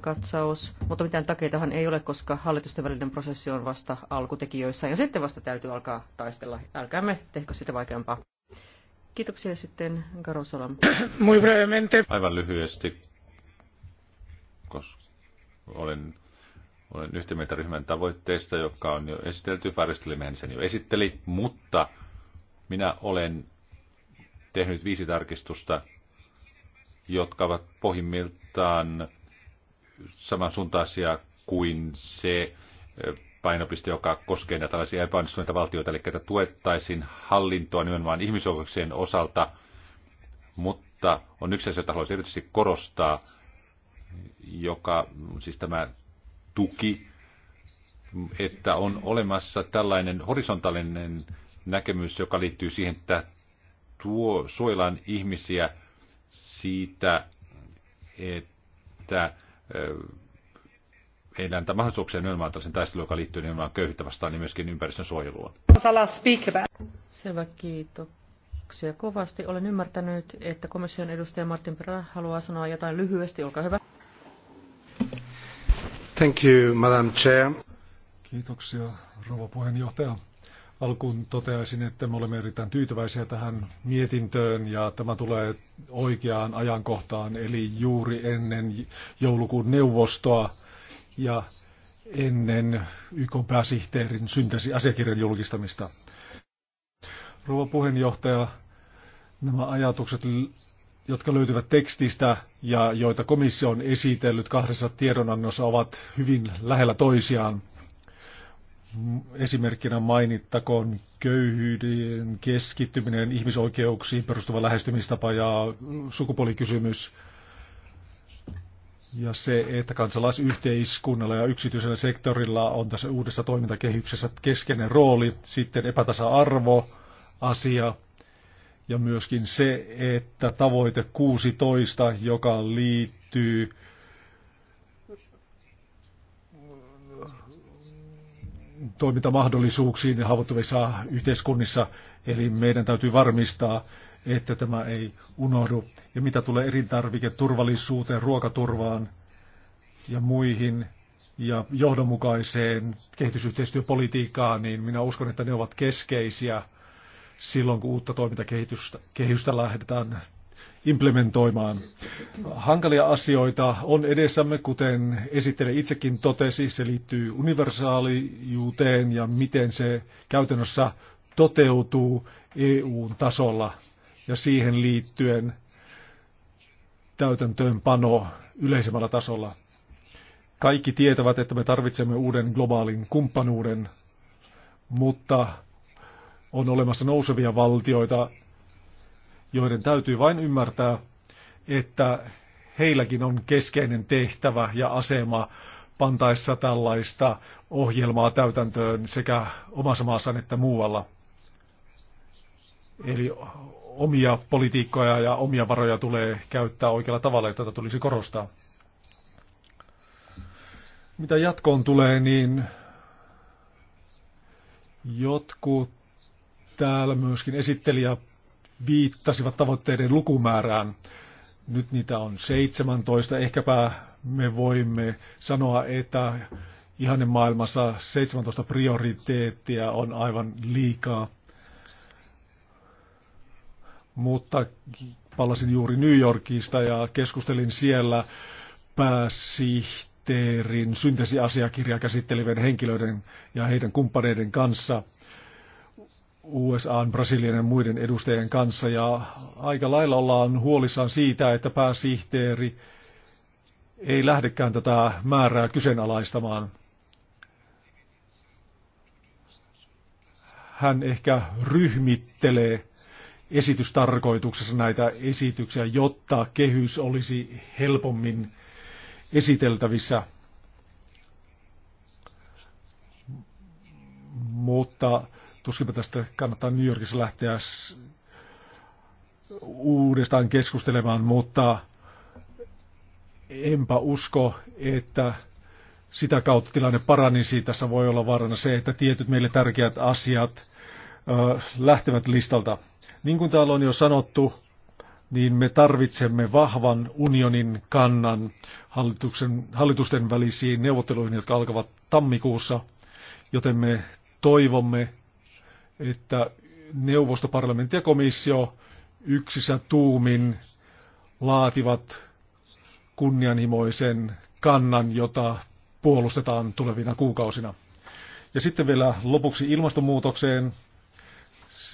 A: katsaus, mutta mitään takeitahan ei ole, koska hallitusten välinen prosessi on vasta alkutekijöissä ja sitten vasta täytyy alkaa taistella. Älkäämme tehkö sitä vaikeampaa. Kiitoksia sitten Garosalam.
C: Muy brevemente. Aivan lyhyesti, koska olen olen yhtä mieltä ryhmän tavoitteista, joka on jo esitelty. Färjestelimehän sen jo esitteli, mutta minä olen tehnyt viisi tarkistusta, jotka ovat pohjimmiltaan samansuuntaisia kuin se eh, painopiste, joka koskee näitä tällaisia epäonnistuneita valtioita, eli että tuettaisiin hallintoa nimenomaan ihmisoikeuksien osalta, mutta on yksi asia, jota haluaisin erityisesti korostaa, joka, siis tämä tuki, että on olemassa tällainen horisontaalinen näkemys, joka liittyy siihen, että tuo, suojellaan ihmisiä siitä, että heidän tai mahdollisuuksia nimenomaan tällaisen taistelun, joka liittyy nimenomaan köyhyyttä vastaan, niin myöskin ympäristön suojeluun.
A: Selvä, kiitoksia kovasti. Olen ymmärtänyt, että komission edustaja Martin Perä haluaa sanoa jotain lyhyesti. Olkaa hyvä.
B: Thank you, Madam Chair. Kiitoksia, rouva puheenjohtaja. Alkuun toteaisin, että me olemme erittäin tyytyväisiä tähän mietintöön ja tämä tulee oikeaan ajankohtaan, eli juuri ennen joulukuun neuvostoa ja ennen YK pääsihteerin syntäsi asiakirjan julkistamista. Rouva puheenjohtaja, nämä ajatukset jotka löytyvät tekstistä ja joita komissio on esitellyt kahdessa tiedonannossa, ovat hyvin lähellä toisiaan. Esimerkkinä mainittakoon köyhyyden keskittyminen, ihmisoikeuksiin perustuva lähestymistapa ja sukupuolikysymys. Ja se, että kansalaisyhteiskunnalla ja yksityisellä sektorilla on tässä uudessa toimintakehyksessä keskeinen rooli. Sitten epätasa-arvo, asia, ja myöskin se, että tavoite 16, joka liittyy toimintamahdollisuuksiin ja haavoittuvissa yhteiskunnissa, eli meidän täytyy varmistaa, että tämä ei unohdu. Ja mitä tulee elintarviketurvallisuuteen, ruokaturvaan ja muihin ja johdonmukaiseen kehitysyhteistyöpolitiikkaan, niin minä uskon, että ne ovat keskeisiä silloin, kun uutta toimintakehystä lähdetään implementoimaan. Hankalia asioita on edessämme, kuten esittele itsekin totesi, se liittyy universaalijuuteen ja miten se käytännössä toteutuu EUn tasolla ja siihen liittyen täytäntöönpano yleisemmällä tasolla. Kaikki tietävät, että me tarvitsemme uuden globaalin kumppanuuden, mutta on olemassa nousevia valtioita, joiden täytyy vain ymmärtää, että heilläkin on keskeinen tehtävä ja asema pantaessa tällaista ohjelmaa täytäntöön sekä omassa maassaan että muualla. Eli omia politiikkoja ja omia varoja tulee käyttää oikealla tavalla, ja tätä tulisi korostaa. Mitä jatkoon tulee, niin jotkut täällä myöskin esittelijä viittasivat tavoitteiden lukumäärään. Nyt niitä on 17. Ehkäpä me voimme sanoa, että ihanen maailmassa 17 prioriteettia on aivan liikaa. Mutta palasin juuri New Yorkista ja keskustelin siellä pääsihteerin synteesiasiakirjaa käsittelevien henkilöiden ja heidän kumppaneiden kanssa. USAn, Brasilian ja muiden edustajien kanssa ja aika lailla ollaan huolissaan siitä, että pääsihteeri ei lähdekään tätä määrää kyseenalaistamaan. Hän ehkä ryhmittelee esitystarkoituksessa näitä esityksiä, jotta kehys olisi helpommin esiteltävissä. Mutta Tuskinpä tästä kannattaa New Yorkissa lähteä uudestaan keskustelemaan, mutta enpä usko, että sitä kautta tilanne paranisi. Tässä voi olla varana se, että tietyt meille tärkeät asiat lähtevät listalta. Niin kuin täällä on jo sanottu, niin me tarvitsemme vahvan unionin kannan hallituksen, hallitusten välisiin neuvotteluihin, jotka alkavat tammikuussa, joten me toivomme, että neuvostoparlamentti ja komissio yksissä tuumin laativat kunnianhimoisen kannan, jota puolustetaan tulevina kuukausina. Ja sitten vielä lopuksi ilmastonmuutokseen.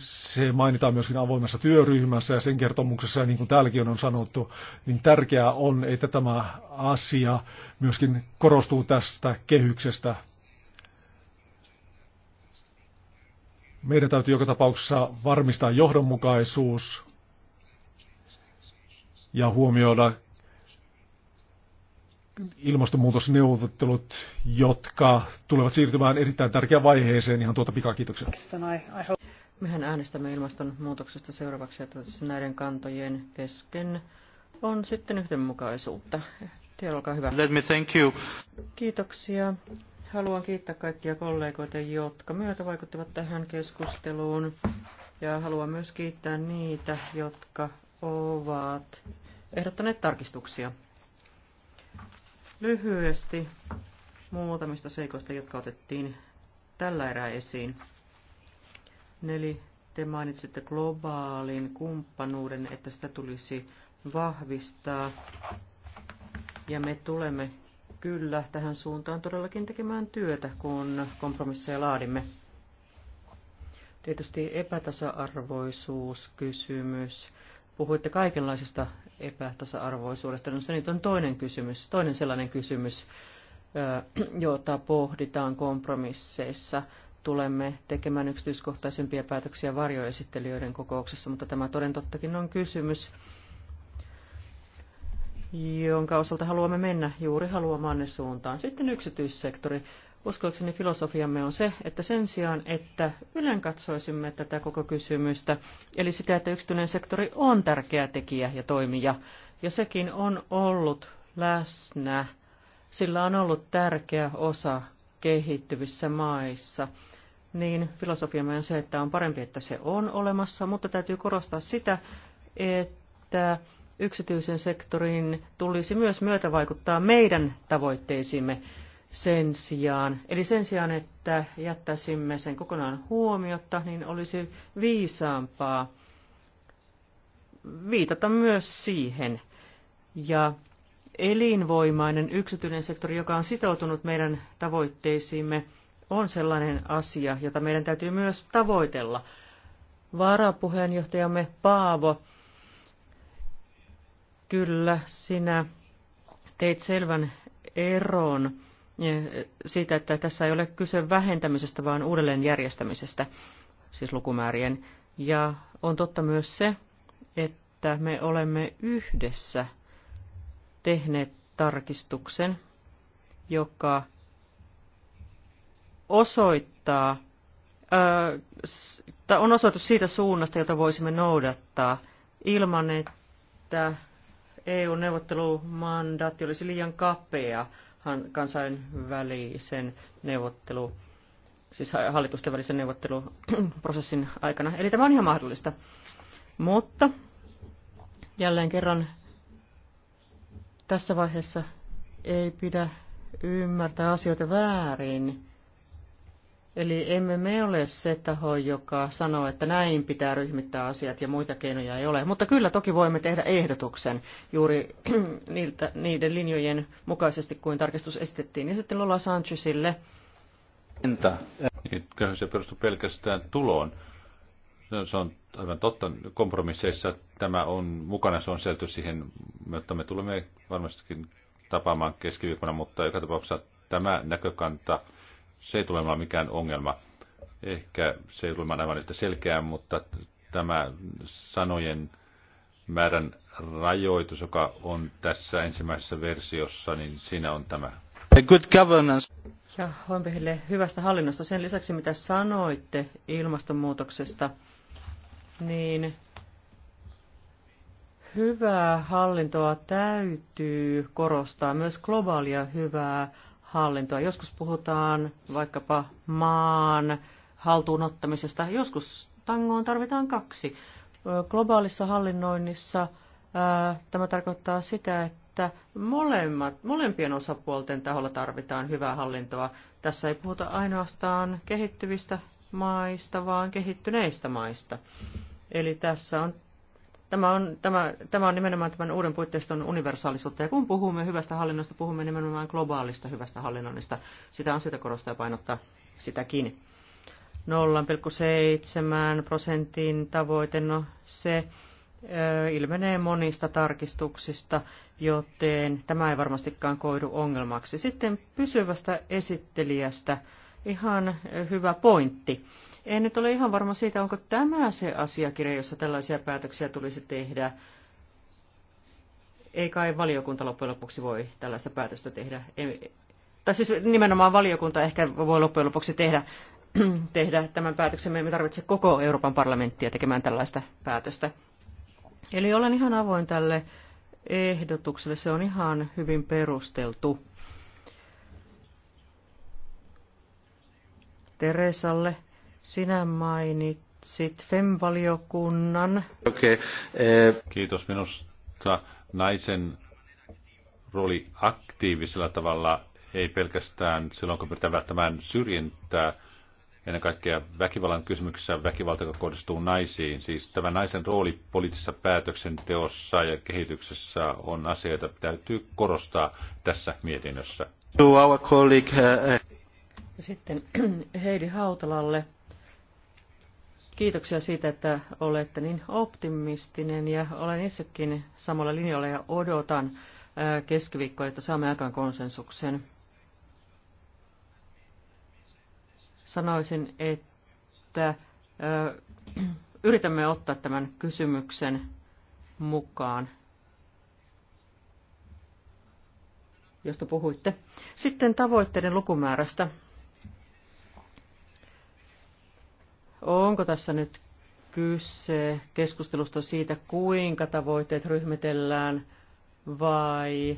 B: Se mainitaan myöskin avoimessa työryhmässä ja sen kertomuksessa, ja niin kuin täälläkin on sanottu, niin tärkeää on, että tämä asia myöskin korostuu tästä kehyksestä Meidän täytyy joka tapauksessa varmistaa johdonmukaisuus ja huomioida ilmastonmuutosneuvottelut, jotka tulevat siirtymään erittäin tärkeään vaiheeseen ihan tuota pikakiitoksia.
A: Mehän äänestämme ilmastonmuutoksesta seuraavaksi, että näiden kantojen kesken on sitten yhdenmukaisuutta. Tiedä, olkaa hyvä. Let me thank you. Kiitoksia. Haluan kiittää kaikkia kollegoita, jotka myötä vaikuttivat tähän keskusteluun. Ja haluan myös kiittää niitä, jotka ovat ehdottaneet tarkistuksia. Lyhyesti muutamista seikoista, jotka otettiin tällä erää esiin. Eli te mainitsitte globaalin kumppanuuden, että sitä tulisi vahvistaa. Ja me tulemme kyllä tähän suuntaan todellakin tekemään työtä, kun kompromisseja laadimme. Tietysti epätasa-arvoisuuskysymys. Puhuitte kaikenlaisesta epätasa-arvoisuudesta. No se nyt on toinen kysymys, toinen sellainen kysymys, jota pohditaan kompromisseissa. Tulemme tekemään yksityiskohtaisempia päätöksiä varjoesittelijöiden kokouksessa, mutta tämä toden tottakin on kysymys, jonka osalta haluamme mennä juuri haluamaanne suuntaan. Sitten yksityissektori. Uskoakseni filosofiamme on se, että sen sijaan, että ylen katsoisimme tätä koko kysymystä, eli sitä, että yksityinen sektori on tärkeä tekijä ja toimija, ja sekin on ollut läsnä, sillä on ollut tärkeä osa kehittyvissä maissa, niin filosofiamme on se, että on parempi, että se on olemassa, mutta täytyy korostaa sitä, että yksityisen sektorin tulisi myös myötävaikuttaa meidän tavoitteisiimme sen sijaan. Eli sen sijaan, että jättäisimme sen kokonaan huomiotta, niin olisi viisaampaa viitata myös siihen. Ja elinvoimainen yksityinen sektori, joka on sitoutunut meidän tavoitteisiimme, on sellainen asia, jota meidän täytyy myös tavoitella. Varapuheenjohtajamme Paavo kyllä sinä teit selvän eron eh, siitä, että tässä ei ole kyse vähentämisestä, vaan uudelleen järjestämisestä, siis lukumäärien. Ja on totta myös se, että me olemme yhdessä tehneet tarkistuksen, joka osoittaa, äh, on osoitus siitä suunnasta, jota voisimme noudattaa ilman, että EU-neuvottelumandaatti olisi liian kapea kansainvälisen neuvottelu, siis hallitusten välisen neuvotteluprosessin aikana. Eli tämä on ihan mahdollista. Mutta jälleen kerran tässä vaiheessa ei pidä ymmärtää asioita väärin. Eli emme me ole se taho, joka sanoo, että näin pitää ryhmittää asiat ja muita keinoja ei ole. Mutta kyllä toki voimme tehdä ehdotuksen juuri niiltä, niiden linjojen mukaisesti, kuin tarkistus esitettiin. Ja sitten Lola Sanchezille.
C: Entä? Kyllä se perustuu pelkästään tuloon. No, se on aivan totta. Kompromisseissa tämä on mukana, se on selty siihen, että me tulemme varmastikin tapaamaan keskiviikkona, mutta joka tapauksessa tämä näkökanta – se ei tule olemaan mikään ongelma. Ehkä se ei tule aivan yhtä selkeää, mutta tämä sanojen määrän rajoitus, joka on tässä ensimmäisessä versiossa, niin siinä on tämä. A good governance.
A: Ja Hoimpehille hyvästä hallinnosta. Sen lisäksi, mitä sanoitte ilmastonmuutoksesta, niin hyvää hallintoa täytyy korostaa, myös globaalia hyvää hallintoa. Joskus puhutaan vaikkapa maan haltuunottamisesta, joskus tangoon tarvitaan kaksi. Globaalissa hallinnoinnissa ää, tämä tarkoittaa sitä, että molemmat, molempien osapuolten taholla tarvitaan hyvää hallintoa. Tässä ei puhuta ainoastaan kehittyvistä maista, vaan kehittyneistä maista. Eli tässä on Tämä on, tämä, tämä on nimenomaan tämän uuden puitteiston universaalisuutta. Ja kun puhumme hyvästä hallinnosta, puhumme nimenomaan globaalista hyvästä hallinnonista. Sitä on syytä korostaa ja painottaa sitäkin. 0,7 prosentin tavoite, no se ö, ilmenee monista tarkistuksista, joten tämä ei varmastikaan koidu ongelmaksi. Sitten pysyvästä esittelijästä ihan hyvä pointti. En nyt ole ihan varma siitä, onko tämä se asiakirja, jossa tällaisia päätöksiä tulisi tehdä. Ei kai valiokunta loppujen lopuksi voi tällaista päätöstä tehdä. Ei, tai siis nimenomaan valiokunta ehkä voi loppujen lopuksi tehdä, tehdä tämän päätöksen. Me emme tarvitse koko Euroopan parlamenttia tekemään tällaista päätöstä. Eli olen ihan avoin tälle ehdotukselle. Se on ihan hyvin perusteltu. Teresalle sinä mainitsit FEM-valiokunnan.
C: Okay. Eh... Kiitos minusta. Naisen rooli aktiivisella tavalla, ei pelkästään silloin, kun pyritään välttämään syrjintää, ennen kaikkea väkivallan kysymyksessä väkivalta, joka kohdistuu naisiin. Siis tämä naisen rooli poliittisessa päätöksenteossa ja kehityksessä on asia, jota täytyy korostaa tässä mietinnössä. Eh, eh.
A: Sitten Heidi Hautalalle Kiitoksia siitä, että olette niin optimistinen ja olen itsekin samalla linjalla ja odotan keskiviikkoa, että saamme aikaan konsensuksen. Sanoisin, että yritämme ottaa tämän kysymyksen mukaan, josta puhuitte. Sitten tavoitteiden lukumäärästä. Onko tässä nyt kyse keskustelusta siitä, kuinka tavoitteet ryhmitellään vai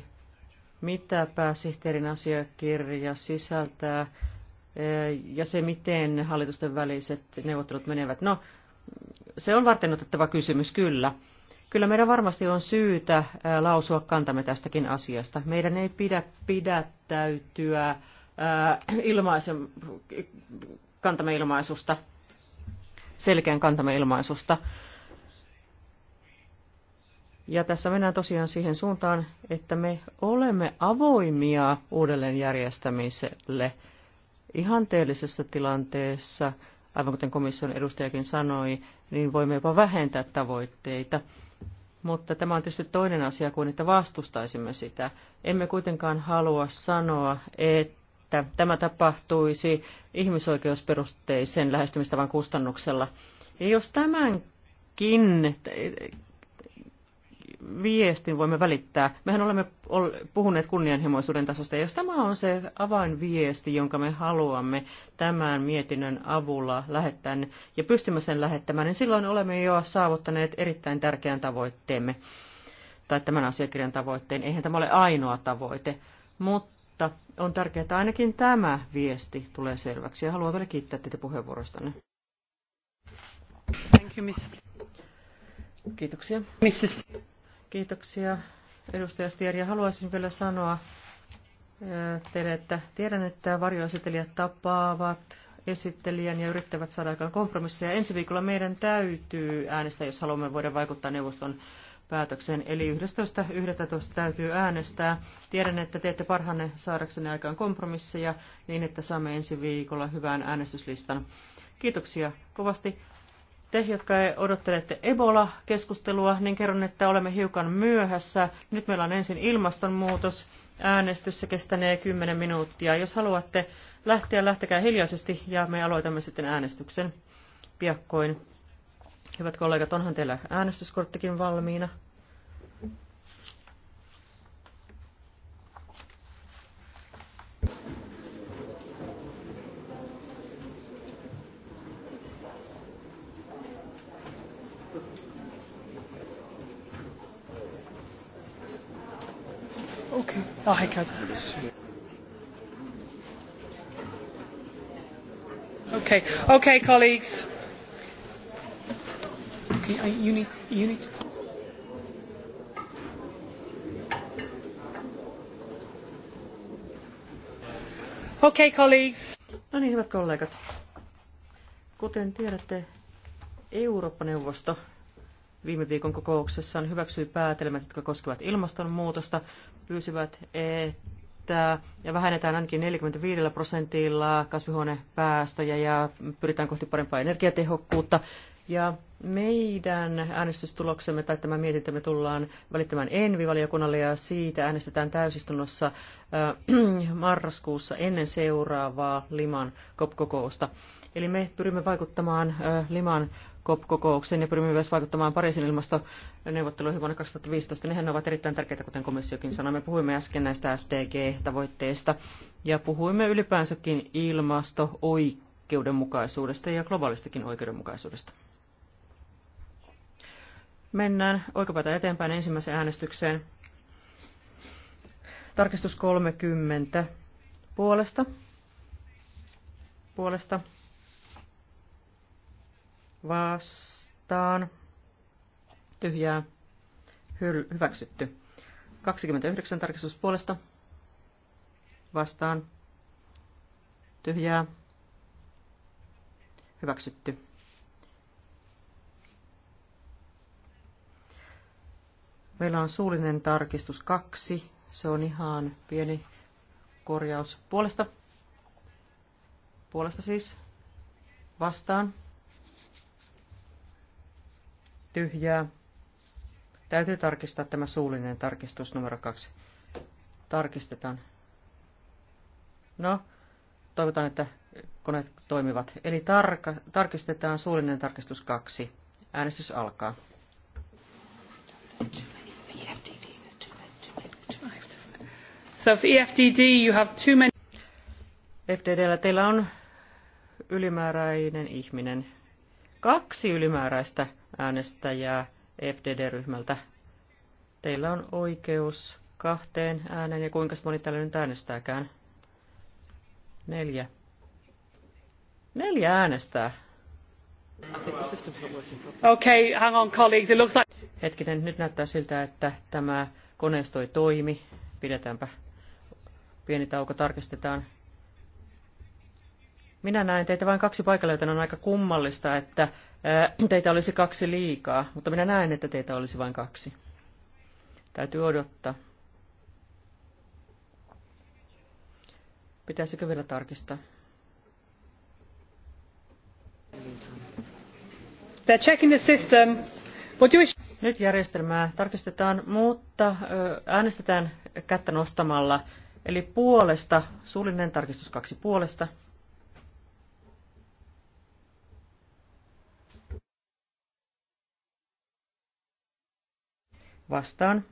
A: mitä pääsihteerin asiakirja sisältää eh, ja se, miten hallitusten väliset neuvottelut menevät. No, se on varten otettava kysymys, kyllä. Kyllä meidän varmasti on syytä eh, lausua kantamme tästäkin asiasta. Meidän ei pidä pidättäytyä eh, ilmaisen kantamme ilmaisusta selkeän kantamme ilmaisusta. Ja tässä mennään tosiaan siihen suuntaan, että me olemme avoimia uudelleenjärjestämiselle ihanteellisessa tilanteessa, aivan kuten komission edustajakin sanoi, niin voimme jopa vähentää tavoitteita. Mutta tämä on tietysti toinen asia kuin, että vastustaisimme sitä. Emme kuitenkaan halua sanoa, että että tämä tapahtuisi ihmisoikeusperusteisen lähestymistavan kustannuksella. Ja jos tämänkin eh, viestin voimme välittää, mehän olemme puhuneet kunnianhimoisuuden tasosta, ja jos tämä on se avainviesti, jonka me haluamme tämän mietinnön avulla lähettää ja pystymme sen lähettämään, niin silloin olemme jo saavuttaneet erittäin tärkeän tavoitteemme tai tämän asiakirjan tavoitteen. Eihän tämä ole ainoa tavoite, mutta mutta on tärkeää, että ainakin tämä viesti tulee selväksi. Ja haluan vielä kiittää teitä puheenvuorostanne. Thank you, miss. Kiitoksia. Mrs. Kiitoksia, edustaja Stier. Ja haluaisin vielä sanoa teille, että tiedän, että varjoesittelijät tapaavat esittelijän ja yrittävät saada aikaan kompromisseja. Ensi viikolla meidän täytyy äänestää, jos haluamme voida vaikuttaa neuvoston päätöksen Eli 11.11. täytyy äänestää. Tiedän, että teette parhaanne saadaksenne aikaan kompromisseja niin, että saamme ensi viikolla hyvän äänestyslistan. Kiitoksia kovasti. Te, jotka odottelette Ebola-keskustelua, niin kerron, että olemme hiukan myöhässä. Nyt meillä on ensin ilmastonmuutos. Äänestys se kestänee 10 minuuttia. Jos haluatte lähteä, lähtekää hiljaisesti ja me aloitamme sitten äänestyksen piakkoin. Hyvät kollegat, onhan teillä äänestyskorttikin valmiina.
D: Okay. ah
C: Okay. Okay, colleagues. Uh, you need, you need to Okay,
A: colleagues. No niin, hyvät kollegat. Kuten tiedätte, Eurooppa-neuvosto viime viikon kokouksessaan hyväksyi päätelmät, jotka koskevat ilmastonmuutosta, pyysivät, että ja vähennetään ainakin 45 prosentilla kasvihuonepäästöjä ja pyritään kohti parempaa energiatehokkuutta. Ja meidän äänestystuloksemme tai tämä mietintämme tullaan välittämään Envi-valiokunnalle ja siitä äänestetään täysistunnossa äh, marraskuussa ennen seuraavaa Liman COP-kokousta. Eli me pyrimme vaikuttamaan äh, Liman COP-kokoukseen ja pyrimme myös vaikuttamaan Pariisin ilmastoneuvotteluihin vuonna 2015. Nehän ovat erittäin tärkeitä, kuten komissiokin sanoi. Me puhuimme äsken näistä SDG-tavoitteista ja puhuimme ylipäänsäkin ilmasto-oikeudenmukaisuudesta ja globaalistakin oikeudenmukaisuudesta. Mennään oikopäätä eteenpäin ensimmäiseen äänestykseen. Tarkistus 30 puolesta. Puolesta. Vastaan. Tyhjää. Hyl- hyväksytty. 29 tarkistus puolesta. Vastaan. Tyhjää. Hyväksytty. Meillä on suullinen tarkistus kaksi. Se on ihan pieni korjaus puolesta. Puolesta siis. Vastaan. Tyhjää. Täytyy tarkistaa tämä suullinen tarkistus numero kaksi. Tarkistetaan. No, toivotaan, että koneet toimivat. Eli tarka, tarkistetaan suullinen tarkistus kaksi. Äänestys alkaa. So FDDllä e teillä on ylimääräinen ihminen. Kaksi ylimääräistä äänestäjää FDD-ryhmältä. Teillä on oikeus kahteen ääneen ja kuinka moni täällä nyt äänestääkään? Neljä. Neljä äänestää. Okay, hang on colleagues, it looks like... Hetkinen, nyt näyttää siltä, että tämä koneisto ei toimi. Pidetäänpä Pieni tauko tarkistetaan. Minä näen teitä vain kaksi paikalla, joten on aika kummallista, että äh, teitä olisi kaksi liikaa, mutta minä näen, että teitä olisi vain kaksi. Täytyy odottaa. Pitäisikö vielä tarkistaa? They're checking the system. What you... Nyt järjestelmää tarkistetaan, mutta äh, äänestetään kättä nostamalla. Eli puolesta, suullinen tarkistus kaksi puolesta. Vastaan.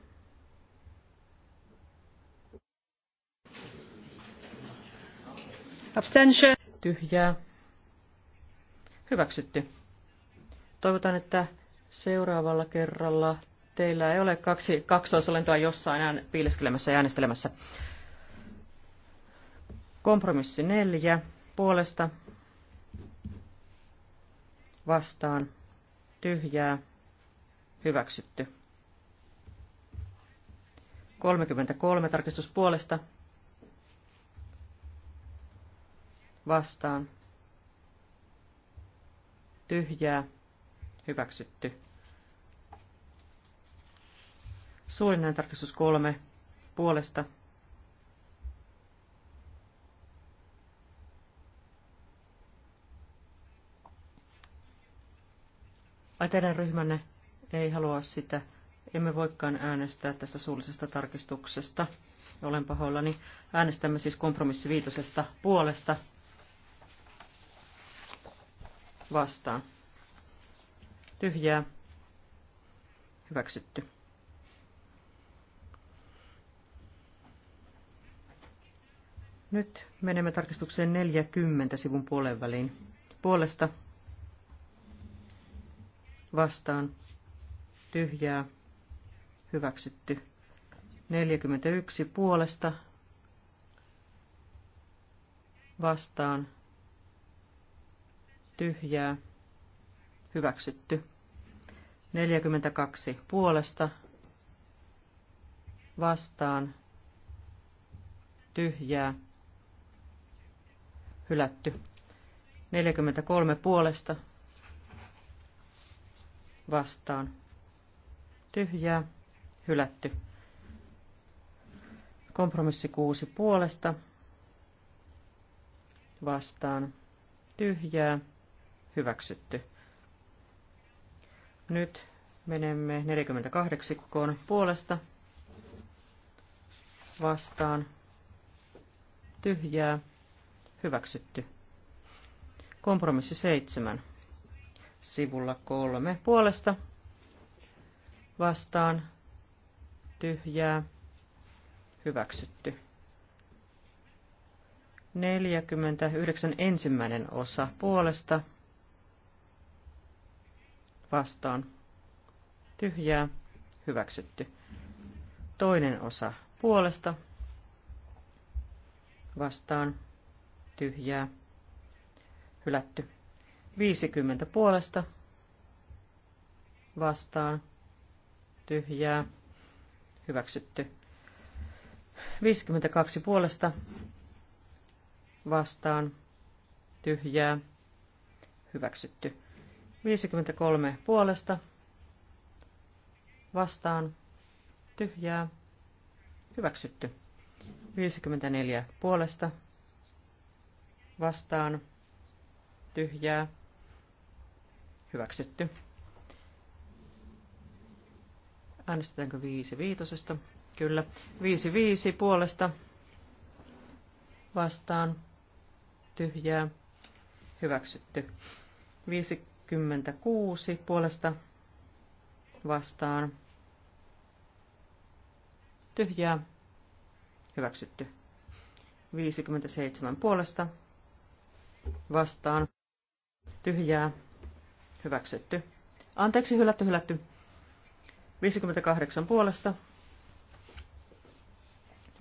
A: Abstention. Tyhjää. Hyväksytty. Toivotan, että seuraavalla kerralla teillä ei ole kaksi kaksoisolentoa jossain piileskelemässä ja äänestelemässä. Kompromissi neljä puolesta vastaan tyhjää hyväksytty. 33 tarkistus puolesta vastaan tyhjää hyväksytty. Suullinen tarkistus kolme puolesta Ai teidän ryhmänne ei halua sitä. Emme voikaan äänestää tästä suullisesta tarkistuksesta. Olen pahoillani. Äänestämme siis kompromissiviitosesta puolesta vastaan. Tyhjää. Hyväksytty. Nyt menemme tarkistukseen 40 sivun puolen väliin. Puolesta vastaan tyhjää hyväksytty. 41 puolesta vastaan tyhjää hyväksytty. 42 puolesta vastaan tyhjää hylätty. 43 puolesta vastaan. Tyhjää, hylätty. Kompromissi kuusi puolesta vastaan. Tyhjää, hyväksytty. Nyt menemme 48 kokoon puolesta vastaan. Tyhjää, hyväksytty. Kompromissi seitsemän sivulla kolme puolesta vastaan tyhjää hyväksytty. 49 ensimmäinen osa puolesta vastaan tyhjää hyväksytty. Toinen osa puolesta vastaan tyhjää hylätty. 50 puolesta vastaan tyhjää hyväksytty. 52 puolesta vastaan tyhjää hyväksytty. 53 puolesta vastaan tyhjää hyväksytty. 54 puolesta vastaan tyhjää Hyväksytty. Äänestetäänkö viisi viitosesta? Kyllä. Viisi viisi puolesta vastaan tyhjää. Hyväksytty. 56 puolesta vastaan tyhjää. Hyväksytty. 57 puolesta vastaan tyhjää hyväksytty. Anteeksi, hylätty, hylätty. 58 puolesta.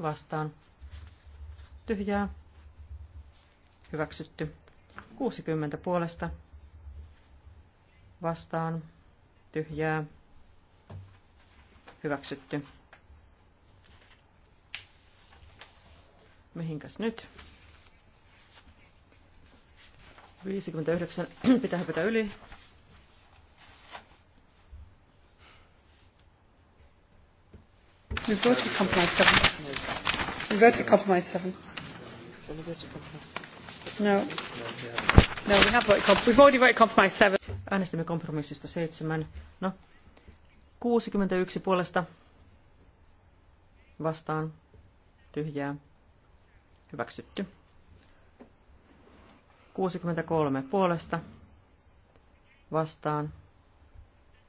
A: Vastaan. Tyhjää. Hyväksytty. 60 puolesta. Vastaan. Tyhjää. Hyväksytty. Mihinkäs nyt? 59 pitää hypätä yli.
C: We voted compromise seven. We voted compromise seven.
D: No. No, we have
A: voted compromise. We've already voted compromise seven. Äänestimme kompromissista seitsemän. No, 61 puolesta vastaan tyhjää hyväksytty. 63 puolesta vastaan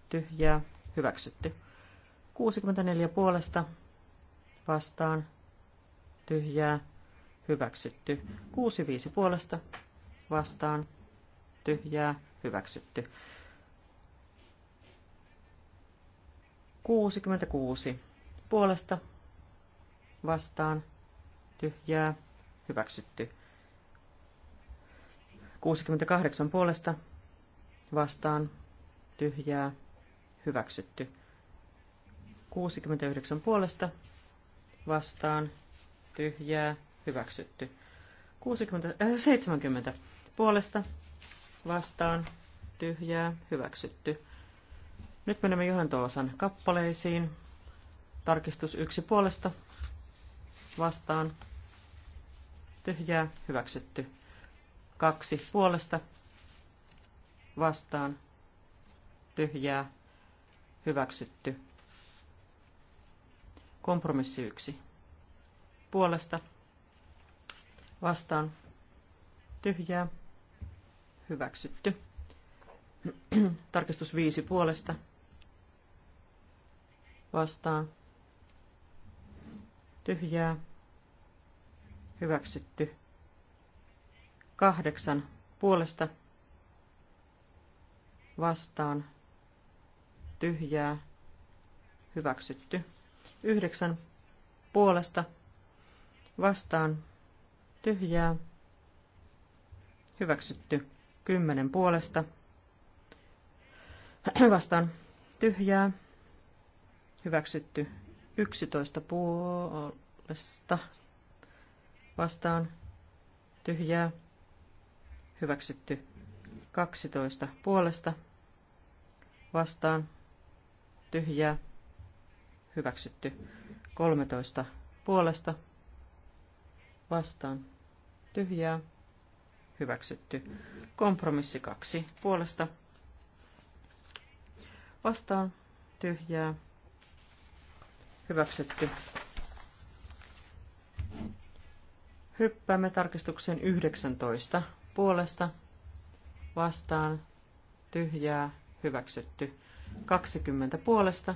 A: tyhjää hyväksytty. 64 puolesta vastaan tyhjää hyväksytty. 65 puolesta vastaan tyhjää hyväksytty. 66 puolesta vastaan tyhjää hyväksytty. 68 puolesta vastaan tyhjää hyväksytty. 69 puolesta vastaan tyhjää hyväksytty. 60, äh, 70 puolesta vastaan tyhjää hyväksytty. Nyt menemme johdantoosan kappaleisiin. Tarkistus yksi puolesta vastaan tyhjää hyväksytty. Kaksi puolesta vastaan tyhjää hyväksytty. Kompromissi yksi. Puolesta. Vastaan. Tyhjää. Hyväksytty. Tarkistus viisi puolesta. Vastaan. Tyhjää. Hyväksytty. Kahdeksan puolesta. Vastaan. Tyhjää. Hyväksytty. Yhdeksän puolesta vastaan tyhjää. Hyväksytty. Kymmenen puolesta vastaan tyhjää. Hyväksytty. Yksitoista puolesta vastaan tyhjää. Hyväksytty. kaksitoista puolesta vastaan tyhjää hyväksytty. 13 puolesta vastaan tyhjää hyväksytty. Kompromissi 2 puolesta vastaan tyhjää hyväksytty. Hyppäämme tarkistuksen 19 puolesta vastaan tyhjää hyväksytty. 20 puolesta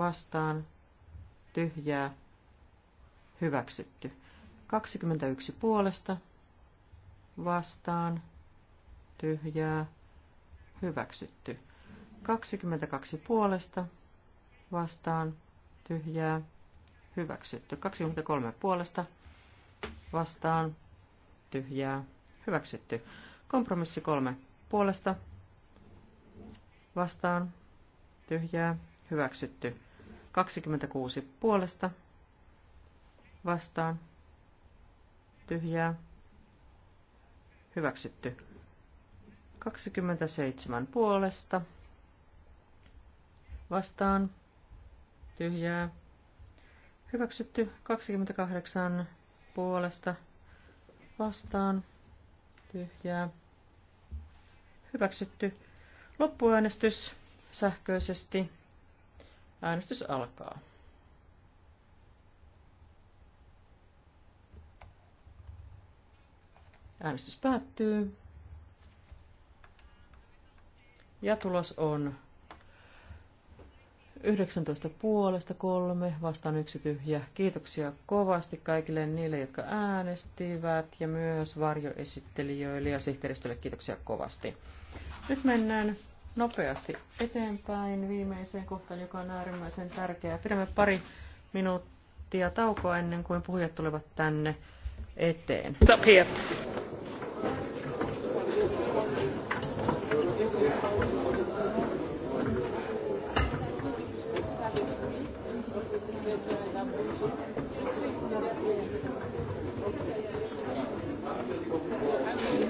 A: vastaan, tyhjää, hyväksytty. 21 puolesta, vastaan, tyhjää, hyväksytty. 22 puolesta, vastaan, tyhjää, hyväksytty. 23 puolesta, vastaan, tyhjää, hyväksytty. Kompromissi 3 puolesta, vastaan, tyhjää, hyväksytty. 26 puolesta vastaan tyhjää hyväksytty. 27 puolesta vastaan tyhjää hyväksytty. 28 puolesta vastaan tyhjää hyväksytty. Loppuäänestys sähköisesti Äänestys alkaa. Äänestys päättyy. Ja tulos on 19 puolesta kolme vastaan yksi tyhjä. Kiitoksia kovasti kaikille niille, jotka äänestivät ja myös varjoesittelijöille ja sihteeristölle kiitoksia kovasti. Nyt mennään nopeasti eteenpäin viimeiseen kohtaan, joka on äärimmäisen tärkeää. Pidämme pari minuuttia taukoa ennen kuin puhujat tulevat tänne eteen. Stop here. Thank you.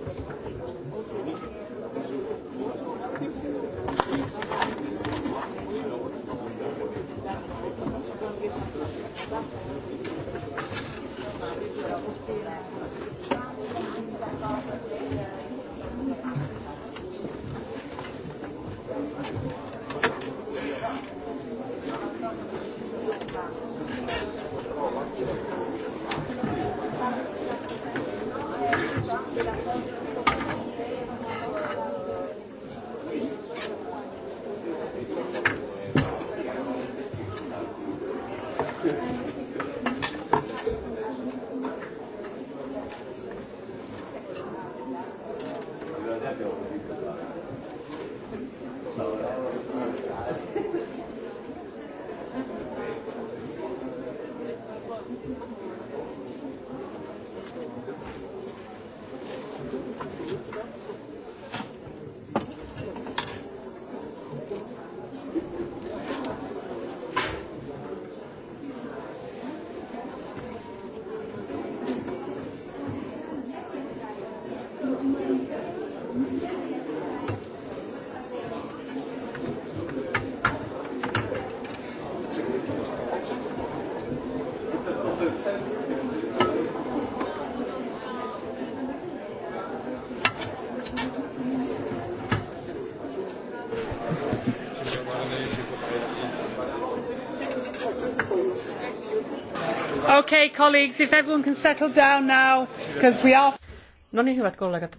A: No niin, hyvät kollegat,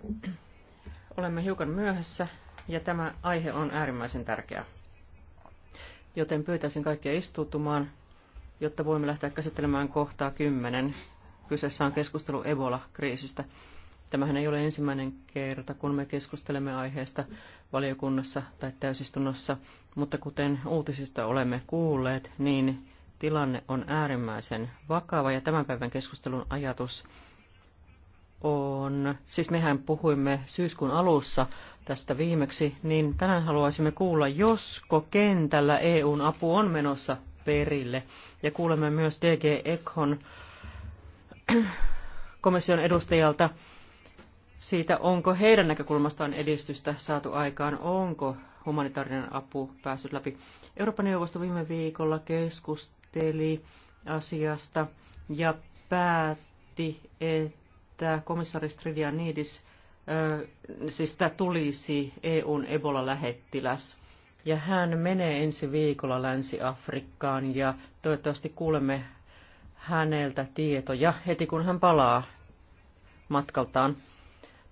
A: olemme hiukan myöhässä ja tämä aihe on äärimmäisen tärkeä. Joten pyytäisin kaikkia istuutumaan, jotta voimme lähteä käsittelemään kohtaa 10. Kyseessä on keskustelu Ebola-kriisistä. Tämähän ei ole ensimmäinen kerta, kun me keskustelemme aiheesta valiokunnassa tai täysistunnossa, mutta kuten uutisista olemme kuulleet, niin tilanne on äärimmäisen vakava ja tämän päivän keskustelun ajatus on, siis mehän puhuimme syyskuun alussa tästä viimeksi, niin tänään haluaisimme kuulla, josko kentällä EUn apu on menossa perille. Ja kuulemme myös DG Ekon komission edustajalta siitä, onko heidän näkökulmastaan edistystä saatu aikaan, onko humanitaarinen apu päässyt läpi. Euroopan neuvosto viime viikolla keskusteli keskusteli asiasta ja päätti, että komissaari Stridianidis, siis tulisi EUn Ebola-lähettiläs. Ja hän menee ensi viikolla Länsi-Afrikkaan ja toivottavasti kuulemme häneltä tietoja heti kun hän palaa matkaltaan.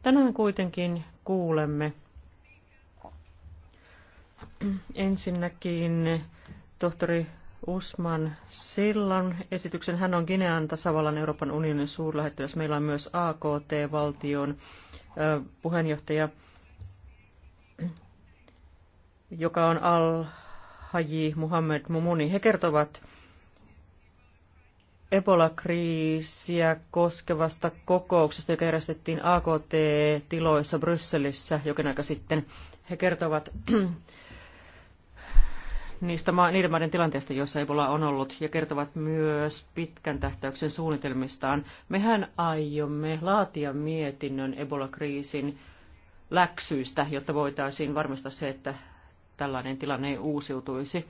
A: Tänään kuitenkin kuulemme ensinnäkin tohtori Usman Sillan esityksen. Hän on Ginean tasavallan Euroopan unionin suurlähettiläs. Meillä on myös AKT-valtion puheenjohtaja, joka on Al-Haji Muhammed Mumuni. He kertovat Ebola-kriisiä koskevasta kokouksesta, joka järjestettiin AKT-tiloissa Brysselissä jokin aika sitten. He kertovat niistä ma- niiden maiden tilanteesta, joissa Ebola on ollut, ja kertovat myös pitkän tähtäyksen suunnitelmistaan. Mehän aiomme laatia mietinnön Ebola-kriisin läksyistä, jotta voitaisiin varmistaa se, että tällainen tilanne ei uusiutuisi.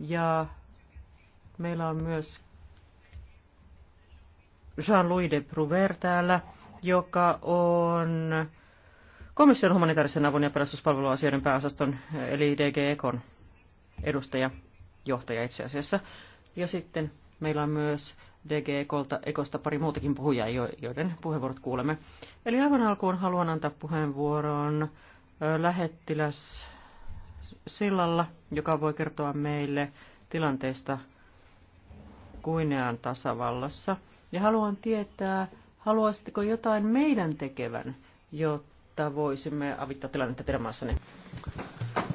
A: Ja meillä on myös Jean-Louis de Prouver täällä, joka on komission humanitaarisen avun ja pelastuspalveluasioiden pääosaston eli DG Econ edustaja, johtaja itse asiassa. Ja sitten meillä on myös DG Kolta, Ekosta pari muutakin puhujaa, joiden puheenvuorot kuulemme. Eli aivan alkuun haluan antaa puheenvuoron lähettiläs Sillalla, joka voi kertoa meille tilanteesta Kuinean tasavallassa. Ja haluan tietää, haluaisitteko jotain meidän tekevän, jotta voisimme avittaa tilannetta teidän maassanne?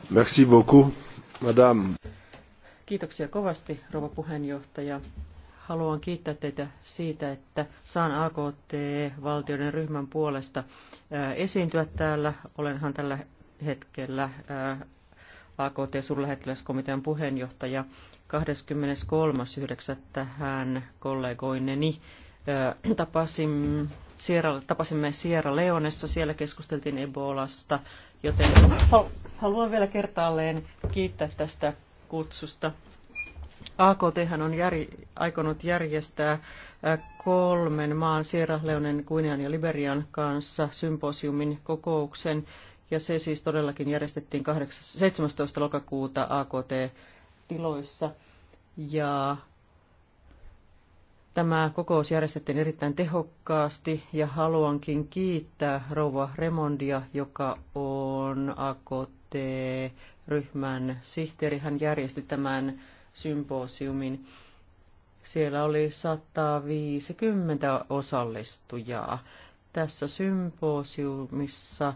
D: Merci beaucoup. Madame.
A: Kiitoksia kovasti, rouva puheenjohtaja. Haluan kiittää teitä siitä, että saan AKT-valtioiden ryhmän puolesta äh, esiintyä täällä. Olenhan tällä hetkellä äh, AKT-suurlähettiläskomitean puheenjohtaja 23.9. hän kollegoineni äh, tapasim, Sierra, tapasimme Sierra Leonessa, siellä keskusteltiin Ebolasta, joten Haluan vielä kertaalleen kiittää tästä kutsusta. AKT on jär, aikonut järjestää kolmen maan, Sierra Leonen, Guinean ja Liberian kanssa symposiumin kokouksen, ja se siis todellakin järjestettiin 8, 17. lokakuuta AKT-tiloissa. Ja tämä kokous järjestettiin erittäin tehokkaasti ja haluankin kiittää rouva Remondia, joka on AKT ryhmän sihteeri, hän järjesti tämän symposiumin. Siellä oli 150 osallistujaa. Tässä symposiumissa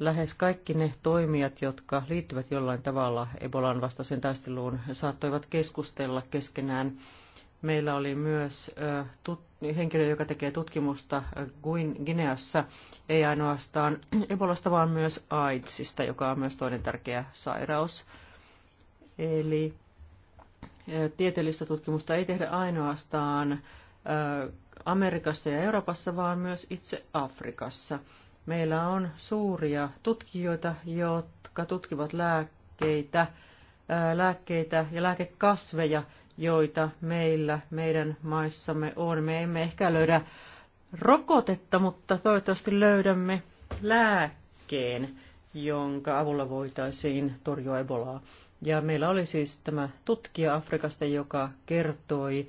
A: lähes kaikki ne toimijat, jotka liittyvät jollain tavalla Ebolan vastaisen taisteluun, saattoivat keskustella keskenään Meillä oli myös henkilö, joka tekee tutkimusta Guineassa, ei ainoastaan Ebolasta, vaan myös AIDSista, joka on myös toinen tärkeä sairaus. Eli tieteellistä tutkimusta ei tehdä ainoastaan Amerikassa ja Euroopassa, vaan myös itse Afrikassa. Meillä on suuria tutkijoita, jotka tutkivat lääkkeitä, lääkkeitä ja lääkekasveja – joita meillä meidän maissamme on. Me emme ehkä löydä rokotetta, mutta toivottavasti löydämme lääkkeen, jonka avulla voitaisiin torjua ebolaa. Ja meillä oli siis tämä tutkija Afrikasta, joka kertoi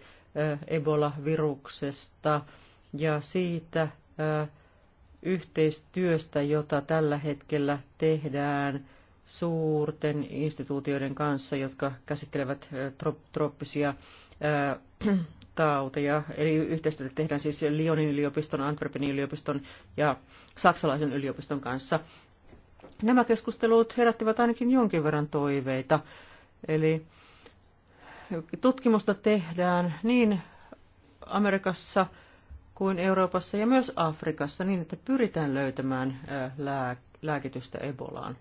A: Ebola-viruksesta ja siitä yhteistyöstä, jota tällä hetkellä tehdään – suurten instituutioiden kanssa, jotka käsittelevät trooppisia tauteja. Eli yhteistyötä tehdään siis Lyonin yliopiston, Antwerpenin yliopiston ja saksalaisen yliopiston kanssa. Nämä keskustelut herättivät ainakin jonkin verran toiveita. Eli tutkimusta tehdään niin Amerikassa kuin Euroopassa ja myös Afrikassa niin, että pyritään löytämään lääkitystä Ebolaan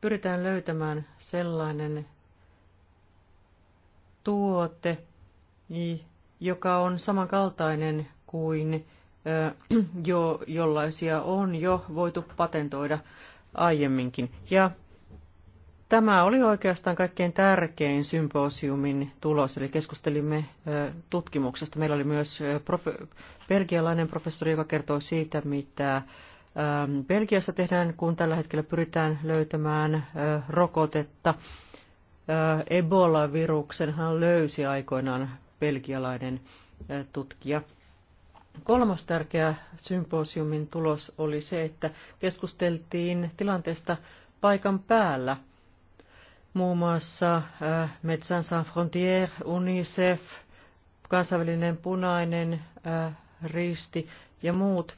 A: pyritään löytämään sellainen tuote, joka on samankaltainen kuin jo, jollaisia on jo voitu patentoida aiemminkin. Ja tämä oli oikeastaan kaikkein tärkein symposiumin tulos, eli keskustelimme tutkimuksesta. Meillä oli myös profe- belgialainen professori, joka kertoi siitä, mitä Ähm, Belgiassa tehdään, kun tällä hetkellä pyritään löytämään äh, rokotetta. Äh, Ebola-viruksenhan löysi aikoinaan belgialainen äh, tutkija. Kolmas tärkeä symposiumin tulos oli se, että keskusteltiin tilanteesta paikan päällä. Muun muassa Metsän Sans Frontier, UNICEF, kansainvälinen punainen risti ja muut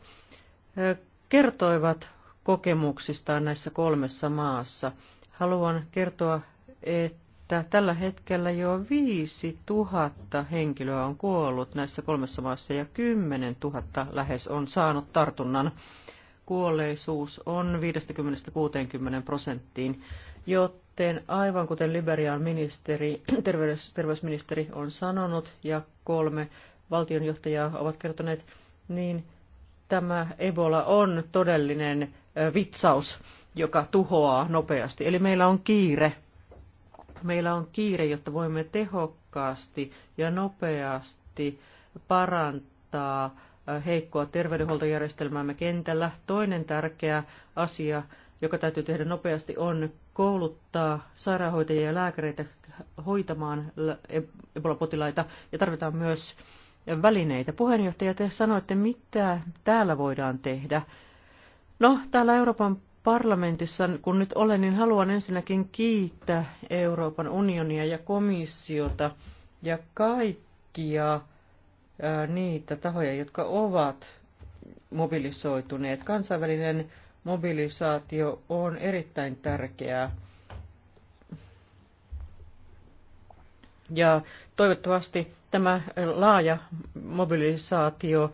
A: kertoivat kokemuksistaan näissä kolmessa maassa. Haluan kertoa, että tällä hetkellä jo 5000 henkilöä on kuollut näissä kolmessa maassa ja 10 000 lähes on saanut tartunnan. Kuolleisuus on 50-60 prosenttiin, joten aivan kuten Liberian ministeri, terveys, terveysministeri on sanonut ja kolme valtionjohtajaa ovat kertoneet, niin tämä Ebola on todellinen vitsaus, joka tuhoaa nopeasti. Eli meillä on kiire. Meillä on kiire, jotta voimme tehokkaasti ja nopeasti parantaa heikkoa terveydenhuoltojärjestelmäämme kentällä. Toinen tärkeä asia, joka täytyy tehdä nopeasti, on kouluttaa sairaanhoitajia ja lääkäreitä hoitamaan e- Ebola-potilaita ja tarvitaan myös välineitä. Puheenjohtaja, te sanoitte, mitä täällä voidaan tehdä. No, täällä Euroopan parlamentissa, kun nyt olen, niin haluan ensinnäkin kiittää Euroopan unionia ja komissiota ja kaikkia ää, niitä tahoja, jotka ovat mobilisoituneet. Kansainvälinen mobilisaatio on erittäin tärkeää Ja toivottavasti tämä laaja mobilisaatio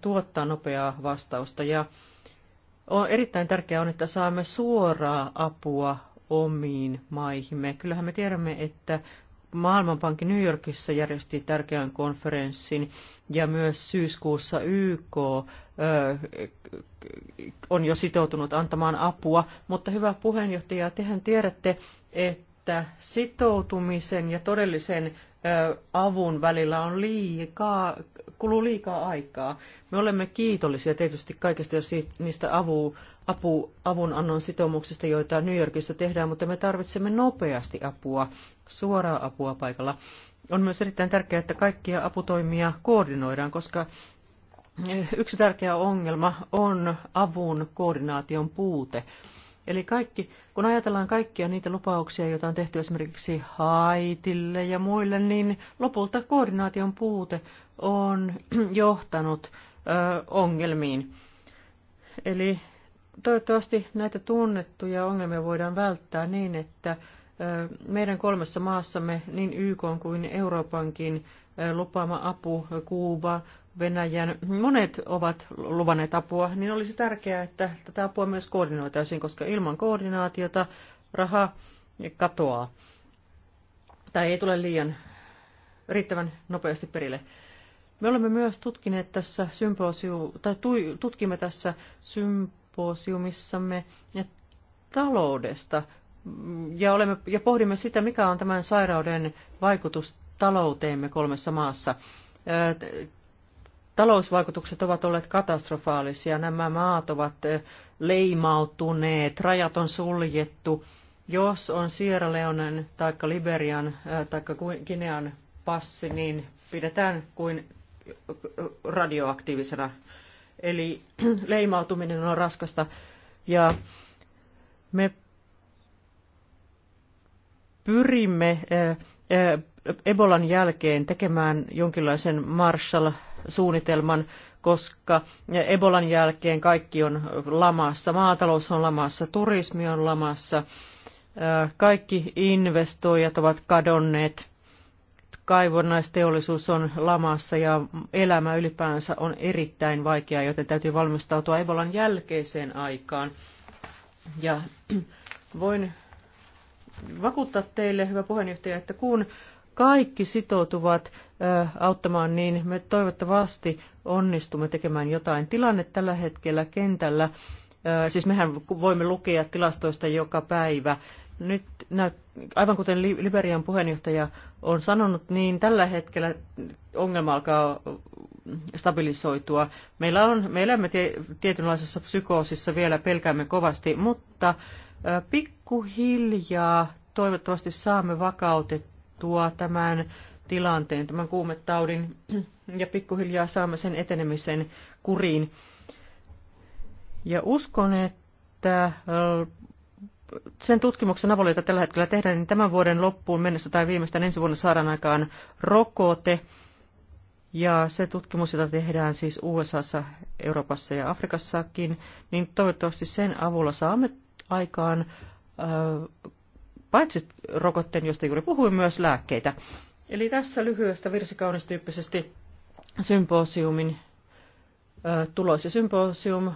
A: tuottaa nopeaa vastausta. Ja on erittäin tärkeää on, että saamme suoraa apua omiin maihimme. Kyllähän me tiedämme, että Maailmanpankki New Yorkissa järjesti tärkeän konferenssin ja myös syyskuussa YK on jo sitoutunut antamaan apua. Mutta hyvä puheenjohtaja, tehän tiedätte, että että sitoutumisen ja todellisen avun välillä on liikaa, kuluu liikaa aikaa. Me olemme kiitollisia tietysti kaikista niistä avu, apu, avunannon sitoumuksista, joita New Yorkissa tehdään, mutta me tarvitsemme nopeasti apua, suoraa apua paikalla. On myös erittäin tärkeää, että kaikkia aputoimia koordinoidaan, koska yksi tärkeä ongelma on avun koordinaation puute. Eli kaikki, kun ajatellaan kaikkia niitä lupauksia, joita on tehty esimerkiksi Haitille ja muille, niin lopulta koordinaation puute on johtanut ö, ongelmiin. Eli toivottavasti näitä tunnettuja ongelmia voidaan välttää niin, että meidän kolmessa maassamme, niin YK kuin Euroopankin lupaama apu, Kuuba, Venäjän monet ovat luvanneet apua, niin olisi tärkeää, että tätä apua myös koordinoitaisiin, koska ilman koordinaatiota raha katoaa tai ei tule liian riittävän nopeasti perille. Me olemme myös tutkineet tässä symposiu, tai tutkimme tässä symposiumissamme ja taloudesta ja, olemme, ja pohdimme sitä, mikä on tämän sairauden vaikutus talouteemme kolmessa maassa talousvaikutukset ovat olleet katastrofaalisia. Nämä maat ovat eh, leimautuneet, rajat on suljettu. Jos on Sierra Leonen tai Liberian eh, tai Kinean passi, niin pidetään kuin eh, radioaktiivisena. Eli leimautuminen on raskasta ja me pyrimme Ebolan jälkeen tekemään jonkinlaisen Marshall suunnitelman, koska Ebolan jälkeen kaikki on lamassa, maatalous on lamassa, turismi on lamassa, kaikki investoijat ovat kadonneet, kaivonnaisteollisuus on lamassa ja elämä ylipäänsä on erittäin vaikeaa, joten täytyy valmistautua Ebolan jälkeiseen aikaan. Ja voin vakuuttaa teille, hyvä puheenjohtaja, että kun kaikki sitoutuvat auttamaan, niin me toivottavasti onnistumme tekemään jotain. Tilanne tällä hetkellä kentällä, siis mehän voimme lukea tilastoista joka päivä. Nyt aivan kuten Liberian puheenjohtaja on sanonut, niin tällä hetkellä ongelma alkaa stabilisoitua. Meillä on, me elämme tietynlaisessa psykoosissa vielä, pelkäämme kovasti, mutta pikkuhiljaa toivottavasti saamme vakautettua tuo tämän tilanteen, tämän kuumetaudin ja pikkuhiljaa saamme sen etenemisen kuriin. Ja uskon, että sen tutkimuksen avulla, jota tällä hetkellä tehdään, niin tämän vuoden loppuun mennessä tai viimeistään ensi vuonna saadaan aikaan rokote. Ja se tutkimus, jota tehdään siis USAssa, Euroopassa ja Afrikassakin, niin toivottavasti sen avulla saamme aikaan paitsi rokotteen, josta juuri puhuin, myös lääkkeitä. Eli tässä lyhyestä virsikaunistyyppisesti symposiumin tulos ja symposium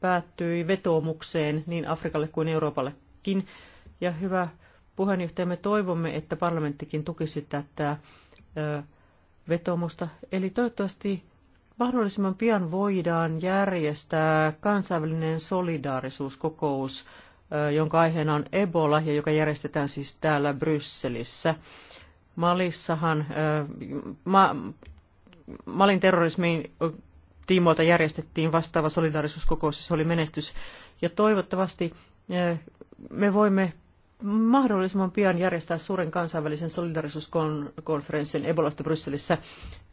A: päättyi vetoomukseen niin Afrikalle kuin Euroopallekin. Ja hyvä puheenjohtaja, me toivomme, että parlamenttikin tukisi tätä vetomusta. Eli toivottavasti mahdollisimman pian voidaan järjestää kansainvälinen solidaarisuuskokous jonka aiheena on Ebola ja joka järjestetään siis täällä Brysselissä. Malissahan ma, Malin terrorismin tiimoilta järjestettiin vastaava solidaarisuuskokous ja se oli menestys. Ja toivottavasti me voimme mahdollisimman pian järjestää suuren kansainvälisen solidaarisuuskonferenssin Ebolasta Brysselissä,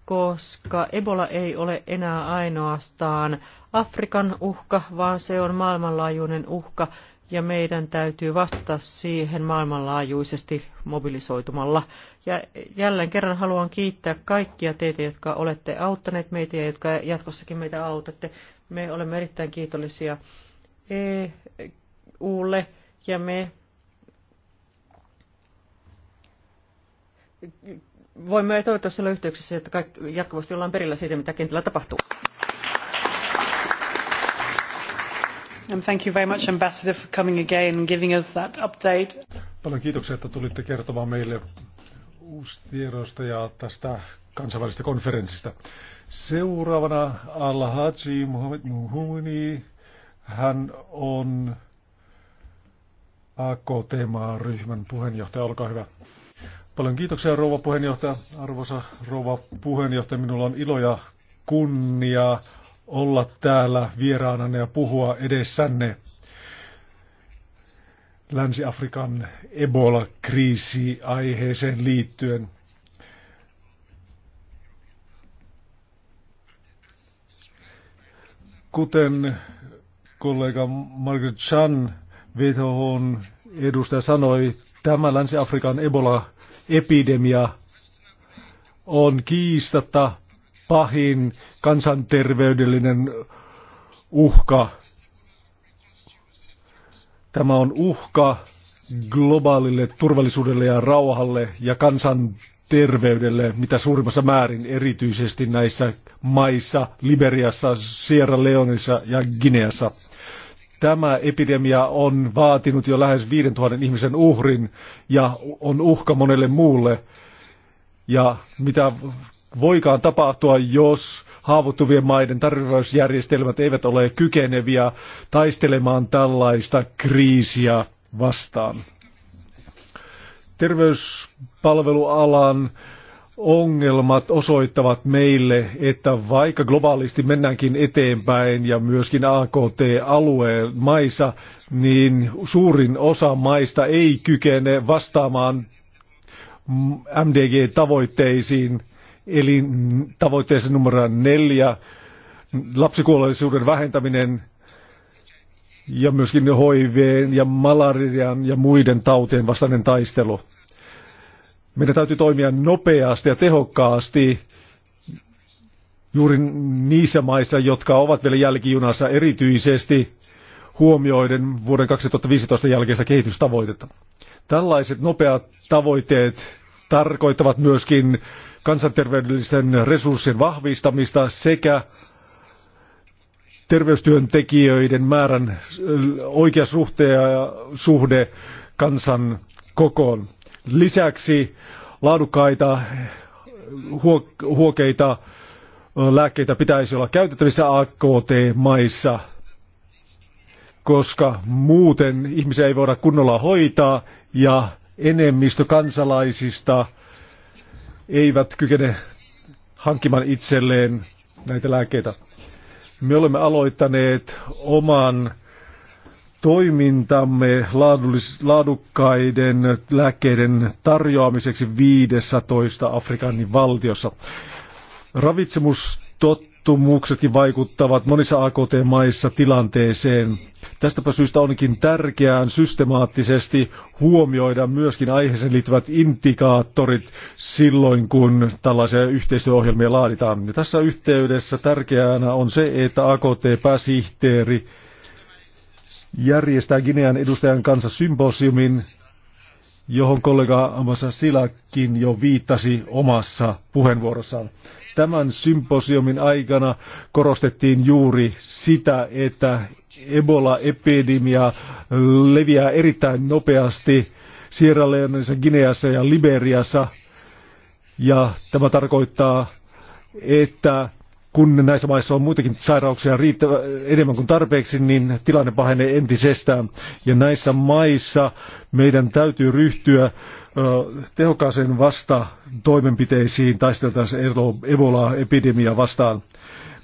A: koska Ebola ei ole enää ainoastaan Afrikan uhka, vaan se on maailmanlaajuinen uhka ja meidän täytyy vastata siihen maailmanlaajuisesti mobilisoitumalla. Ja jälleen kerran haluan kiittää kaikkia teitä, jotka olette auttaneet meitä ja jotka jatkossakin meitä autatte. Me olemme erittäin kiitollisia EUlle ja me voimme toivottavasti olla yhteyksissä, että jatkuvasti ollaan perillä siitä, mitä kentällä tapahtuu. And thank you very much, Ambassador, for coming
B: again and giving us that update. Paljon kiitoksia, että tulitte kertomaan meille uustiedoista ja tästä kansainvälisestä konferenssista. Seuraavana Al-Haji Muhammad Muhuni, hän on AKT-maaryhmän puheenjohtaja, olkaa hyvä. Paljon kiitoksia rouva puheenjohtaja, arvoisa rouva puheenjohtaja, minulla on ilo ja kunnia olla täällä vieraananne ja puhua edessänne Länsi-Afrikan Ebola-kriisi aiheeseen liittyen. Kuten kollega Margaret Chan, WHOn edustaja sanoi, tämä Länsi-Afrikan Ebola-epidemia on kiistatta pahin kansanterveydellinen uhka. Tämä on uhka globaalille turvallisuudelle ja rauhalle ja kansanterveydelle, mitä suurimmassa määrin erityisesti näissä maissa, Liberiassa, Sierra Leoneissa ja Gineassa. Tämä epidemia on vaatinut jo lähes 5000 ihmisen uhrin ja on uhka monelle muulle. Ja mitä voikaan tapahtua, jos haavoittuvien maiden tarjousjärjestelmät eivät ole kykeneviä taistelemaan tällaista kriisiä vastaan. Terveyspalvelualan ongelmat osoittavat meille, että vaikka globaalisti mennäänkin eteenpäin ja myöskin AKT-alueen maissa, niin suurin osa maista ei kykene vastaamaan MDG-tavoitteisiin – eli tavoitteeseen numero neljä, lapsikuolleisuuden vähentäminen ja myöskin HIV ja malarian ja muiden tautien vastainen taistelu. Meidän täytyy toimia nopeasti ja tehokkaasti juuri niissä maissa, jotka ovat vielä jälkijunassa erityisesti huomioiden vuoden 2015 jälkeistä kehitystavoitetta. Tällaiset nopeat tavoitteet tarkoittavat myöskin kansanterveydellisten resurssien vahvistamista sekä terveystyöntekijöiden määrän äh, oikea suhte ja suhde kansan kokoon. Lisäksi laadukkaita huokeita äh, lääkkeitä pitäisi olla käytettävissä AKT-maissa, koska muuten ihmisiä ei voida kunnolla hoitaa ja enemmistö kansalaisista – eivät kykene hankkimaan itselleen näitä lääkkeitä. Me olemme aloittaneet oman toimintamme laadukkaiden lääkkeiden tarjoamiseksi 15 Afrikan valtiossa. Ravitsemus tot onnettomuuksetkin vaikuttavat monissa AKT-maissa tilanteeseen. Tästäpä syystä onkin tärkeää systemaattisesti huomioida myöskin aiheeseen liittyvät indikaattorit silloin, kun tällaisia yhteistyöohjelmia laaditaan. Ja tässä yhteydessä tärkeänä on se, että AKT-pääsihteeri järjestää Ginean edustajan kanssa symposiumin, johon kollega Amasa Silakin jo viittasi omassa puheenvuorossaan. Tämän symposiumin aikana korostettiin juuri sitä, että Ebola-epidemia leviää erittäin nopeasti Sierra Leoneissa, Gineassa ja Liberiassa. Ja tämä tarkoittaa, että kun näissä maissa on muitakin sairauksia riittävä, enemmän kuin tarpeeksi, niin tilanne pahenee entisestään. Ja näissä maissa meidän täytyy ryhtyä tehokkaaseen vasta toimenpiteisiin taisteltaisiin Ebola-epidemia vastaan.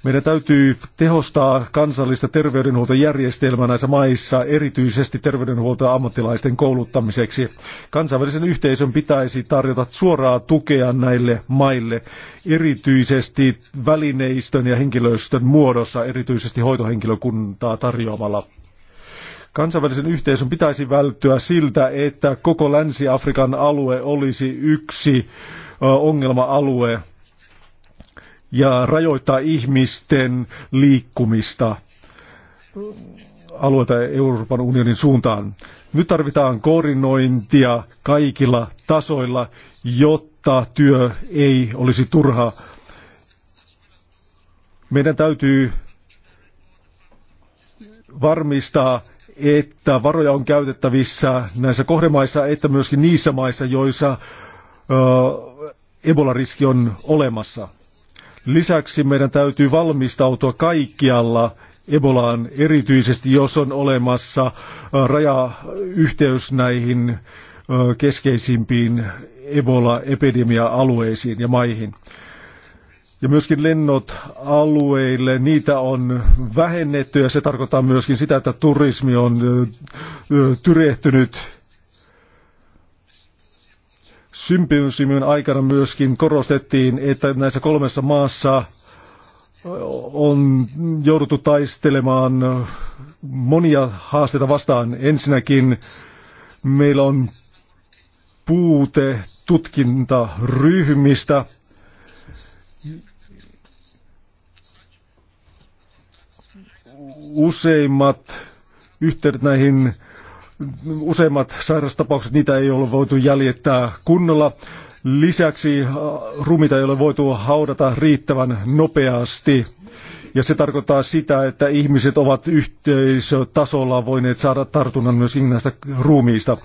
B: Meidän täytyy tehostaa kansallista terveydenhuoltojärjestelmää näissä maissa, erityisesti terveydenhuoltoa ammattilaisten kouluttamiseksi. Kansainvälisen yhteisön pitäisi tarjota suoraa tukea näille maille, erityisesti välineistön ja henkilöstön muodossa, erityisesti hoitohenkilökuntaa tarjoamalla. Kansainvälisen yhteisön pitäisi välttyä siltä, että koko Länsi-Afrikan alue olisi yksi ongelma-alue ja rajoittaa ihmisten liikkumista alueita Euroopan unionin suuntaan. Nyt tarvitaan koordinointia kaikilla tasoilla, jotta työ ei olisi turha? Meidän täytyy varmistaa, että varoja on käytettävissä näissä kohdemaissa, että myöskin niissä maissa, joissa Ebola-riski on olemassa. Lisäksi meidän täytyy valmistautua kaikkialla Ebolaan, erityisesti jos on olemassa rajayhteys näihin keskeisimpiin Ebola-epidemia-alueisiin ja maihin. Ja myöskin lennot alueille, niitä on vähennetty ja se tarkoittaa myöskin sitä, että turismi on tyrehtynyt. Sympiusimin aikana myöskin korostettiin, että näissä kolmessa maassa on jouduttu taistelemaan monia haasteita vastaan. Ensinnäkin meillä on puute tutkintaryhmistä. useimmat yhteydet näihin useimmat sairastapaukset, niitä ei ole voitu jäljittää kunnolla. Lisäksi äh, rumita ei ole voitu haudata riittävän nopeasti. Ja se tarkoittaa sitä, että ihmiset ovat yhteisötasolla voineet saada tartunnan myös näistä ruumiista.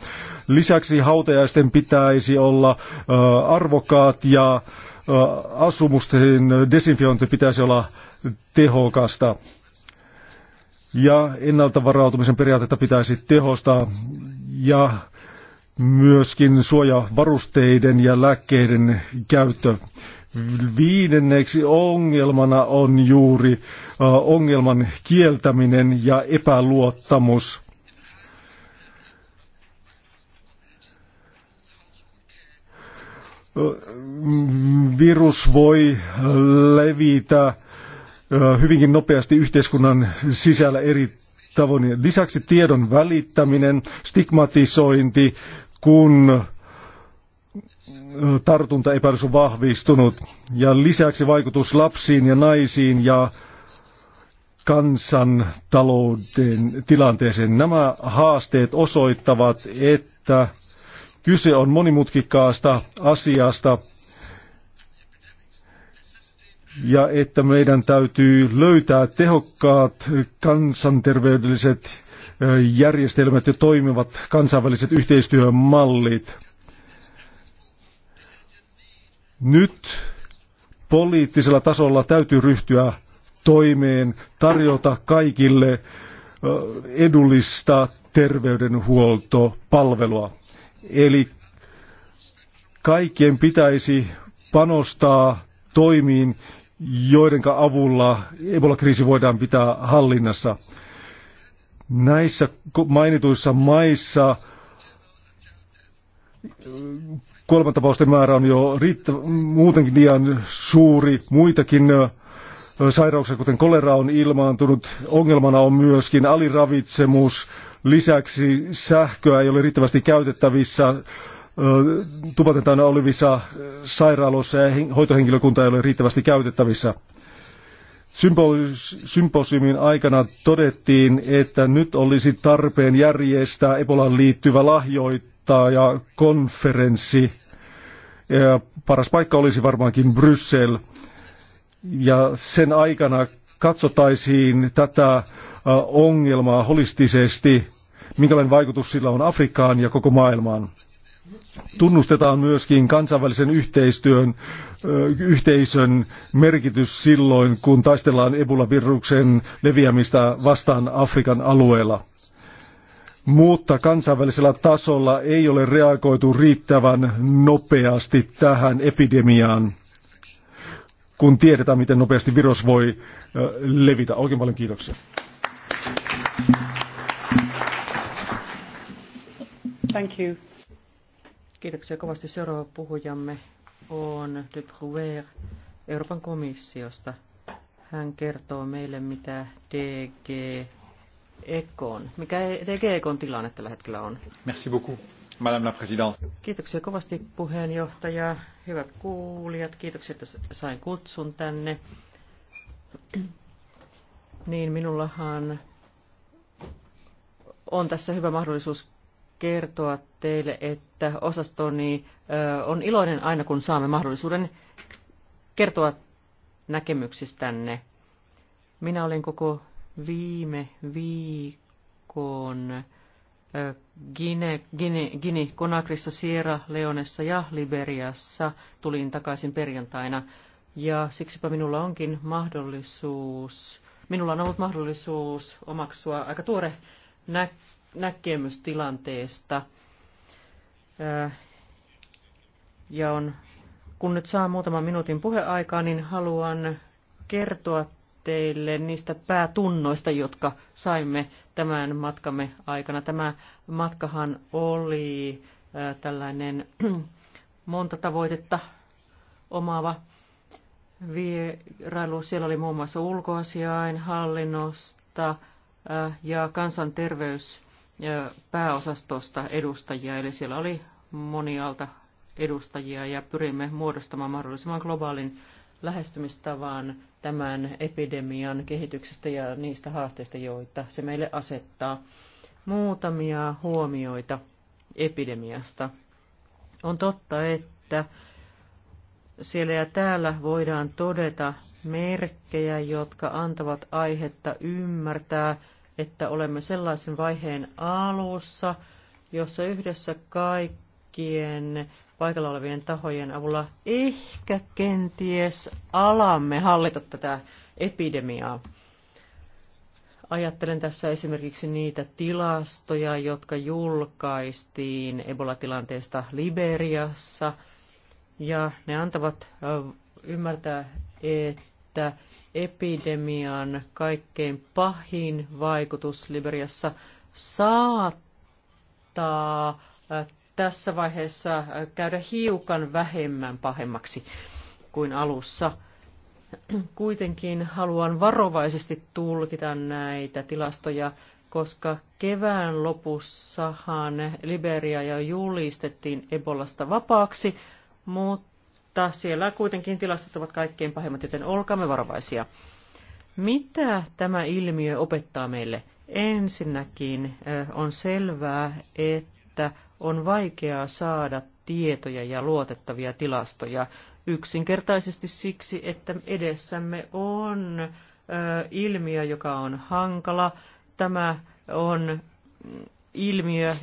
B: Lisäksi hautajaisten pitäisi olla äh, arvokkaat ja äh, asumusten desinfiointi pitäisi olla tehokasta ja ennalta varautumisen periaatetta pitäisi tehostaa ja myöskin suojavarusteiden ja lääkkeiden käyttö. Viidenneksi ongelmana on juuri ongelman kieltäminen ja epäluottamus. Virus voi levitä hyvinkin nopeasti yhteiskunnan sisällä eri tavoin. Lisäksi tiedon välittäminen, stigmatisointi, kun tartuntaepäilys on vahvistunut. Ja lisäksi vaikutus lapsiin ja naisiin ja kansantalouden tilanteeseen. Nämä haasteet osoittavat, että kyse on monimutkikkaasta asiasta, ja että meidän täytyy löytää tehokkaat kansanterveydelliset järjestelmät ja toimivat kansainväliset yhteistyömallit. Nyt poliittisella tasolla täytyy ryhtyä toimeen, tarjota kaikille edullista terveydenhuoltopalvelua. Eli kaikkien pitäisi panostaa toimiin, joiden avulla Ebola-kriisi voidaan pitää hallinnassa. Näissä mainituissa maissa äh, kuolemantapausten määrä on jo riittä, muutenkin liian suuri. Muitakin äh, sairauksia, kuten kolera, on ilmaantunut. Ongelmana on myöskin aliravitsemus. Lisäksi sähköä ei ole riittävästi käytettävissä tupatetaan olevissa sairaaloissa ja hoitohenkilökunta ei ole riittävästi käytettävissä. Symposiumin aikana todettiin, että nyt olisi tarpeen järjestää Ebolan liittyvä lahjoittaja konferenssi. Ja paras paikka olisi varmaankin Bryssel. Ja sen aikana katsotaisiin tätä ongelmaa holistisesti, minkälainen vaikutus sillä on Afrikkaan ja koko maailmaan tunnustetaan myöskin kansainvälisen yhteistyön, yhteisön merkitys silloin, kun taistellaan Ebola-viruksen leviämistä vastaan Afrikan alueella. Mutta kansainvälisellä tasolla ei ole reagoitu riittävän nopeasti tähän epidemiaan, kun tiedetään, miten nopeasti virus voi levitä. Oikein paljon kiitoksia.
A: Thank you. Kiitoksia kovasti. Seuraava puhujamme on de Prouer Euroopan komissiosta. Hän kertoo meille, mitä DG Ekon, mikä DG Ekon tilanne tällä hetkellä
B: on. Merci beaucoup. Madame la Présidente.
A: Kiitoksia kovasti puheenjohtaja. Hyvät kuulijat, kiitoksia, että sain kutsun tänne. Niin, minullahan on tässä hyvä mahdollisuus kertoa teille, että osastoni on iloinen aina, kun saamme mahdollisuuden kertoa näkemyksistänne. Minä olin koko viime viikon gini Gine, Gine, Konakrissa, Sierra Leonessa ja Liberiassa tulin takaisin perjantaina. Ja siksipä minulla onkin mahdollisuus, minulla on ollut mahdollisuus omaksua aika tuore näkemys näkemys tilanteesta. Äh, ja on, kun nyt saa muutaman minuutin puheaikaa, niin haluan kertoa teille niistä päätunnoista, jotka saimme tämän matkamme aikana. Tämä matkahan oli äh, tällainen monta tavoitetta omaava vierailu. Siellä oli muun muassa ulkoasiain hallinnosta äh, ja kansanterveys pääosastosta edustajia, eli siellä oli monialta edustajia ja pyrimme muodostamaan mahdollisimman globaalin lähestymistavan tämän epidemian kehityksestä ja niistä haasteista, joita se meille asettaa. Muutamia huomioita epidemiasta. On totta, että siellä ja täällä voidaan todeta merkkejä, jotka antavat aihetta ymmärtää, että olemme sellaisen vaiheen alussa, jossa yhdessä kaikkien paikalla olevien tahojen avulla ehkä kenties alamme hallita tätä epidemiaa. Ajattelen tässä esimerkiksi niitä tilastoja, jotka julkaistiin Ebola-tilanteesta Liberiassa, ja ne antavat ymmärtää, että että epidemian kaikkein pahin vaikutus Liberiassa saattaa äh, tässä vaiheessa äh, käydä hiukan vähemmän pahemmaksi kuin alussa. Kuitenkin haluan varovaisesti tulkita näitä tilastoja, koska kevään lopussahan Liberia jo julistettiin Ebolasta vapaaksi, mutta mutta siellä kuitenkin tilastot ovat kaikkein pahimmat, joten olkaamme varovaisia. Mitä tämä ilmiö opettaa meille? Ensinnäkin on selvää, että on vaikeaa saada tietoja ja luotettavia tilastoja yksinkertaisesti siksi, että edessämme on ilmiö, joka on hankala. Tämä on ilmiö,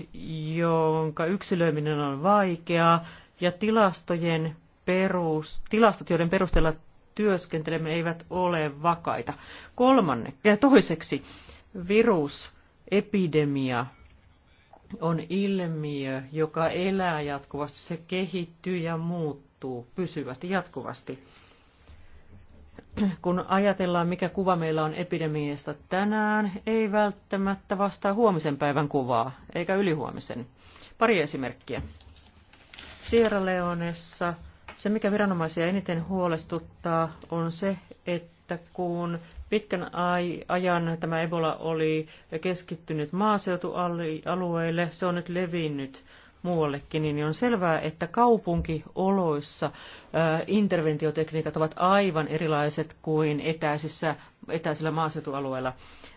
A: jonka yksilöiminen on vaikeaa ja tilastojen perus, tilastot, joiden perusteella työskentelemme, eivät ole vakaita. Kolmanne, ja toiseksi virusepidemia on ilmiö, joka elää jatkuvasti. Se kehittyy ja muuttuu pysyvästi, jatkuvasti. Kun ajatellaan, mikä kuva meillä on epidemiasta tänään, ei välttämättä vastaa huomisen päivän kuvaa, eikä ylihuomisen. Pari esimerkkiä. Sierra Leonessa se, mikä viranomaisia eniten huolestuttaa, on se, että kun pitkän ajan tämä Ebola oli keskittynyt maaseutualueille, se on nyt levinnyt muuallekin, niin on selvää, että kaupunkioloissa äh, interventiotekniikat ovat aivan erilaiset kuin etäisissä, etäisillä maaseutualueilla.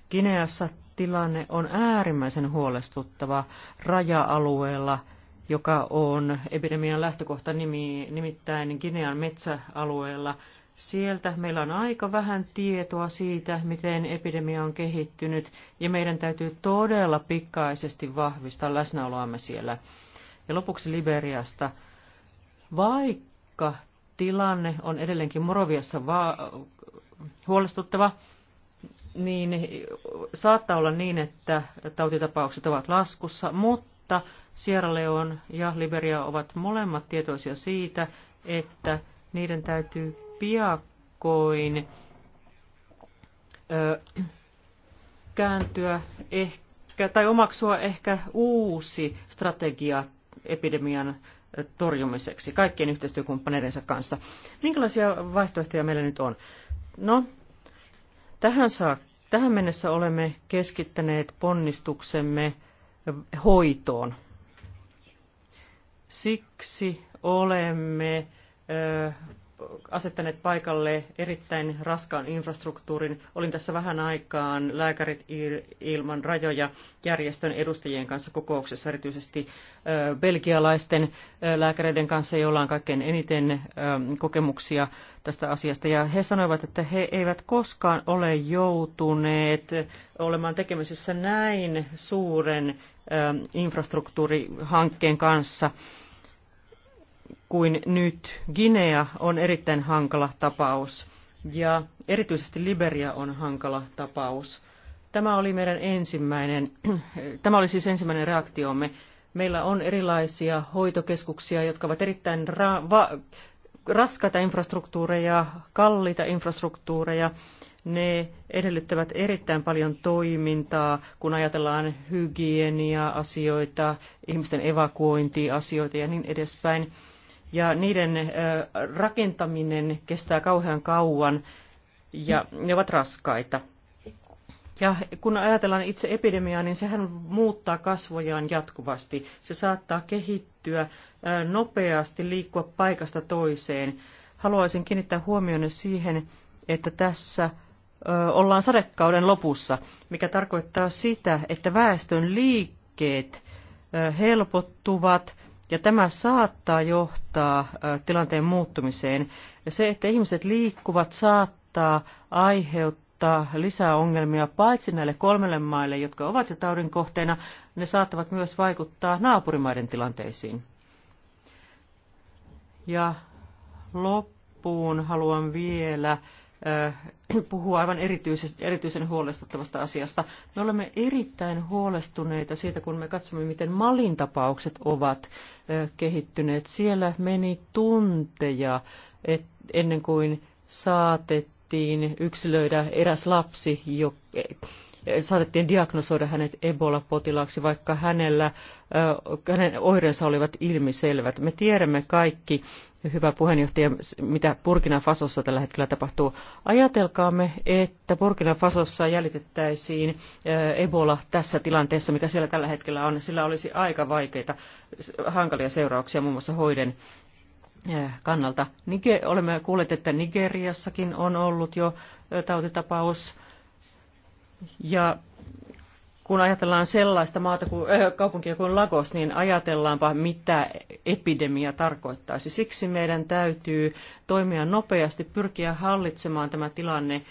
A: Kineassa tilanne on äärimmäisen huolestuttava raja-alueella joka on epidemian lähtökohta nimi, nimittäin Ginean metsäalueella. Sieltä meillä on aika vähän tietoa siitä, miten epidemia on kehittynyt, ja meidän täytyy todella pikaisesti vahvistaa läsnäoloamme siellä. Ja lopuksi Liberiasta. Vaikka tilanne on edelleenkin Moroviassa va- huolestuttava, niin saattaa olla niin, että tautitapaukset ovat laskussa, mutta mutta Sierra Leone ja Liberia ovat molemmat tietoisia siitä, että niiden täytyy piakkoin ö, kääntyä ehkä, tai omaksua ehkä uusi strategia epidemian torjumiseksi kaikkien yhteistyökumppaneidensa kanssa. Minkälaisia vaihtoehtoja meillä nyt on? No, tähän, saa, tähän mennessä olemme keskittäneet ponnistuksemme hoitoon. Siksi olemme asettaneet paikalle erittäin raskaan infrastruktuurin. Olin tässä vähän aikaan lääkärit ilman rajoja järjestön edustajien kanssa kokouksessa, erityisesti belgialaisten lääkäreiden kanssa, joilla on kaikkein eniten kokemuksia tästä asiasta. Ja he sanoivat, että he eivät koskaan ole joutuneet olemaan tekemisissä näin suuren infrastruktuurihankkeen kanssa kuin nyt. Guinea on erittäin hankala tapaus ja erityisesti Liberia on hankala tapaus. Tämä oli meidän ensimmäinen, tämä oli siis ensimmäinen reaktiomme. Meillä on erilaisia hoitokeskuksia, jotka ovat erittäin ra- va- raskaita infrastruktuureja, kalliita infrastruktuureja, ne edellyttävät erittäin paljon toimintaa, kun ajatellaan hygienia-asioita, ihmisten evakuointiasioita ja niin edespäin. Ja niiden rakentaminen kestää kauhean kauan ja ne ovat raskaita. Ja kun ajatellaan itse epidemiaa, niin sehän muuttaa kasvojaan jatkuvasti. Se saattaa kehittyä nopeasti, liikkua paikasta toiseen. Haluaisin kiinnittää huomioon siihen, että tässä ollaan sadekauden lopussa, mikä tarkoittaa sitä, että väestön liikkeet helpottuvat ja tämä saattaa johtaa tilanteen muuttumiseen. Se, että ihmiset liikkuvat, saattaa aiheuttaa lisää ongelmia paitsi näille kolmelle maille, jotka ovat jo taudin kohteena, ne saattavat myös vaikuttaa naapurimaiden tilanteisiin. Ja loppuun haluan vielä puhuu aivan erityisen huolestuttavasta asiasta. Me olemme erittäin huolestuneita siitä, kun me katsomme, miten Malin tapaukset ovat kehittyneet. Siellä meni tunteja ennen kuin saatettiin yksilöidä eräs lapsi, jo, e, e, saatettiin diagnosoida hänet Ebola-potilaaksi, vaikka hänellä, hänen oireensa olivat ilmiselvät. Me tiedämme kaikki, hyvä puheenjohtaja, mitä Burkina Fasossa tällä hetkellä tapahtuu. Ajatelkaamme, että Burkina Fasossa jäljitettäisiin eh, Ebola tässä tilanteessa, mikä siellä tällä hetkellä on. Sillä olisi aika vaikeita, hankalia seurauksia muun muassa hoiden eh, kannalta. Niger, olemme kuulleet, että Nigeriassakin on ollut jo eh, tautitapaus. Ja kun ajatellaan sellaista maata kuin, äh, kaupunkia kuin Lagos, niin ajatellaanpa, mitä epidemia tarkoittaisi. Siksi meidän täytyy toimia nopeasti, pyrkiä hallitsemaan tämä tilanne äh,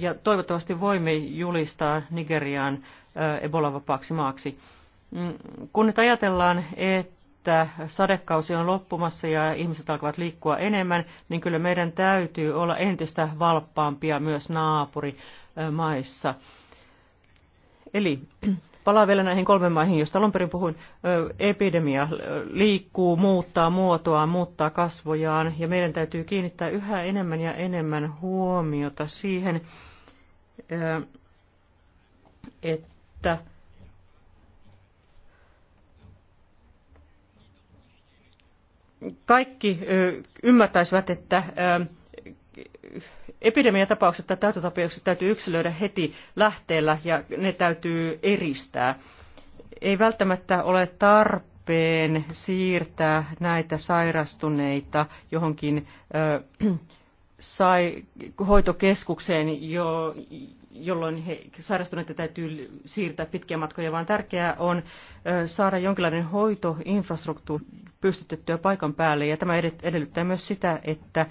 A: ja toivottavasti voimme julistaa Nigerian äh, Ebola-vapaaksi maaksi. Mm, kun nyt ajatellaan, että sadekausi on loppumassa ja ihmiset alkavat liikkua enemmän, niin kyllä meidän täytyy olla entistä valppaampia myös naapurimaissa. Äh, Eli palaa vielä näihin kolmen maihin, joista alun perin puhuin. Epidemia liikkuu, muuttaa muotoaan, muuttaa kasvojaan ja meidän täytyy kiinnittää yhä enemmän ja enemmän huomiota siihen, että kaikki ymmärtäisivät, että epidemiatapaukset tai tautitapaukset täytyy yksilöidä heti lähteellä ja ne täytyy eristää. Ei välttämättä ole tarpeen siirtää näitä sairastuneita johonkin ö, sai, hoitokeskukseen, jo, jolloin he, sairastuneita täytyy siirtää pitkiä matkoja, vaan tärkeää on saada jonkinlainen hoitoinfrastruktuuri pystytettyä paikan päälle. Ja tämä edellyttää myös sitä, että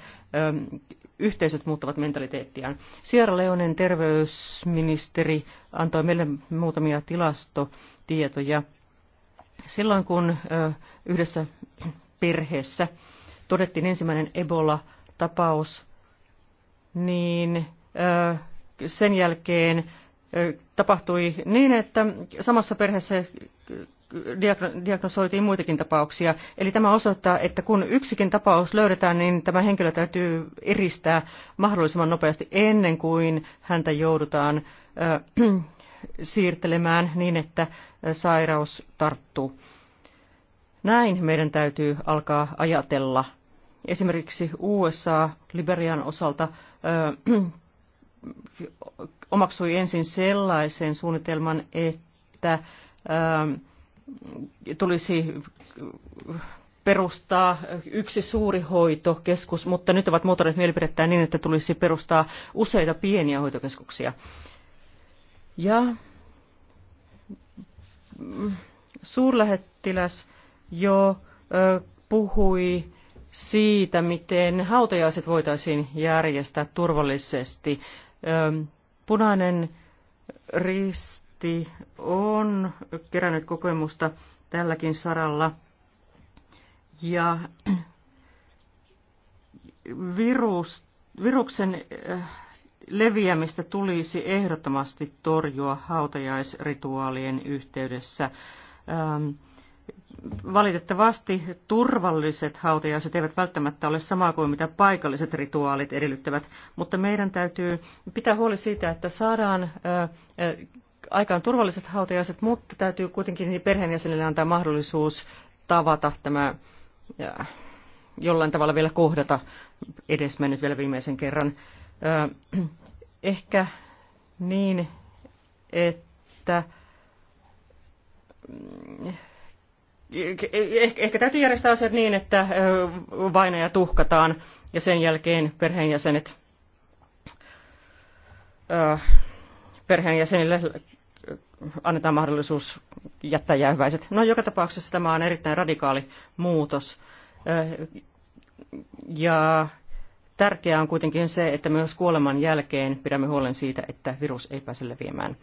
A: yhteisöt muuttavat mentaliteettiaan. Sierra Leonen terveysministeri antoi meille muutamia tilastotietoja. Silloin kun yhdessä perheessä todettiin ensimmäinen Ebola-tapaus, niin sen jälkeen tapahtui niin, että samassa perheessä diagnosoitiin muitakin tapauksia. Eli tämä osoittaa, että kun yksikin tapaus löydetään, niin tämä henkilö täytyy eristää mahdollisimman nopeasti ennen kuin häntä joudutaan siirtelemään niin, että sairaus tarttuu. Näin meidän täytyy alkaa ajatella. Esimerkiksi USA Liberian osalta omaksui ensin sellaisen suunnitelman, että äh, tulisi perustaa yksi suuri hoitokeskus, mutta nyt ovat muotoilleet mielipidettään niin, että tulisi perustaa useita pieniä hoitokeskuksia. Ja suurlähettiläs jo puhui siitä, miten hautajaiset voitaisiin järjestää turvallisesti. Punainen rist parlamentti on kerännyt kokemusta tälläkin saralla. Ja virus, viruksen äh, leviämistä tulisi ehdottomasti torjua hautajaisrituaalien yhteydessä. Ähm, valitettavasti turvalliset hautajaiset eivät välttämättä ole samaa kuin mitä paikalliset rituaalit edellyttävät, mutta meidän täytyy pitää huoli siitä, että saadaan äh, äh, aikaan turvalliset hautajaiset, mutta täytyy kuitenkin perheenjäsenille antaa mahdollisuus tavata tämä ja, jollain tavalla vielä kohdata mennyt vielä viimeisen kerran. Ehkä niin, että mm, ehkä täytyy järjestää asiat niin, että vainaja tuhkataan ja sen jälkeen perheenjäsenet perheenjäsenille annetaan mahdollisuus jättää jäähyväiset. No joka tapauksessa tämä on erittäin radikaali muutos. Ja tärkeää on kuitenkin se, että myös kuoleman jälkeen pidämme huolen siitä, että virus ei pääse leviämään.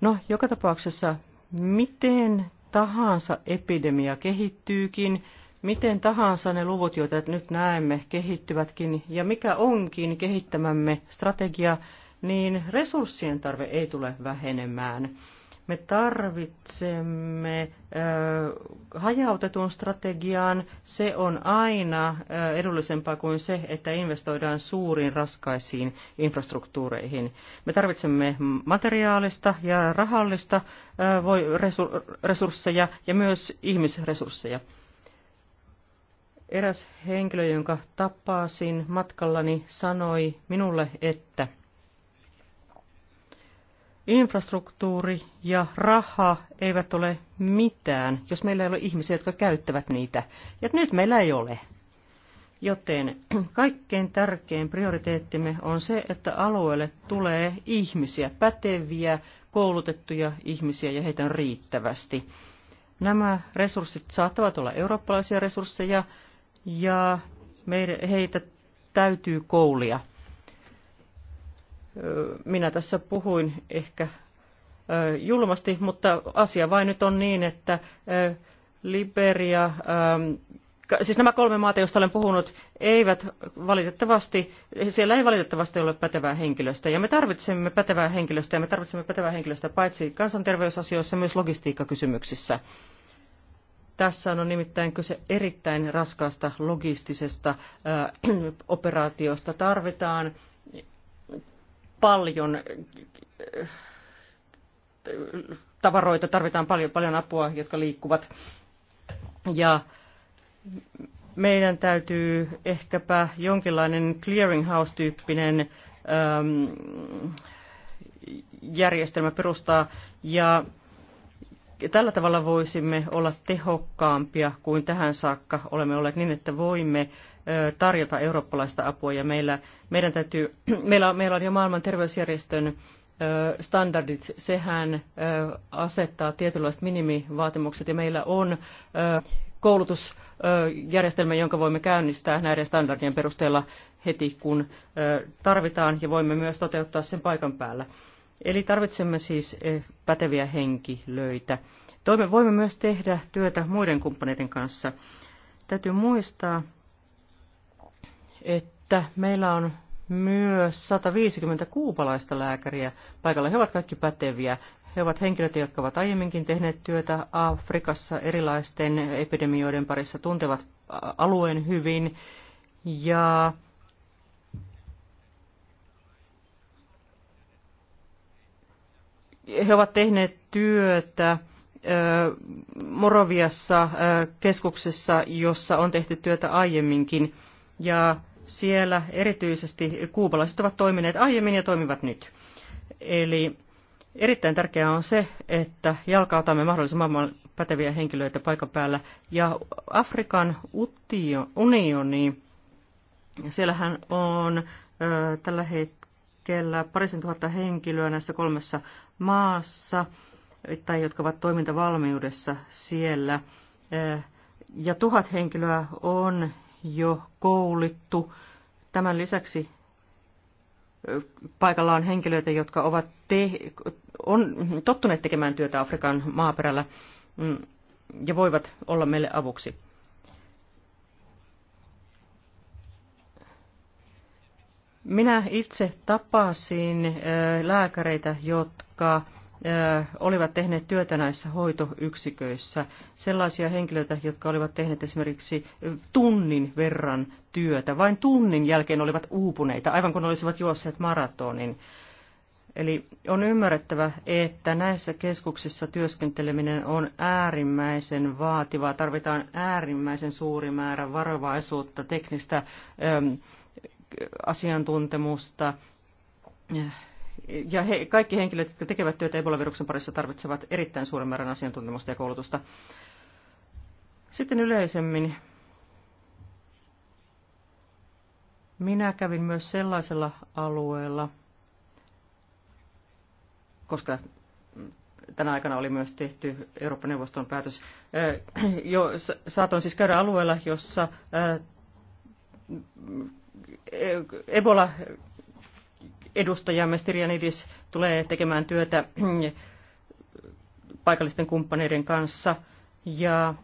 A: No joka tapauksessa, miten tahansa epidemia kehittyykin, miten tahansa ne luvut, joita nyt näemme, kehittyvätkin, ja mikä onkin kehittämämme strategia, niin resurssien tarve ei tule vähenemään. Me tarvitsemme hajautetun strategian. Se on aina edullisempaa kuin se, että investoidaan suuriin raskaisiin infrastruktuureihin. Me tarvitsemme materiaalista ja rahallista voi, resursseja ja myös ihmisresursseja. Eräs henkilö, jonka tapasin matkallani, sanoi minulle, että – infrastruktuuri ja raha eivät ole mitään, jos meillä ei ole ihmisiä, jotka käyttävät niitä. Ja nyt meillä ei ole. Joten kaikkein tärkein prioriteettimme on se, että alueelle tulee ihmisiä, päteviä, koulutettuja ihmisiä ja heitä on riittävästi. Nämä resurssit saattavat olla eurooppalaisia resursseja ja meidän, heitä täytyy koulia minä tässä puhuin ehkä julmasti, mutta asia vain nyt on niin, että Liberia, siis nämä kolme maata, joista olen puhunut, eivät valitettavasti, siellä ei valitettavasti ole pätevää henkilöstä Ja me tarvitsemme pätevää henkilöstä ja me tarvitsemme pätevää henkilöstä paitsi kansanterveysasioissa, myös logistiikkakysymyksissä. Tässä on nimittäin kyse erittäin raskaasta logistisesta operaatiosta. Tarvitaan paljon tavaroita, tarvitaan paljon, paljon apua, jotka liikkuvat. Ja meidän täytyy ehkäpä jonkinlainen clearinghouse-tyyppinen ähm, järjestelmä perustaa ja tällä tavalla voisimme olla tehokkaampia kuin tähän saakka olemme olleet niin, että voimme tarjota eurooppalaista apua ja meillä, meidän täytyy, meillä, meillä on jo maailman terveysjärjestön standardit, sehän asettaa tietynlaiset minimivaatimukset ja meillä on koulutusjärjestelmä, jonka voimme käynnistää näiden standardien perusteella heti, kun tarvitaan ja voimme myös toteuttaa sen paikan päällä. Eli tarvitsemme siis eh, päteviä henkilöitä. Toimme, voimme myös tehdä työtä muiden kumppaneiden kanssa. Täytyy muistaa, että meillä on myös 150 kuupalaista lääkäriä paikalla. He ovat kaikki päteviä. He ovat henkilöitä, jotka ovat aiemminkin tehneet työtä Afrikassa erilaisten epidemioiden parissa, tuntevat alueen hyvin ja he ovat tehneet työtä Moroviassa keskuksessa, jossa on tehty työtä aiemminkin. Ja siellä erityisesti kuubalaiset ovat toimineet aiemmin ja toimivat nyt. Eli erittäin tärkeää on se, että jalkautamme mahdollisimman päteviä henkilöitä paikan päällä. Ja Afrikan unioni, siellähän on tällä hetkellä parisen tuhatta henkilöä näissä kolmessa maassa tai jotka ovat toimintavalmiudessa siellä. Äh, ja tuhat henkilöä on jo koulittu. Tämän lisäksi äh, paikalla on henkilöitä, jotka ovat te- on tottuneet tekemään työtä Afrikan maaperällä mm, ja voivat olla meille avuksi. Minä itse tapasin lääkäreitä, jotka olivat tehneet työtä näissä hoitoyksiköissä. Sellaisia henkilöitä, jotka olivat tehneet esimerkiksi tunnin verran työtä. Vain tunnin jälkeen olivat uupuneita, aivan kun olisivat juosseet maratonin. Eli on ymmärrettävä, että näissä keskuksissa työskenteleminen on äärimmäisen vaativaa. Tarvitaan äärimmäisen suuri määrä varovaisuutta, teknistä asiantuntemusta. Ja he, kaikki henkilöt, jotka tekevät työtä Ebola-viruksen parissa, tarvitsevat erittäin suuren määrän asiantuntemusta ja koulutusta. Sitten yleisemmin minä kävin myös sellaisella alueella, koska tänä aikana oli myös tehty Euroopan neuvoston päätös. Jo, saatoin siis käydä alueella, jossa ebola edustaja Mestirianidis tulee tekemään työtä paikallisten kumppaneiden kanssa ja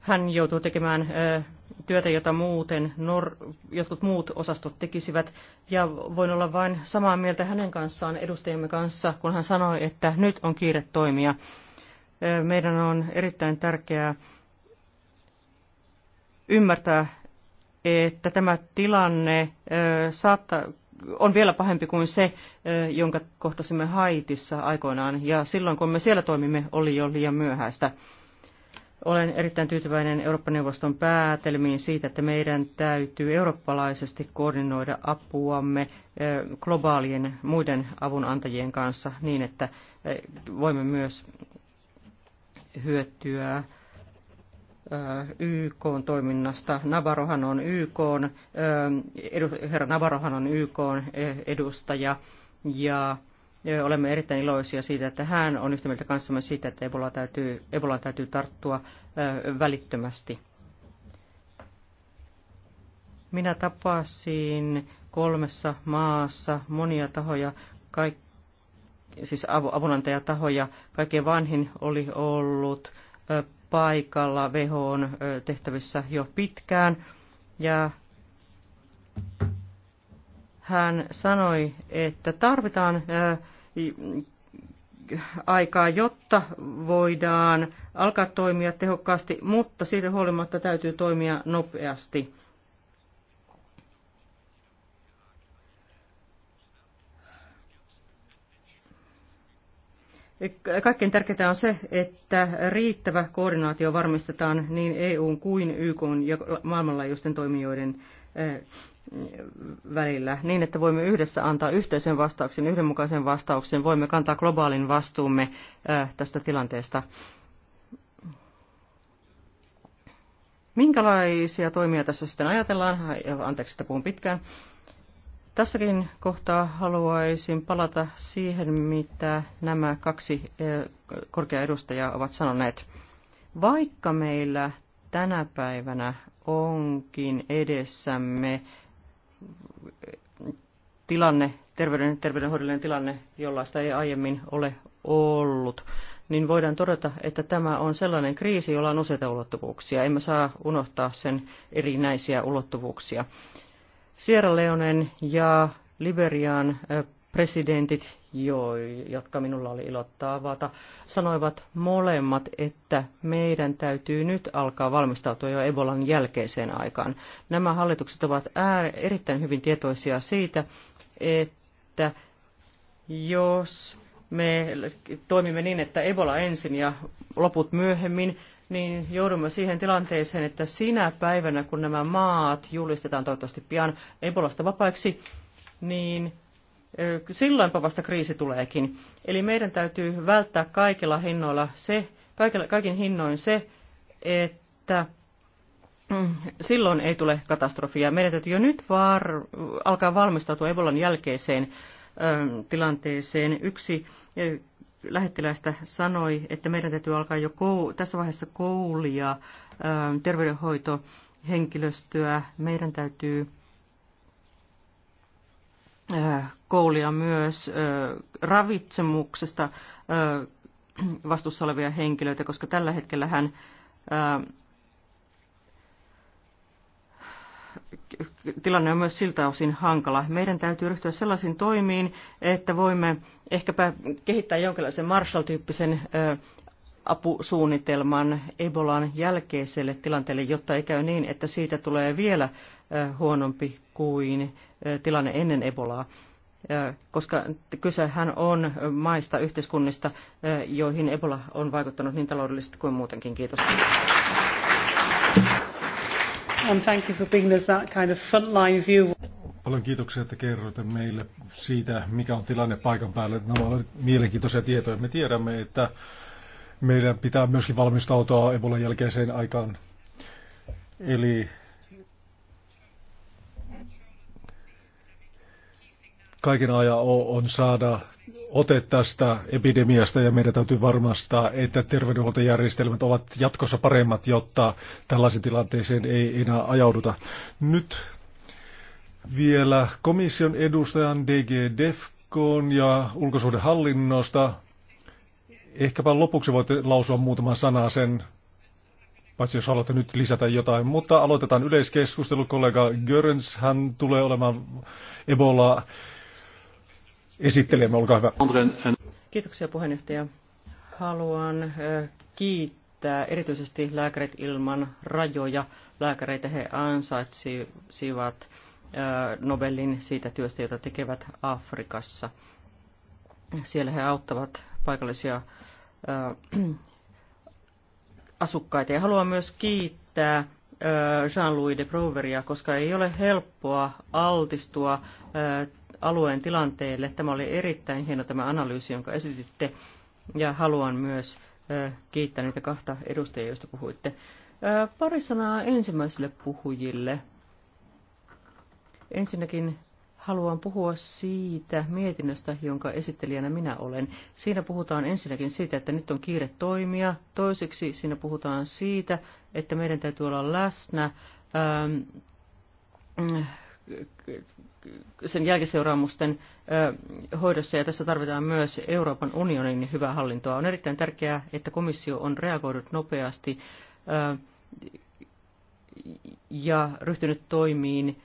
A: hän joutuu tekemään työtä, jota muuten nor- jotkut muut osastot tekisivät. Ja voin olla vain samaa mieltä hänen kanssaan, edustajamme kanssa, kun hän sanoi, että nyt on kiire toimia. Meidän on erittäin tärkeää ymmärtää, että tämä tilanne saattaa, on vielä pahempi kuin se, jonka kohtasimme Haitissa aikoinaan. Ja silloin, kun me siellä toimimme, oli jo liian myöhäistä. Olen erittäin tyytyväinen Eurooppa-neuvoston päätelmiin siitä, että meidän täytyy eurooppalaisesti koordinoida apuamme globaalien muiden avunantajien kanssa niin, että voimme myös hyötyä YK toiminnasta. Navarohan on YK, herra Navarohan on YK e, edustaja ja olemme erittäin iloisia siitä, että hän on yhtä mieltä kanssamme siitä, että Ebola täytyy, Ebola täytyy tarttua välittömästi. Minä tapasin kolmessa maassa monia tahoja, kaik, siis avunantajatahoja. Kaikkein vanhin oli ollut paikalla on tehtävissä jo pitkään ja hän sanoi, että tarvitaan aikaa, jotta voidaan alkaa toimia tehokkaasti, mutta siitä huolimatta täytyy toimia nopeasti. Kaikkein tärkeintä on se, että riittävä koordinaatio varmistetaan niin EUn kuin YK ja maailmanlaajuisten toimijoiden eh, välillä niin, että voimme yhdessä antaa yhteisen vastauksen, yhdenmukaisen vastauksen, voimme kantaa globaalin vastuumme eh, tästä tilanteesta. Minkälaisia toimia tässä sitten ajatellaan? Anteeksi, että puhun pitkään. Tässäkin kohtaa haluaisin palata siihen, mitä nämä kaksi eh, korkea edustajaa ovat sanoneet. Vaikka meillä tänä päivänä onkin edessämme eh, tilanne, terveyden, terveydenhoidollinen tilanne, jollaista ei aiemmin ole ollut, niin voidaan todeta, että tämä on sellainen kriisi, jolla on useita ulottuvuuksia. Emme saa unohtaa sen erinäisiä ulottuvuuksia. Sierra Leonen ja Liberian presidentit, jo, jotka minulla oli ilo tavata, sanoivat molemmat, että meidän täytyy nyt alkaa valmistautua jo Ebolan jälkeiseen aikaan. Nämä hallitukset ovat äär, erittäin hyvin tietoisia siitä, että jos me toimimme niin, että Ebola ensin ja loput myöhemmin, niin joudumme siihen tilanteeseen, että sinä päivänä, kun nämä maat julistetaan toivottavasti pian Ebolasta vapaiksi, niin silloinpa vasta kriisi tuleekin. Eli meidän täytyy välttää kaikilla hinnoilla se, kaikilla, kaikin hinnoin se, että mm, silloin ei tule katastrofia. Meidän täytyy jo nyt var, alkaa valmistautua Ebolan jälkeiseen tilanteeseen. Yksi lähettiläistä sanoi, että meidän täytyy alkaa jo kou- tässä vaiheessa koulia ähm, terveydenhoitohenkilöstöä. Meidän täytyy äh, koulia myös äh, ravitsemuksesta äh, vastuussa olevia henkilöitä, koska tällä hän tilanne on myös siltä osin hankala. Meidän täytyy ryhtyä sellaisiin toimiin, että voimme ehkäpä kehittää jonkinlaisen Marshall-tyyppisen apusuunnitelman Ebolan jälkeiselle tilanteelle, jotta ei käy niin, että siitä tulee vielä huonompi kuin tilanne ennen Ebolaa. Koska kysehän on maista, yhteiskunnista, joihin Ebola on vaikuttanut niin taloudellisesti kuin muutenkin. Kiitos
C: and thank you for bringing us that kind of frontline
B: view. Paljon kiitoksia, että kerroitte meille siitä, mikä on tilanne paikan päällä. No, nämä ovat mielenkiintoisia tietoja. Me tiedämme, että meidän pitää myöskin valmistautua Ebolan jälkeiseen aikaan. Eli kaiken ajan on saada ote tästä epidemiasta ja meidän täytyy varmistaa, että terveydenhuoltojärjestelmät ovat jatkossa paremmat, jotta tällaisen tilanteeseen ei enää ajauduta. Nyt vielä komission edustajan DG Defcon ja ulkosuhdehallinnosta. Ehkäpä lopuksi voitte lausua muutaman sanaa sen, paitsi jos haluatte nyt lisätä jotain. Mutta aloitetaan yleiskeskustelu. Kollega Görens, hän tulee olemaan Ebola esittelemme, olkaa hyvä.
A: Kiitoksia puheenjohtaja. Haluan kiittää erityisesti lääkärit ilman rajoja. Lääkäreitä he ansaitsivat Nobelin siitä työstä, jota tekevät Afrikassa. Siellä he auttavat paikallisia asukkaita. Ja haluan myös kiittää Jean-Louis de Proveria, koska ei ole helppoa altistua alueen tilanteelle. Tämä oli erittäin hieno tämä analyysi, jonka esititte, ja haluan myös kiittää niitä kahta edustajia, joista puhuitte. Pari sanaa ensimmäisille puhujille. Ensinnäkin haluan puhua siitä mietinnöstä, jonka esittelijänä minä olen. Siinä puhutaan ensinnäkin siitä, että nyt on kiire toimia. Toiseksi siinä puhutaan siitä, että meidän täytyy olla läsnä ähm, sen jälkiseuraamusten hoidossa, ja tässä tarvitaan myös Euroopan unionin hyvää hallintoa. On erittäin tärkeää, että komissio on reagoinut nopeasti ja ryhtynyt toimiin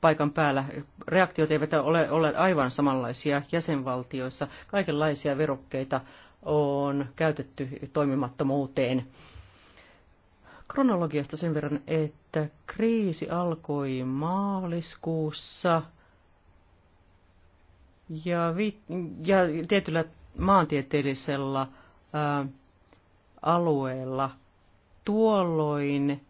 A: paikan päällä. Reaktiot eivät ole ole aivan samanlaisia jäsenvaltioissa. Kaikenlaisia verokkeita on käytetty toimimattomuuteen. Kronologiasta sen verran, että kriisi alkoi maaliskuussa ja, vi- ja tietyllä maantieteellisellä ää, alueella tuolloin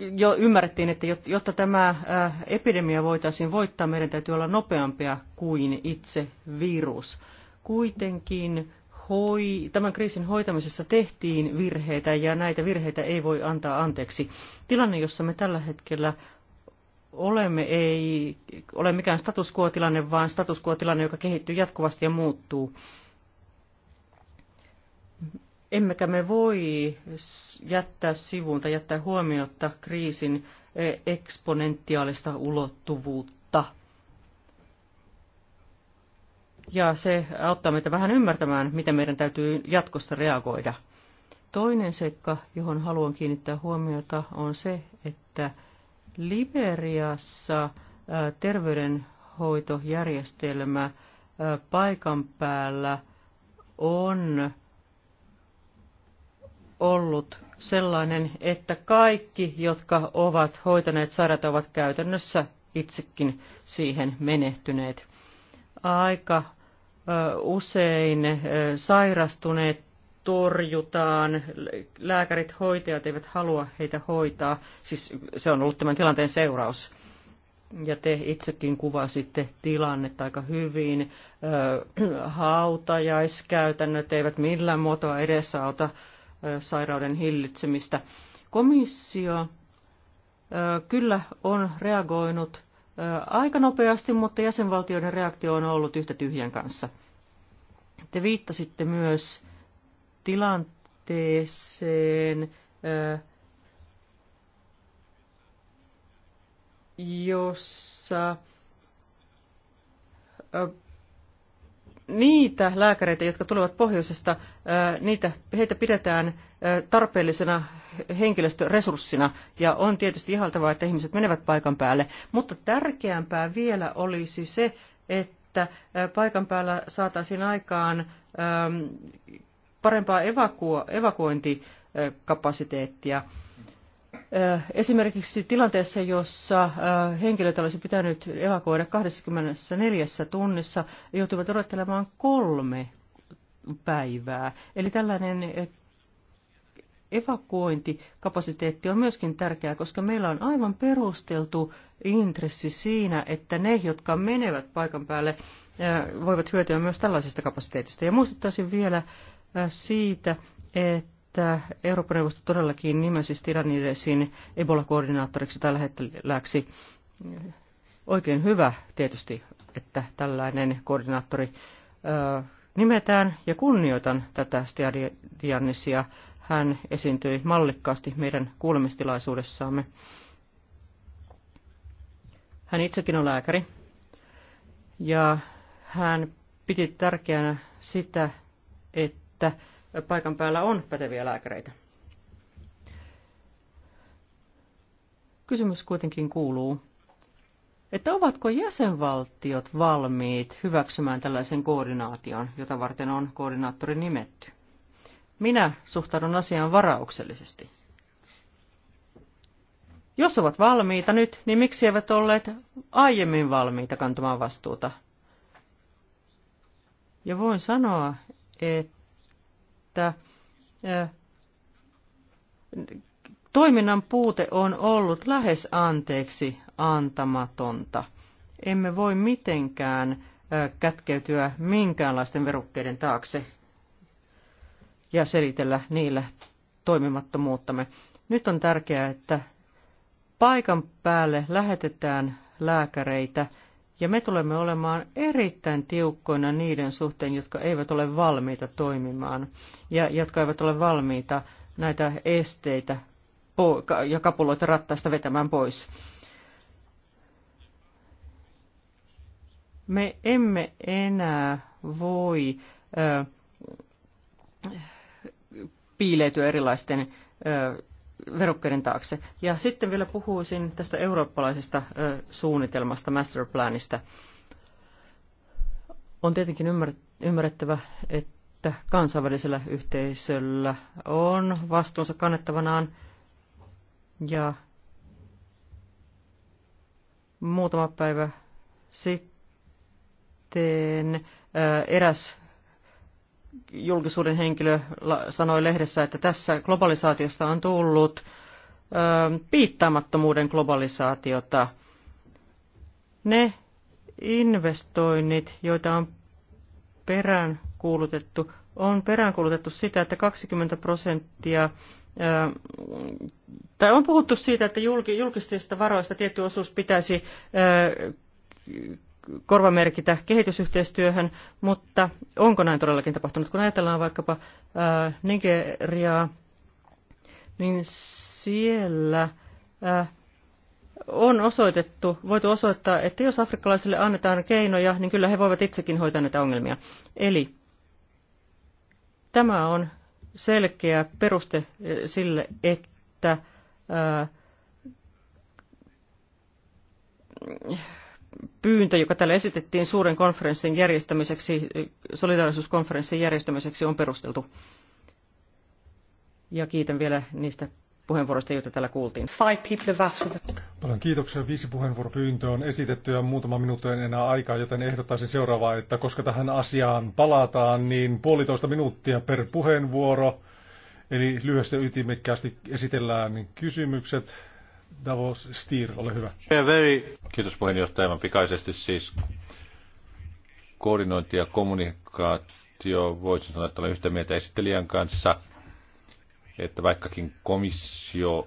A: jo ymmärrettiin, että jotta tämä epidemia voitaisiin voittaa, meidän täytyy olla nopeampia kuin itse virus. Kuitenkin hoi, tämän kriisin hoitamisessa tehtiin virheitä ja näitä virheitä ei voi antaa anteeksi. Tilanne, jossa me tällä hetkellä olemme, ei ole mikään status quo-tilanne, vaan status quo-tilanne, joka kehittyy jatkuvasti ja muuttuu. Emmekä me voi jättää sivuun tai jättää huomiotta kriisin eh, eksponentiaalista ulottuvuutta ja se auttaa meitä vähän ymmärtämään, miten meidän täytyy jatkossa reagoida. Toinen seikka, johon haluan kiinnittää huomiota, on se, että Liberiassa terveydenhoitojärjestelmä paikan päällä on ollut sellainen, että kaikki, jotka ovat hoitaneet sairaat, ovat käytännössä itsekin siihen menehtyneet aika usein sairastuneet torjutaan, lääkärit, hoitajat eivät halua heitä hoitaa, siis se on ollut tämän tilanteen seuraus. Ja te itsekin kuvasitte tilannetta aika hyvin. Hautajaiskäytännöt eivät millään muotoa edesauta sairauden hillitsemistä. Komissio kyllä on reagoinut aika nopeasti, mutta jäsenvaltioiden reaktio on ollut yhtä tyhjän kanssa. Te viittasitte myös tilanteeseen, jossa niitä lääkäreitä, jotka tulevat pohjoisesta, niitä, heitä pidetään tarpeellisena henkilöstöresurssina ja on tietysti ihaltavaa, että ihmiset menevät paikan päälle. Mutta tärkeämpää vielä olisi se, että paikan päällä saataisiin aikaan parempaa evakuo- evakuointikapasiteettia. Esimerkiksi tilanteessa, jossa henkilöt olisi pitänyt evakuoida 24 tunnissa, joutuivat odottelemaan kolme päivää. Eli tällainen evakuointikapasiteetti on myöskin tärkeää, koska meillä on aivan perusteltu intressi siinä, että ne, jotka menevät paikan päälle, voivat hyötyä myös tällaisesta kapasiteetista. Ja muistuttaisin vielä siitä, että että Euroopan neuvosto todellakin nimesi Stiranidesin Ebola-koordinaattoriksi tai lähettiläksi. Oikein hyvä tietysti, että tällainen koordinaattori nimetään ja kunnioitan tätä Stiranidesia. Hän esiintyi mallikkaasti meidän kuulemistilaisuudessamme. Hän itsekin on lääkäri ja hän piti tärkeänä sitä, että paikan päällä on päteviä lääkäreitä. Kysymys kuitenkin kuuluu, että ovatko jäsenvaltiot valmiit hyväksymään tällaisen koordinaation, jota varten on koordinaattori nimetty? Minä suhtaudun asiaan varauksellisesti. Jos ovat valmiita nyt, niin miksi eivät olleet aiemmin valmiita kantamaan vastuuta? Ja voin sanoa, että että toiminnan puute on ollut lähes anteeksi antamatonta. Emme voi mitenkään kätkeytyä minkäänlaisten verukkeiden taakse ja selitellä niillä toimimattomuuttamme. Nyt on tärkeää, että paikan päälle lähetetään lääkäreitä ja me tulemme olemaan erittäin tiukkoina niiden suhteen, jotka eivät ole valmiita toimimaan ja jotka eivät ole valmiita näitä esteitä ja kapuloita rattaista vetämään pois. Me emme enää voi ö, piileytyä erilaisten ö, verukkeiden taakse. Ja sitten vielä puhuisin tästä eurooppalaisesta ö, suunnitelmasta, masterplanista. On tietenkin ymmärrettävä, että kansainvälisellä yhteisöllä on vastuunsa kannettavanaan ja muutama päivä sitten eräs julkisuuden henkilö sanoi lehdessä, että tässä globalisaatiosta on tullut piittaamattomuuden globalisaatiota. Ne investoinnit, joita on peräänkuulutettu, on peräänkuulutettu sitä, että 20 prosenttia tai on puhuttu siitä, että julkisista varoista tietty osuus pitäisi korvamerkitä kehitysyhteistyöhön, mutta onko näin todellakin tapahtunut? Kun ajatellaan vaikkapa ää, Nigeriaa, niin siellä ää, on osoitettu, voitu osoittaa, että jos afrikkalaisille annetaan keinoja, niin kyllä he voivat itsekin hoitaa näitä ongelmia. Eli tämä on selkeä peruste sille, että ää, pyyntö, joka täällä esitettiin suuren konferenssin järjestämiseksi, solidaarisuuskonferenssin järjestämiseksi, on perusteltu. Ja kiitän vielä niistä puheenvuoroista, joita täällä kuultiin.
B: Paljon kiitoksia. Viisi puheenvuoropyyntöä on esitetty ja muutama minuutti en enää aikaa, joten ehdottaisin seuraavaa, että koska tähän asiaan palataan, niin puolitoista minuuttia per puheenvuoro. Eli lyhyesti ytimekkäästi esitellään kysymykset, Davos Stier, ole hyvä.
C: Kiitos puheenjohtaja. Aivan pikaisesti siis koordinointi ja kommunikaatio, voisin sanoa, että olen yhtä mieltä esittelijän kanssa, että vaikkakin komissio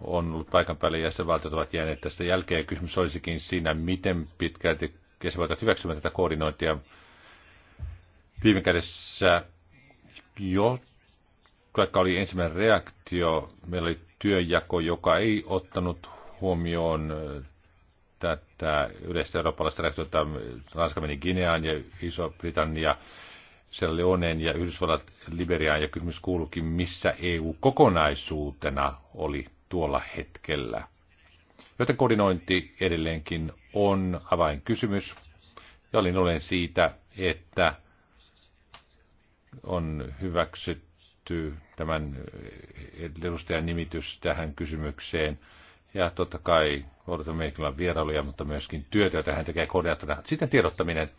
C: on ollut paikan päällä ja jäsenvaltiot ovat jääneet tästä jälkeen. Kysymys olisikin siinä, miten pitkälti jäsenvaltiot hyväksyvät tätä koordinointia. Viime kädessä, jos kyllä oli ensimmäinen reaktio. Meillä oli työjako, joka ei ottanut huomioon tätä yleistä eurooppalaista reaktiota. Ranska meni Gineaan ja Iso-Britannia Sierra Leoneen ja Yhdysvallat Liberiaan. Ja kysymys kuulukin, missä EU kokonaisuutena oli tuolla hetkellä. Joten koordinointi edelleenkin on avainkysymys. Ja olin olen siitä, että on hyväksytty tämän edustajan nimitys tähän kysymykseen. Ja totta kai odotamme on vierailuja, mutta myöskin työtä, jota hän tekee koordinaattorina. Sitten tiedottaminen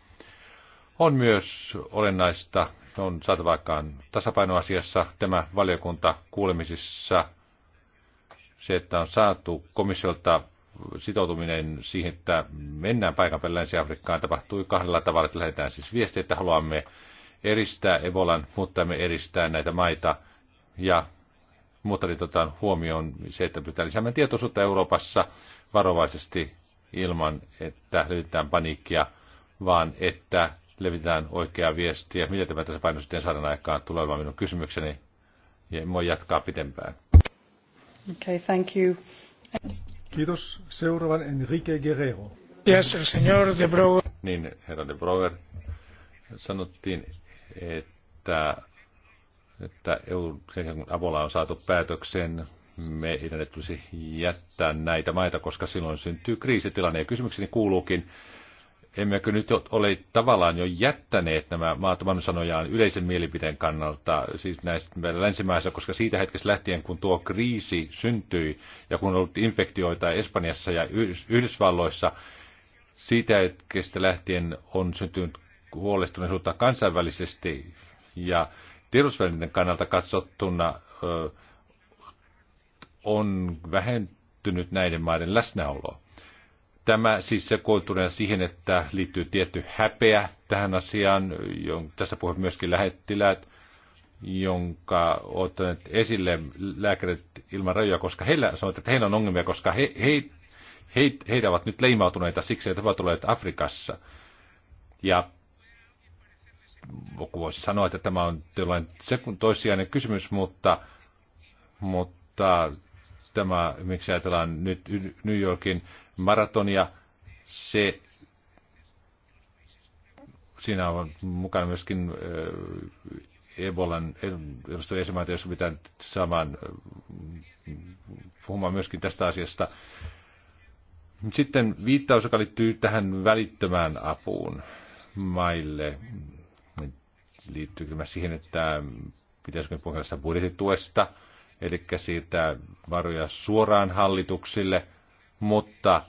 C: on myös olennaista. On saatu aikaan tasapainoasiassa tämä valiokunta kuulemisissa. Se, että on saatu komissiolta sitoutuminen siihen, että mennään paikan päälle Länsi-Afrikkaan, tapahtui kahdella tavalla, että lähdetään siis viesti, että haluamme eristää Ebolan, mutta me eristää näitä maita – ja muuta otetaan huomioon se, että pitää lisäämään tietoisuutta Euroopassa varovaisesti ilman, että levitetään paniikkia, vaan että levitään oikeaa viestiä. Miten tämä tässä paino sitten saadaan aikaan tulevaan minun kysymykseni ja voi jatkaa pitempään.
B: Okay, thank you. Kiitos. Seuraavan Enrique Guerrero.
C: Yes, señor de Brouwer. Niin, herra de Brouwer, sanottiin, että että EU, avulla on saatu päätökseen, meidän ei tulisi jättää näitä maita, koska silloin syntyy kriisitilanne. Ja kysymykseni kuuluukin, emmekö nyt ole tavallaan jo jättäneet nämä maat oman sanojaan yleisen mielipiteen kannalta, siis näistä länsimaissa, koska siitä hetkestä lähtien, kun tuo kriisi syntyi ja kun on ollut infektioita Espanjassa ja Yhdysvalloissa, siitä hetkestä lähtien on syntynyt huolestuneisuutta kansainvälisesti ja tiedotusvälineiden kannalta katsottuna on vähentynyt näiden maiden läsnäolo. Tämä siis sekoituneena siihen, että liittyy tietty häpeä tähän asiaan, tästä puhuvat myöskin lähettiläät, jonka ottaneet esille lääkärit ilman rajoja, koska heillä sanoit, että heillä on ongelmia, koska he, he, he, heitä ovat nyt leimautuneita siksi, että he ovat olleet Afrikassa. Ja voisi sanoa, että tämä on jollain toissijainen kysymys, mutta, mutta tämä, miksi ajatellaan nyt New Yorkin maratonia, se, siinä on mukana myöskin äh, Ebolan edustajan esimaita, jos pitää saamaan äh, puhumaan myöskin tästä asiasta. Sitten viittaus, joka liittyy tähän välittömään apuun maille liittyy kyllä siihen, että pitäisikö puhua budjettituesta, eli siitä varoja suoraan hallituksille, mutta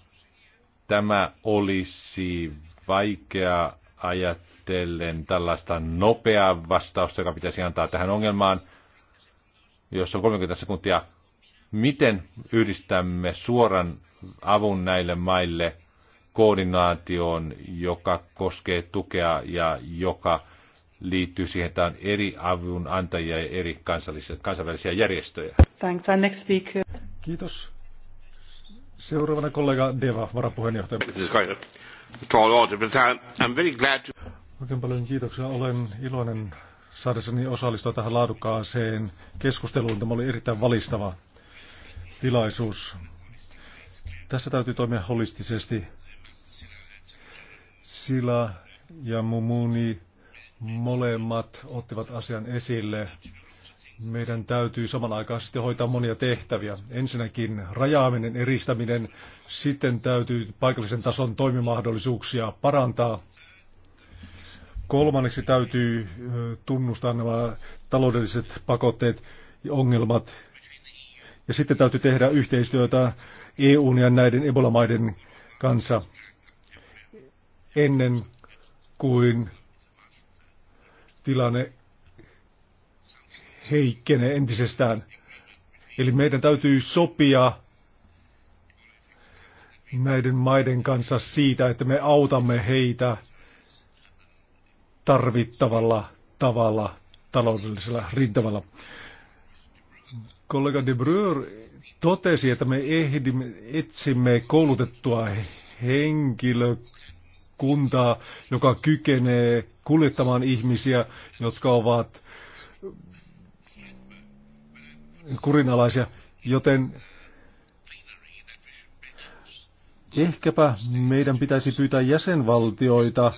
C: tämä olisi vaikea ajatellen tällaista nopeaa vastausta, joka pitäisi antaa tähän ongelmaan, jossa on 30 sekuntia. Miten yhdistämme suoran avun näille maille koordinaatioon, joka koskee tukea ja joka liittyy siihen, että on eri antajia ja eri kansainvälisiä järjestöjä.
B: Thanks. next speaker. Kiitos. Seuraavana kollega Deva, varapuheenjohtaja. Uh, Oikein paljon kiitoksia. Olen iloinen saadessani osallistua tähän laadukkaaseen keskusteluun. Tämä oli erittäin valistava tilaisuus. Tässä täytyy toimia holistisesti. Sila ja Mumuni Molemmat ottivat asian esille. Meidän täytyy samanaikaisesti hoitaa monia tehtäviä. Ensinnäkin rajaaminen, eristäminen, sitten täytyy paikallisen tason toimimahdollisuuksia parantaa. Kolmanneksi täytyy tunnustaa nämä taloudelliset pakotteet ja ongelmat. Ja sitten täytyy tehdä yhteistyötä EUn ja näiden Ebola-maiden kanssa ennen kuin tilanne heikkenee entisestään. Eli meidän täytyy sopia näiden maiden kanssa siitä, että me autamme heitä tarvittavalla tavalla taloudellisella rintavalla. Kollega de Bruyre totesi, että me ehdimme, etsimme koulutettua henkilökuntaa kuntaa, joka kykenee kuljettamaan ihmisiä, jotka ovat kurinalaisia, joten ehkäpä meidän pitäisi pyytää jäsenvaltioita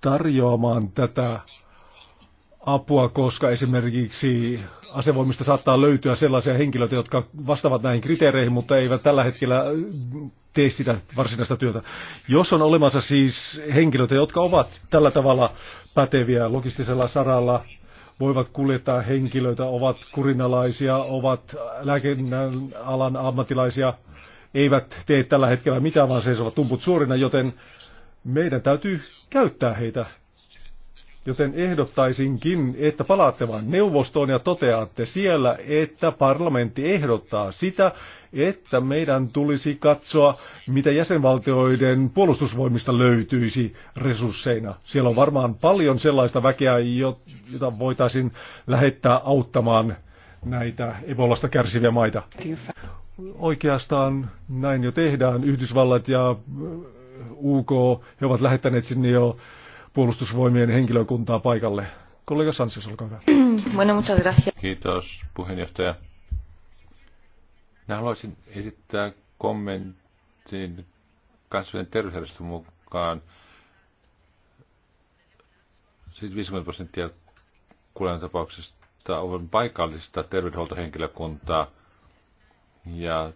B: tarjoamaan tätä apua, koska esimerkiksi asevoimista saattaa löytyä sellaisia henkilöitä, jotka vastaavat näihin kriteereihin, mutta eivät tällä hetkellä tee sitä varsinaista työtä. Jos on olemassa siis henkilöitä, jotka ovat tällä tavalla päteviä logistisella saralla, voivat kuljettaa henkilöitä, ovat kurinalaisia, ovat alan ammattilaisia, eivät tee tällä hetkellä mitään, vaan seisovat tumput suorina, joten meidän täytyy käyttää heitä Joten ehdottaisinkin, että palaatte vain neuvostoon ja toteatte siellä, että parlamentti ehdottaa sitä, että meidän tulisi katsoa, mitä jäsenvaltioiden puolustusvoimista löytyisi resursseina. Siellä on varmaan paljon sellaista väkeä, jota voitaisiin lähettää auttamaan näitä Ebolasta kärsiviä maita. Oikeastaan näin jo tehdään. Yhdysvallat ja UK, he ovat lähettäneet sinne jo puolustusvoimien henkilökuntaa paikalle. Kollega Sanchez, olkaa hyvä.
D: Bueno, muchas gracias.
C: Kiitos, puheenjohtaja. Minä haluaisin esittää kommentin kansallisen terveysjärjestön mukaan. Siis 50 prosenttia kuulen on paikallista terveydenhuoltohenkilökuntaa. Ja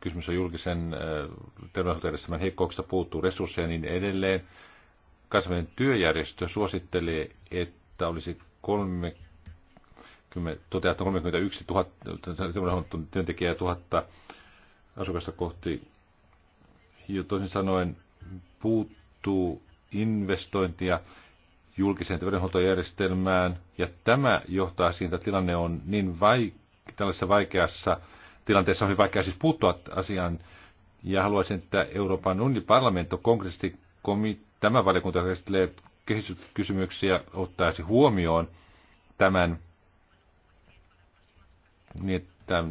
C: kysymys on julkisen eh, terveydenhuoltojärjestelmän heikkouksista, puuttuu resursseja ja niin edelleen kansainvälinen työjärjestö suosittelee, että olisi 30, toteaa, 31 000 työntekijää tuhatta asukasta kohti. Jo toisin sanoen puuttuu investointia julkiseen terveydenhuoltojärjestelmään, ja tämä johtaa siihen, että tilanne on niin vaik- tällaisessa vaikeassa tilanteessa on hyvin vaikea siis puuttua asiaan, ja haluaisin, että Euroopan unionin parlamentto konkreettisesti komit- tämä valiokunta käsittelee kehityskysymyksiä, ottaisi huomioon tämän, niin että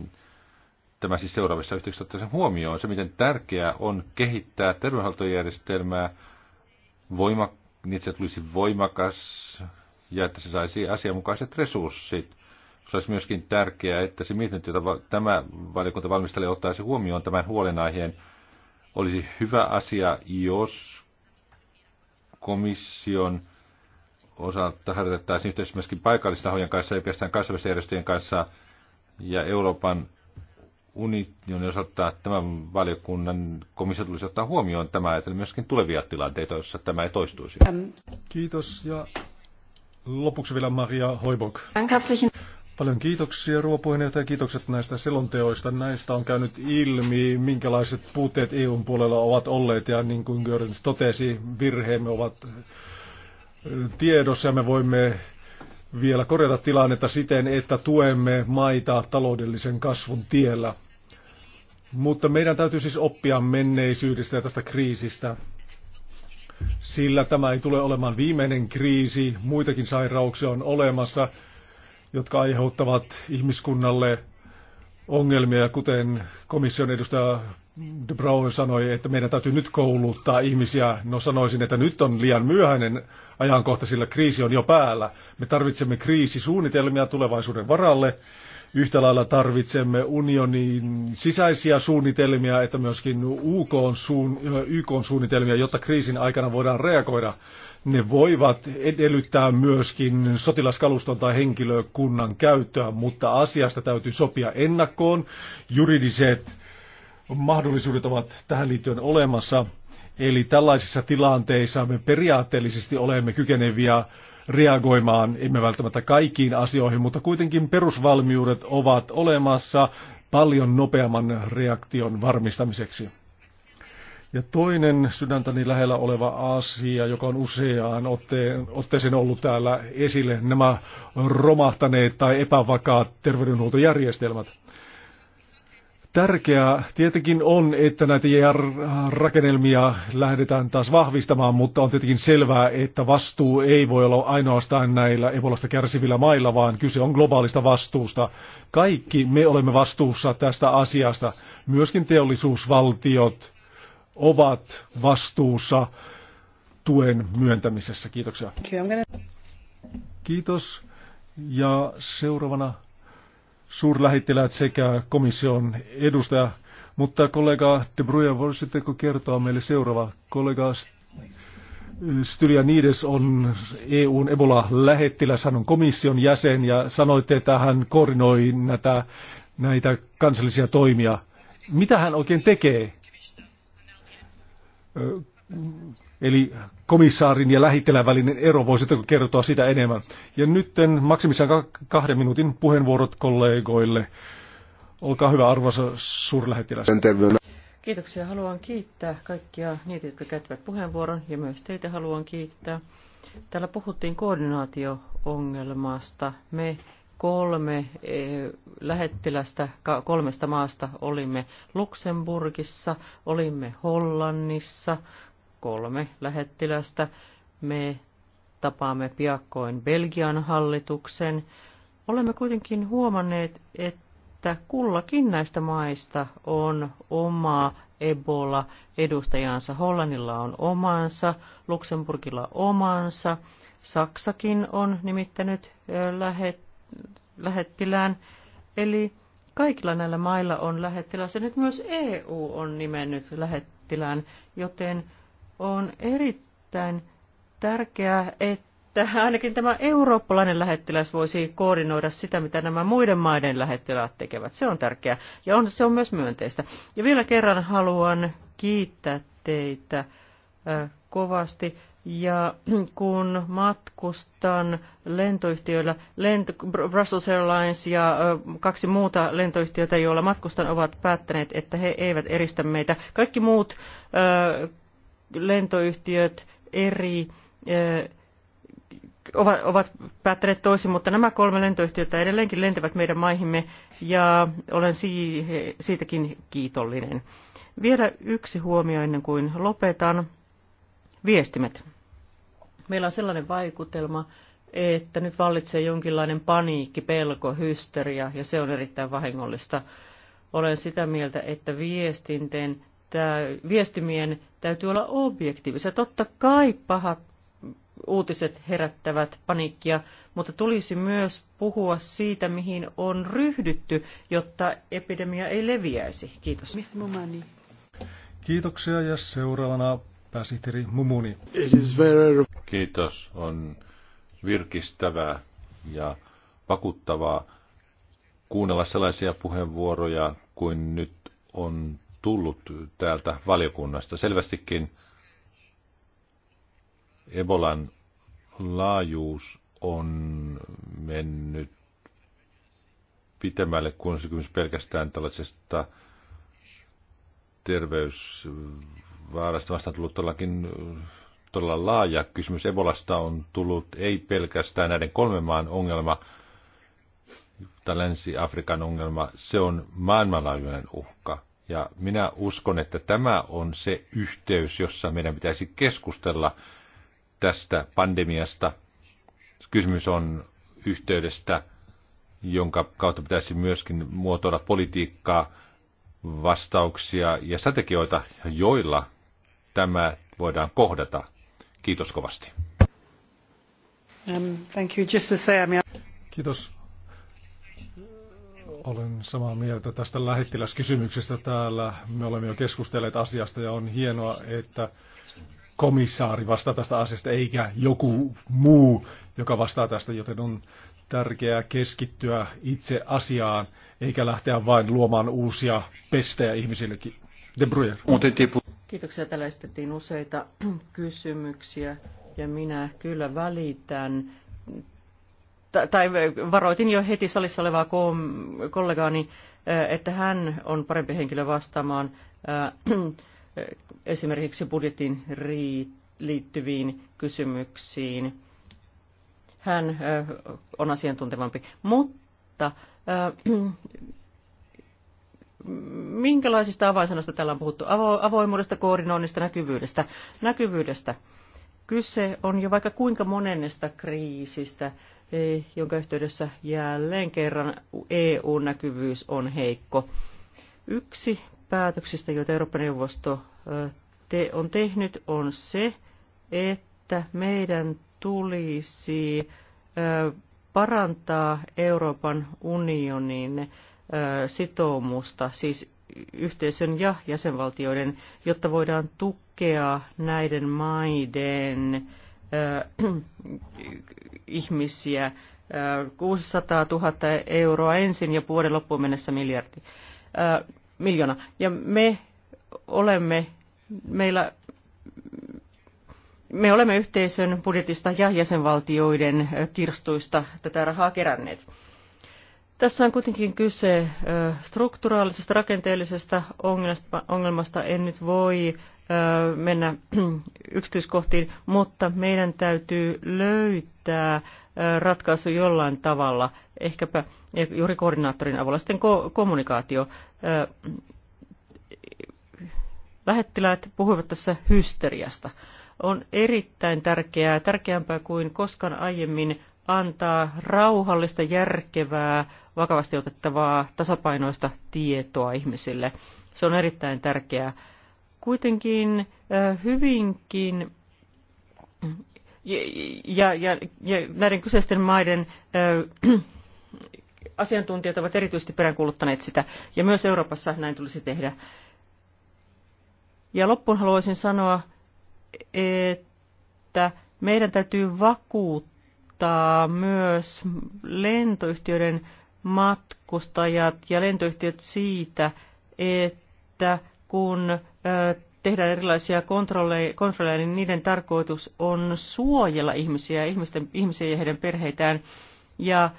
C: tämä siis seuraavissa yhteyksissä ottaisi huomioon se, miten tärkeää on kehittää terveydenhuoltojärjestelmää voima, niin, että se tulisi voimakas ja että se saisi asianmukaiset resurssit. Se olisi myöskin tärkeää, että se mietintö, jota tämä valiokunta valmistelee, ottaisi huomioon tämän huolenaiheen, olisi hyvä asia, jos komission osalta harjoitettaisiin yhteistyössä myöskin paikallistahojen kanssa, ei pelkästään kansainvälisten järjestöjen kanssa ja Euroopan unionin osalta tämän valiokunnan komissio tulisi ottaa huomioon tämä, että myöskin tulevia tilanteita, joissa tämä ei toistuisi.
B: Kiitos ja lopuksi vielä Maria Hoibok. Paljon kiitoksia ja kiitokset näistä selonteoista. Näistä on käynyt ilmi, minkälaiset puutteet EUn puolella ovat olleet ja niin kuin Görens totesi, virheemme ovat eh, tiedossa ja me voimme vielä korjata tilannetta siten, että tuemme maita taloudellisen kasvun tiellä. Mutta meidän täytyy siis oppia menneisyydestä ja tästä kriisistä sillä tämä ei tule olemaan viimeinen kriisi. Muitakin sairauksia on olemassa jotka aiheuttavat ihmiskunnalle ongelmia, kuten komission edustaja De Brown sanoi, että meidän täytyy nyt kouluttaa ihmisiä. No sanoisin, että nyt on liian myöhäinen ajankohta, sillä kriisi on jo päällä. Me tarvitsemme kriisisuunnitelmia tulevaisuuden varalle. Yhtä lailla tarvitsemme unionin sisäisiä suunnitelmia, että myöskin UK on suun, YK on suunnitelmia, jotta kriisin aikana voidaan reagoida ne voivat edellyttää myöskin sotilaskaluston tai henkilökunnan käyttöä, mutta asiasta täytyy sopia ennakkoon. Juridiset mahdollisuudet ovat tähän liittyen olemassa. Eli tällaisissa tilanteissa me periaatteellisesti olemme kykeneviä reagoimaan, emme välttämättä kaikkiin asioihin, mutta kuitenkin perusvalmiudet ovat olemassa paljon nopeamman reaktion varmistamiseksi. Ja toinen sydäntäni lähellä oleva asia, joka on useaan otteen, otteeseen ollut täällä esille, nämä romahtaneet tai epävakaat terveydenhuoltojärjestelmät. Tärkeää tietenkin on, että näitä rakennelmia lähdetään taas vahvistamaan, mutta on tietenkin selvää, että vastuu ei voi olla ainoastaan näillä Ebolasta kärsivillä mailla, vaan kyse on globaalista vastuusta. Kaikki me olemme vastuussa tästä asiasta, myöskin teollisuusvaltiot, ovat vastuussa tuen myöntämisessä. Kiitoksia. Kiitos. Ja seuraavana suurlähettiläät sekä komission edustaja. Mutta kollega De Bruyne, voisitteko kertoa meille seuraava? Kollega Niides on EUn Ebola-lähettiläs, hän on komission jäsen ja sanoitte, että hän koordinoi näitä, näitä kansallisia toimia. Mitä hän oikein tekee? eli komissaarin ja lähittelän välinen ero, voisitteko kertoa sitä enemmän? Ja nyt maksimissaan kahden minuutin puheenvuorot kollegoille. Olkaa hyvä arvoisa suurlähettiläs.
A: Kiitoksia. Haluan kiittää kaikkia niitä, jotka käyttävät puheenvuoron ja myös teitä haluan kiittää. Täällä puhuttiin koordinaatio-ongelmasta. Me kolme eh, lähettilästä kolmesta maasta. Olimme Luxemburgissa, olimme Hollannissa, kolme lähettilästä. Me tapaamme piakkoin Belgian hallituksen. Olemme kuitenkin huomanneet, että kullakin näistä maista on oma Ebola-edustajansa. Hollannilla on omansa, Luxemburgilla omansa, Saksakin on nimittänyt eh, lähet lähettilään. Eli kaikilla näillä mailla on lähettiläs ja nyt myös EU on nimennyt lähettilään, joten on erittäin tärkeää, että ainakin tämä eurooppalainen lähettiläs voisi koordinoida sitä, mitä nämä muiden maiden lähettiläät tekevät. Se on tärkeää ja on, se on myös myönteistä. Ja vielä kerran haluan kiittää teitä kovasti ja kun matkustan lentoyhtiöillä, lento, Brussels Airlines ja kaksi muuta lentoyhtiötä, joilla matkustan, ovat päättäneet, että he eivät eristä meitä. Kaikki muut ö, lentoyhtiöt eri ö, ovat, ovat päättäneet toisin, mutta nämä kolme lentoyhtiötä edelleenkin lentävät meidän maihimme ja olen siitäkin kiitollinen. Vielä yksi huomio ennen kuin lopetan. Viestimet. Meillä on sellainen vaikutelma, että nyt vallitsee jonkinlainen paniikki, pelko, hysteria, ja se on erittäin vahingollista. Olen sitä mieltä, että viestinten, viestimien täytyy olla objektiivisia. Totta kai pahat uutiset herättävät paniikkia, mutta tulisi myös puhua siitä, mihin on ryhdytty, jotta epidemia ei leviäisi. Kiitos.
B: Kiitoksia ja seuraavana pääsihteeri Mumuni.
C: Kiitos. On virkistävää ja vakuuttavaa kuunnella sellaisia puheenvuoroja kuin nyt on tullut täältä valiokunnasta. Selvästikin Ebolan laajuus on mennyt pitemmälle kuin pelkästään tällaisesta terveys vaarasta vasta tullut todellakin todella laaja kysymys. Ebolasta on tullut ei pelkästään näiden kolmen maan ongelma, tai Länsi-Afrikan ongelma, se on maailmanlaajuinen uhka. Ja minä uskon, että tämä on se yhteys, jossa meidän pitäisi keskustella tästä pandemiasta. Kysymys on yhteydestä, jonka kautta pitäisi myöskin muotoilla politiikkaa, vastauksia ja strategioita, joilla tämä voidaan kohdata. Kiitos kovasti.
B: Um, thank you. Just to say, I mean... Kiitos. Olen samaa mieltä tästä lähettiläskysymyksestä täällä. Me olemme jo keskustelleet asiasta ja on hienoa, että komissaari vastaa tästä asiasta eikä joku muu, joka vastaa tästä, joten on tärkeää keskittyä itse asiaan eikä lähteä vain luomaan uusia pestejä ihmisillekin. De Bruyre.
A: Kiitoksia. Täällä esitettiin useita kysymyksiä ja minä kyllä välitän tai varoitin jo heti salissa olevaa kollegaani, äh, että hän on parempi henkilö vastaamaan äh, esimerkiksi budjetin liittyviin kysymyksiin. Hän äh, on asiantuntevampi. Mutta minkälaisista avainsanoista täällä on puhuttu? Avo, avoimuudesta, koordinoinnista, näkyvyydestä. Näkyvyydestä. Kyse on jo vaikka kuinka monennesta kriisistä, eh, jonka yhteydessä jälleen kerran EU-näkyvyys on heikko. Yksi päätöksistä, joita Euroopan neuvosto eh, te on tehnyt, on se, että meidän tulisi eh, parantaa Euroopan unionin sitoumusta, siis yhteisön ja jäsenvaltioiden, jotta voidaan tukea näiden maiden ihmisiä 600 000 euroa ensin ja vuoden loppuun mennessä miljardi, äh, miljoona. Ja me olemme, meillä, me olemme yhteisön budjetista ja jäsenvaltioiden kirstuista tätä rahaa keränneet. Tässä on kuitenkin kyse strukturaalisesta rakenteellisesta ongelmasta. En nyt voi mennä yksityiskohtiin, mutta meidän täytyy löytää ratkaisu jollain tavalla, ehkäpä e, juuri koordinaattorin avulla. Sitten kommunikaatio. Lähettiläät puhuivat tässä hysteriasta. On erittäin tärkeää, tärkeämpää kuin koskaan aiemmin antaa rauhallista, järkevää vakavasti otettavaa tasapainoista tietoa ihmisille. Se on erittäin tärkeää. Kuitenkin hyvinkin ja, ja, ja näiden kyseisten maiden äh, asiantuntijat ovat erityisesti peräänkuuluttaneet sitä, ja myös Euroopassa näin tulisi tehdä. Ja loppuun haluaisin sanoa, että meidän täytyy vakuuttaa myös lentoyhtiöiden äh, matkustajat ja lentoyhtiöt siitä, että kun tehdään erilaisia kontrolleja, niin niiden tarkoitus on suojella ihmisiä, ihmisten, ihmisiä ja heidän perheitään. Ja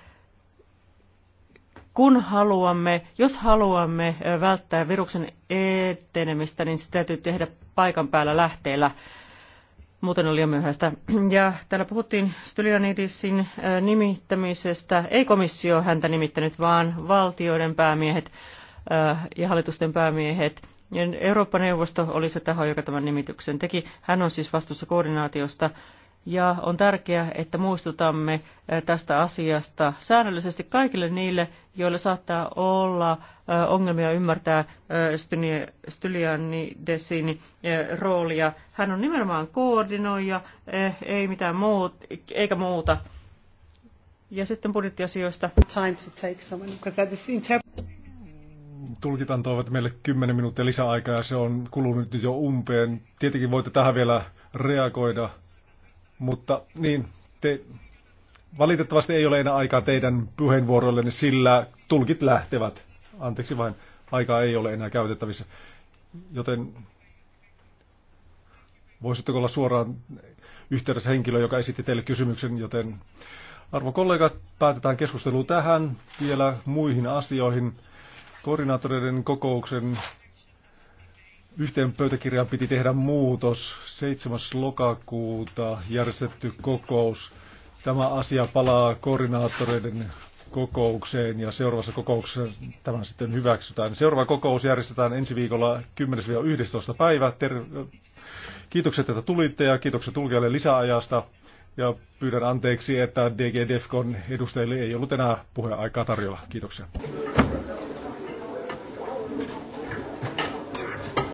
A: kun haluamme, jos haluamme välttää viruksen etenemistä, niin sitä täytyy tehdä paikan päällä lähteellä muuten oli jo myöhäistä. Ja täällä puhuttiin Stylianidisin äh, nimittämisestä. Ei komissio häntä nimittänyt, vaan valtioiden päämiehet äh, ja hallitusten päämiehet. Eurooppa-neuvosto oli se taho, joka tämän nimityksen teki. Hän on siis vastuussa koordinaatiosta ja on tärkeää, että muistutamme tästä asiasta säännöllisesti kaikille niille, joille saattaa olla ongelmia ymmärtää Stylianidesin roolia. Hän on nimenomaan koordinoija, ei mitään muut, eikä muuta. Ja sitten budjettiasioista.
C: Time to take someone,
B: meille 10 minuuttia lisäaikaa ja se on kulunut jo umpeen. Tietenkin voitte tähän vielä reagoida mutta niin, te, valitettavasti ei ole enää aikaa teidän niin sillä tulkit lähtevät. Anteeksi vain, aikaa ei ole enää käytettävissä. Joten voisitteko olla suoraan yhteydessä henkilö, joka esitti teille kysymyksen, joten arvo kollegat, päätetään keskustelu tähän vielä muihin asioihin. Koordinaattoreiden kokouksen Yhteen pöytäkirjaan piti tehdä muutos. 7. lokakuuta järjestetty kokous. Tämä asia palaa koordinaattoreiden kokoukseen ja seuraavassa kokouksessa tämä sitten hyväksytään. Seuraava kokous järjestetään ensi viikolla 10-11. päivä. Ter- kiitokset, että tulitte ja kiitokset tulkijalle lisäajasta. Ja pyydän anteeksi, että DG Defcon edustajille ei ollut enää puheaikaa tarjolla. Kiitoksia.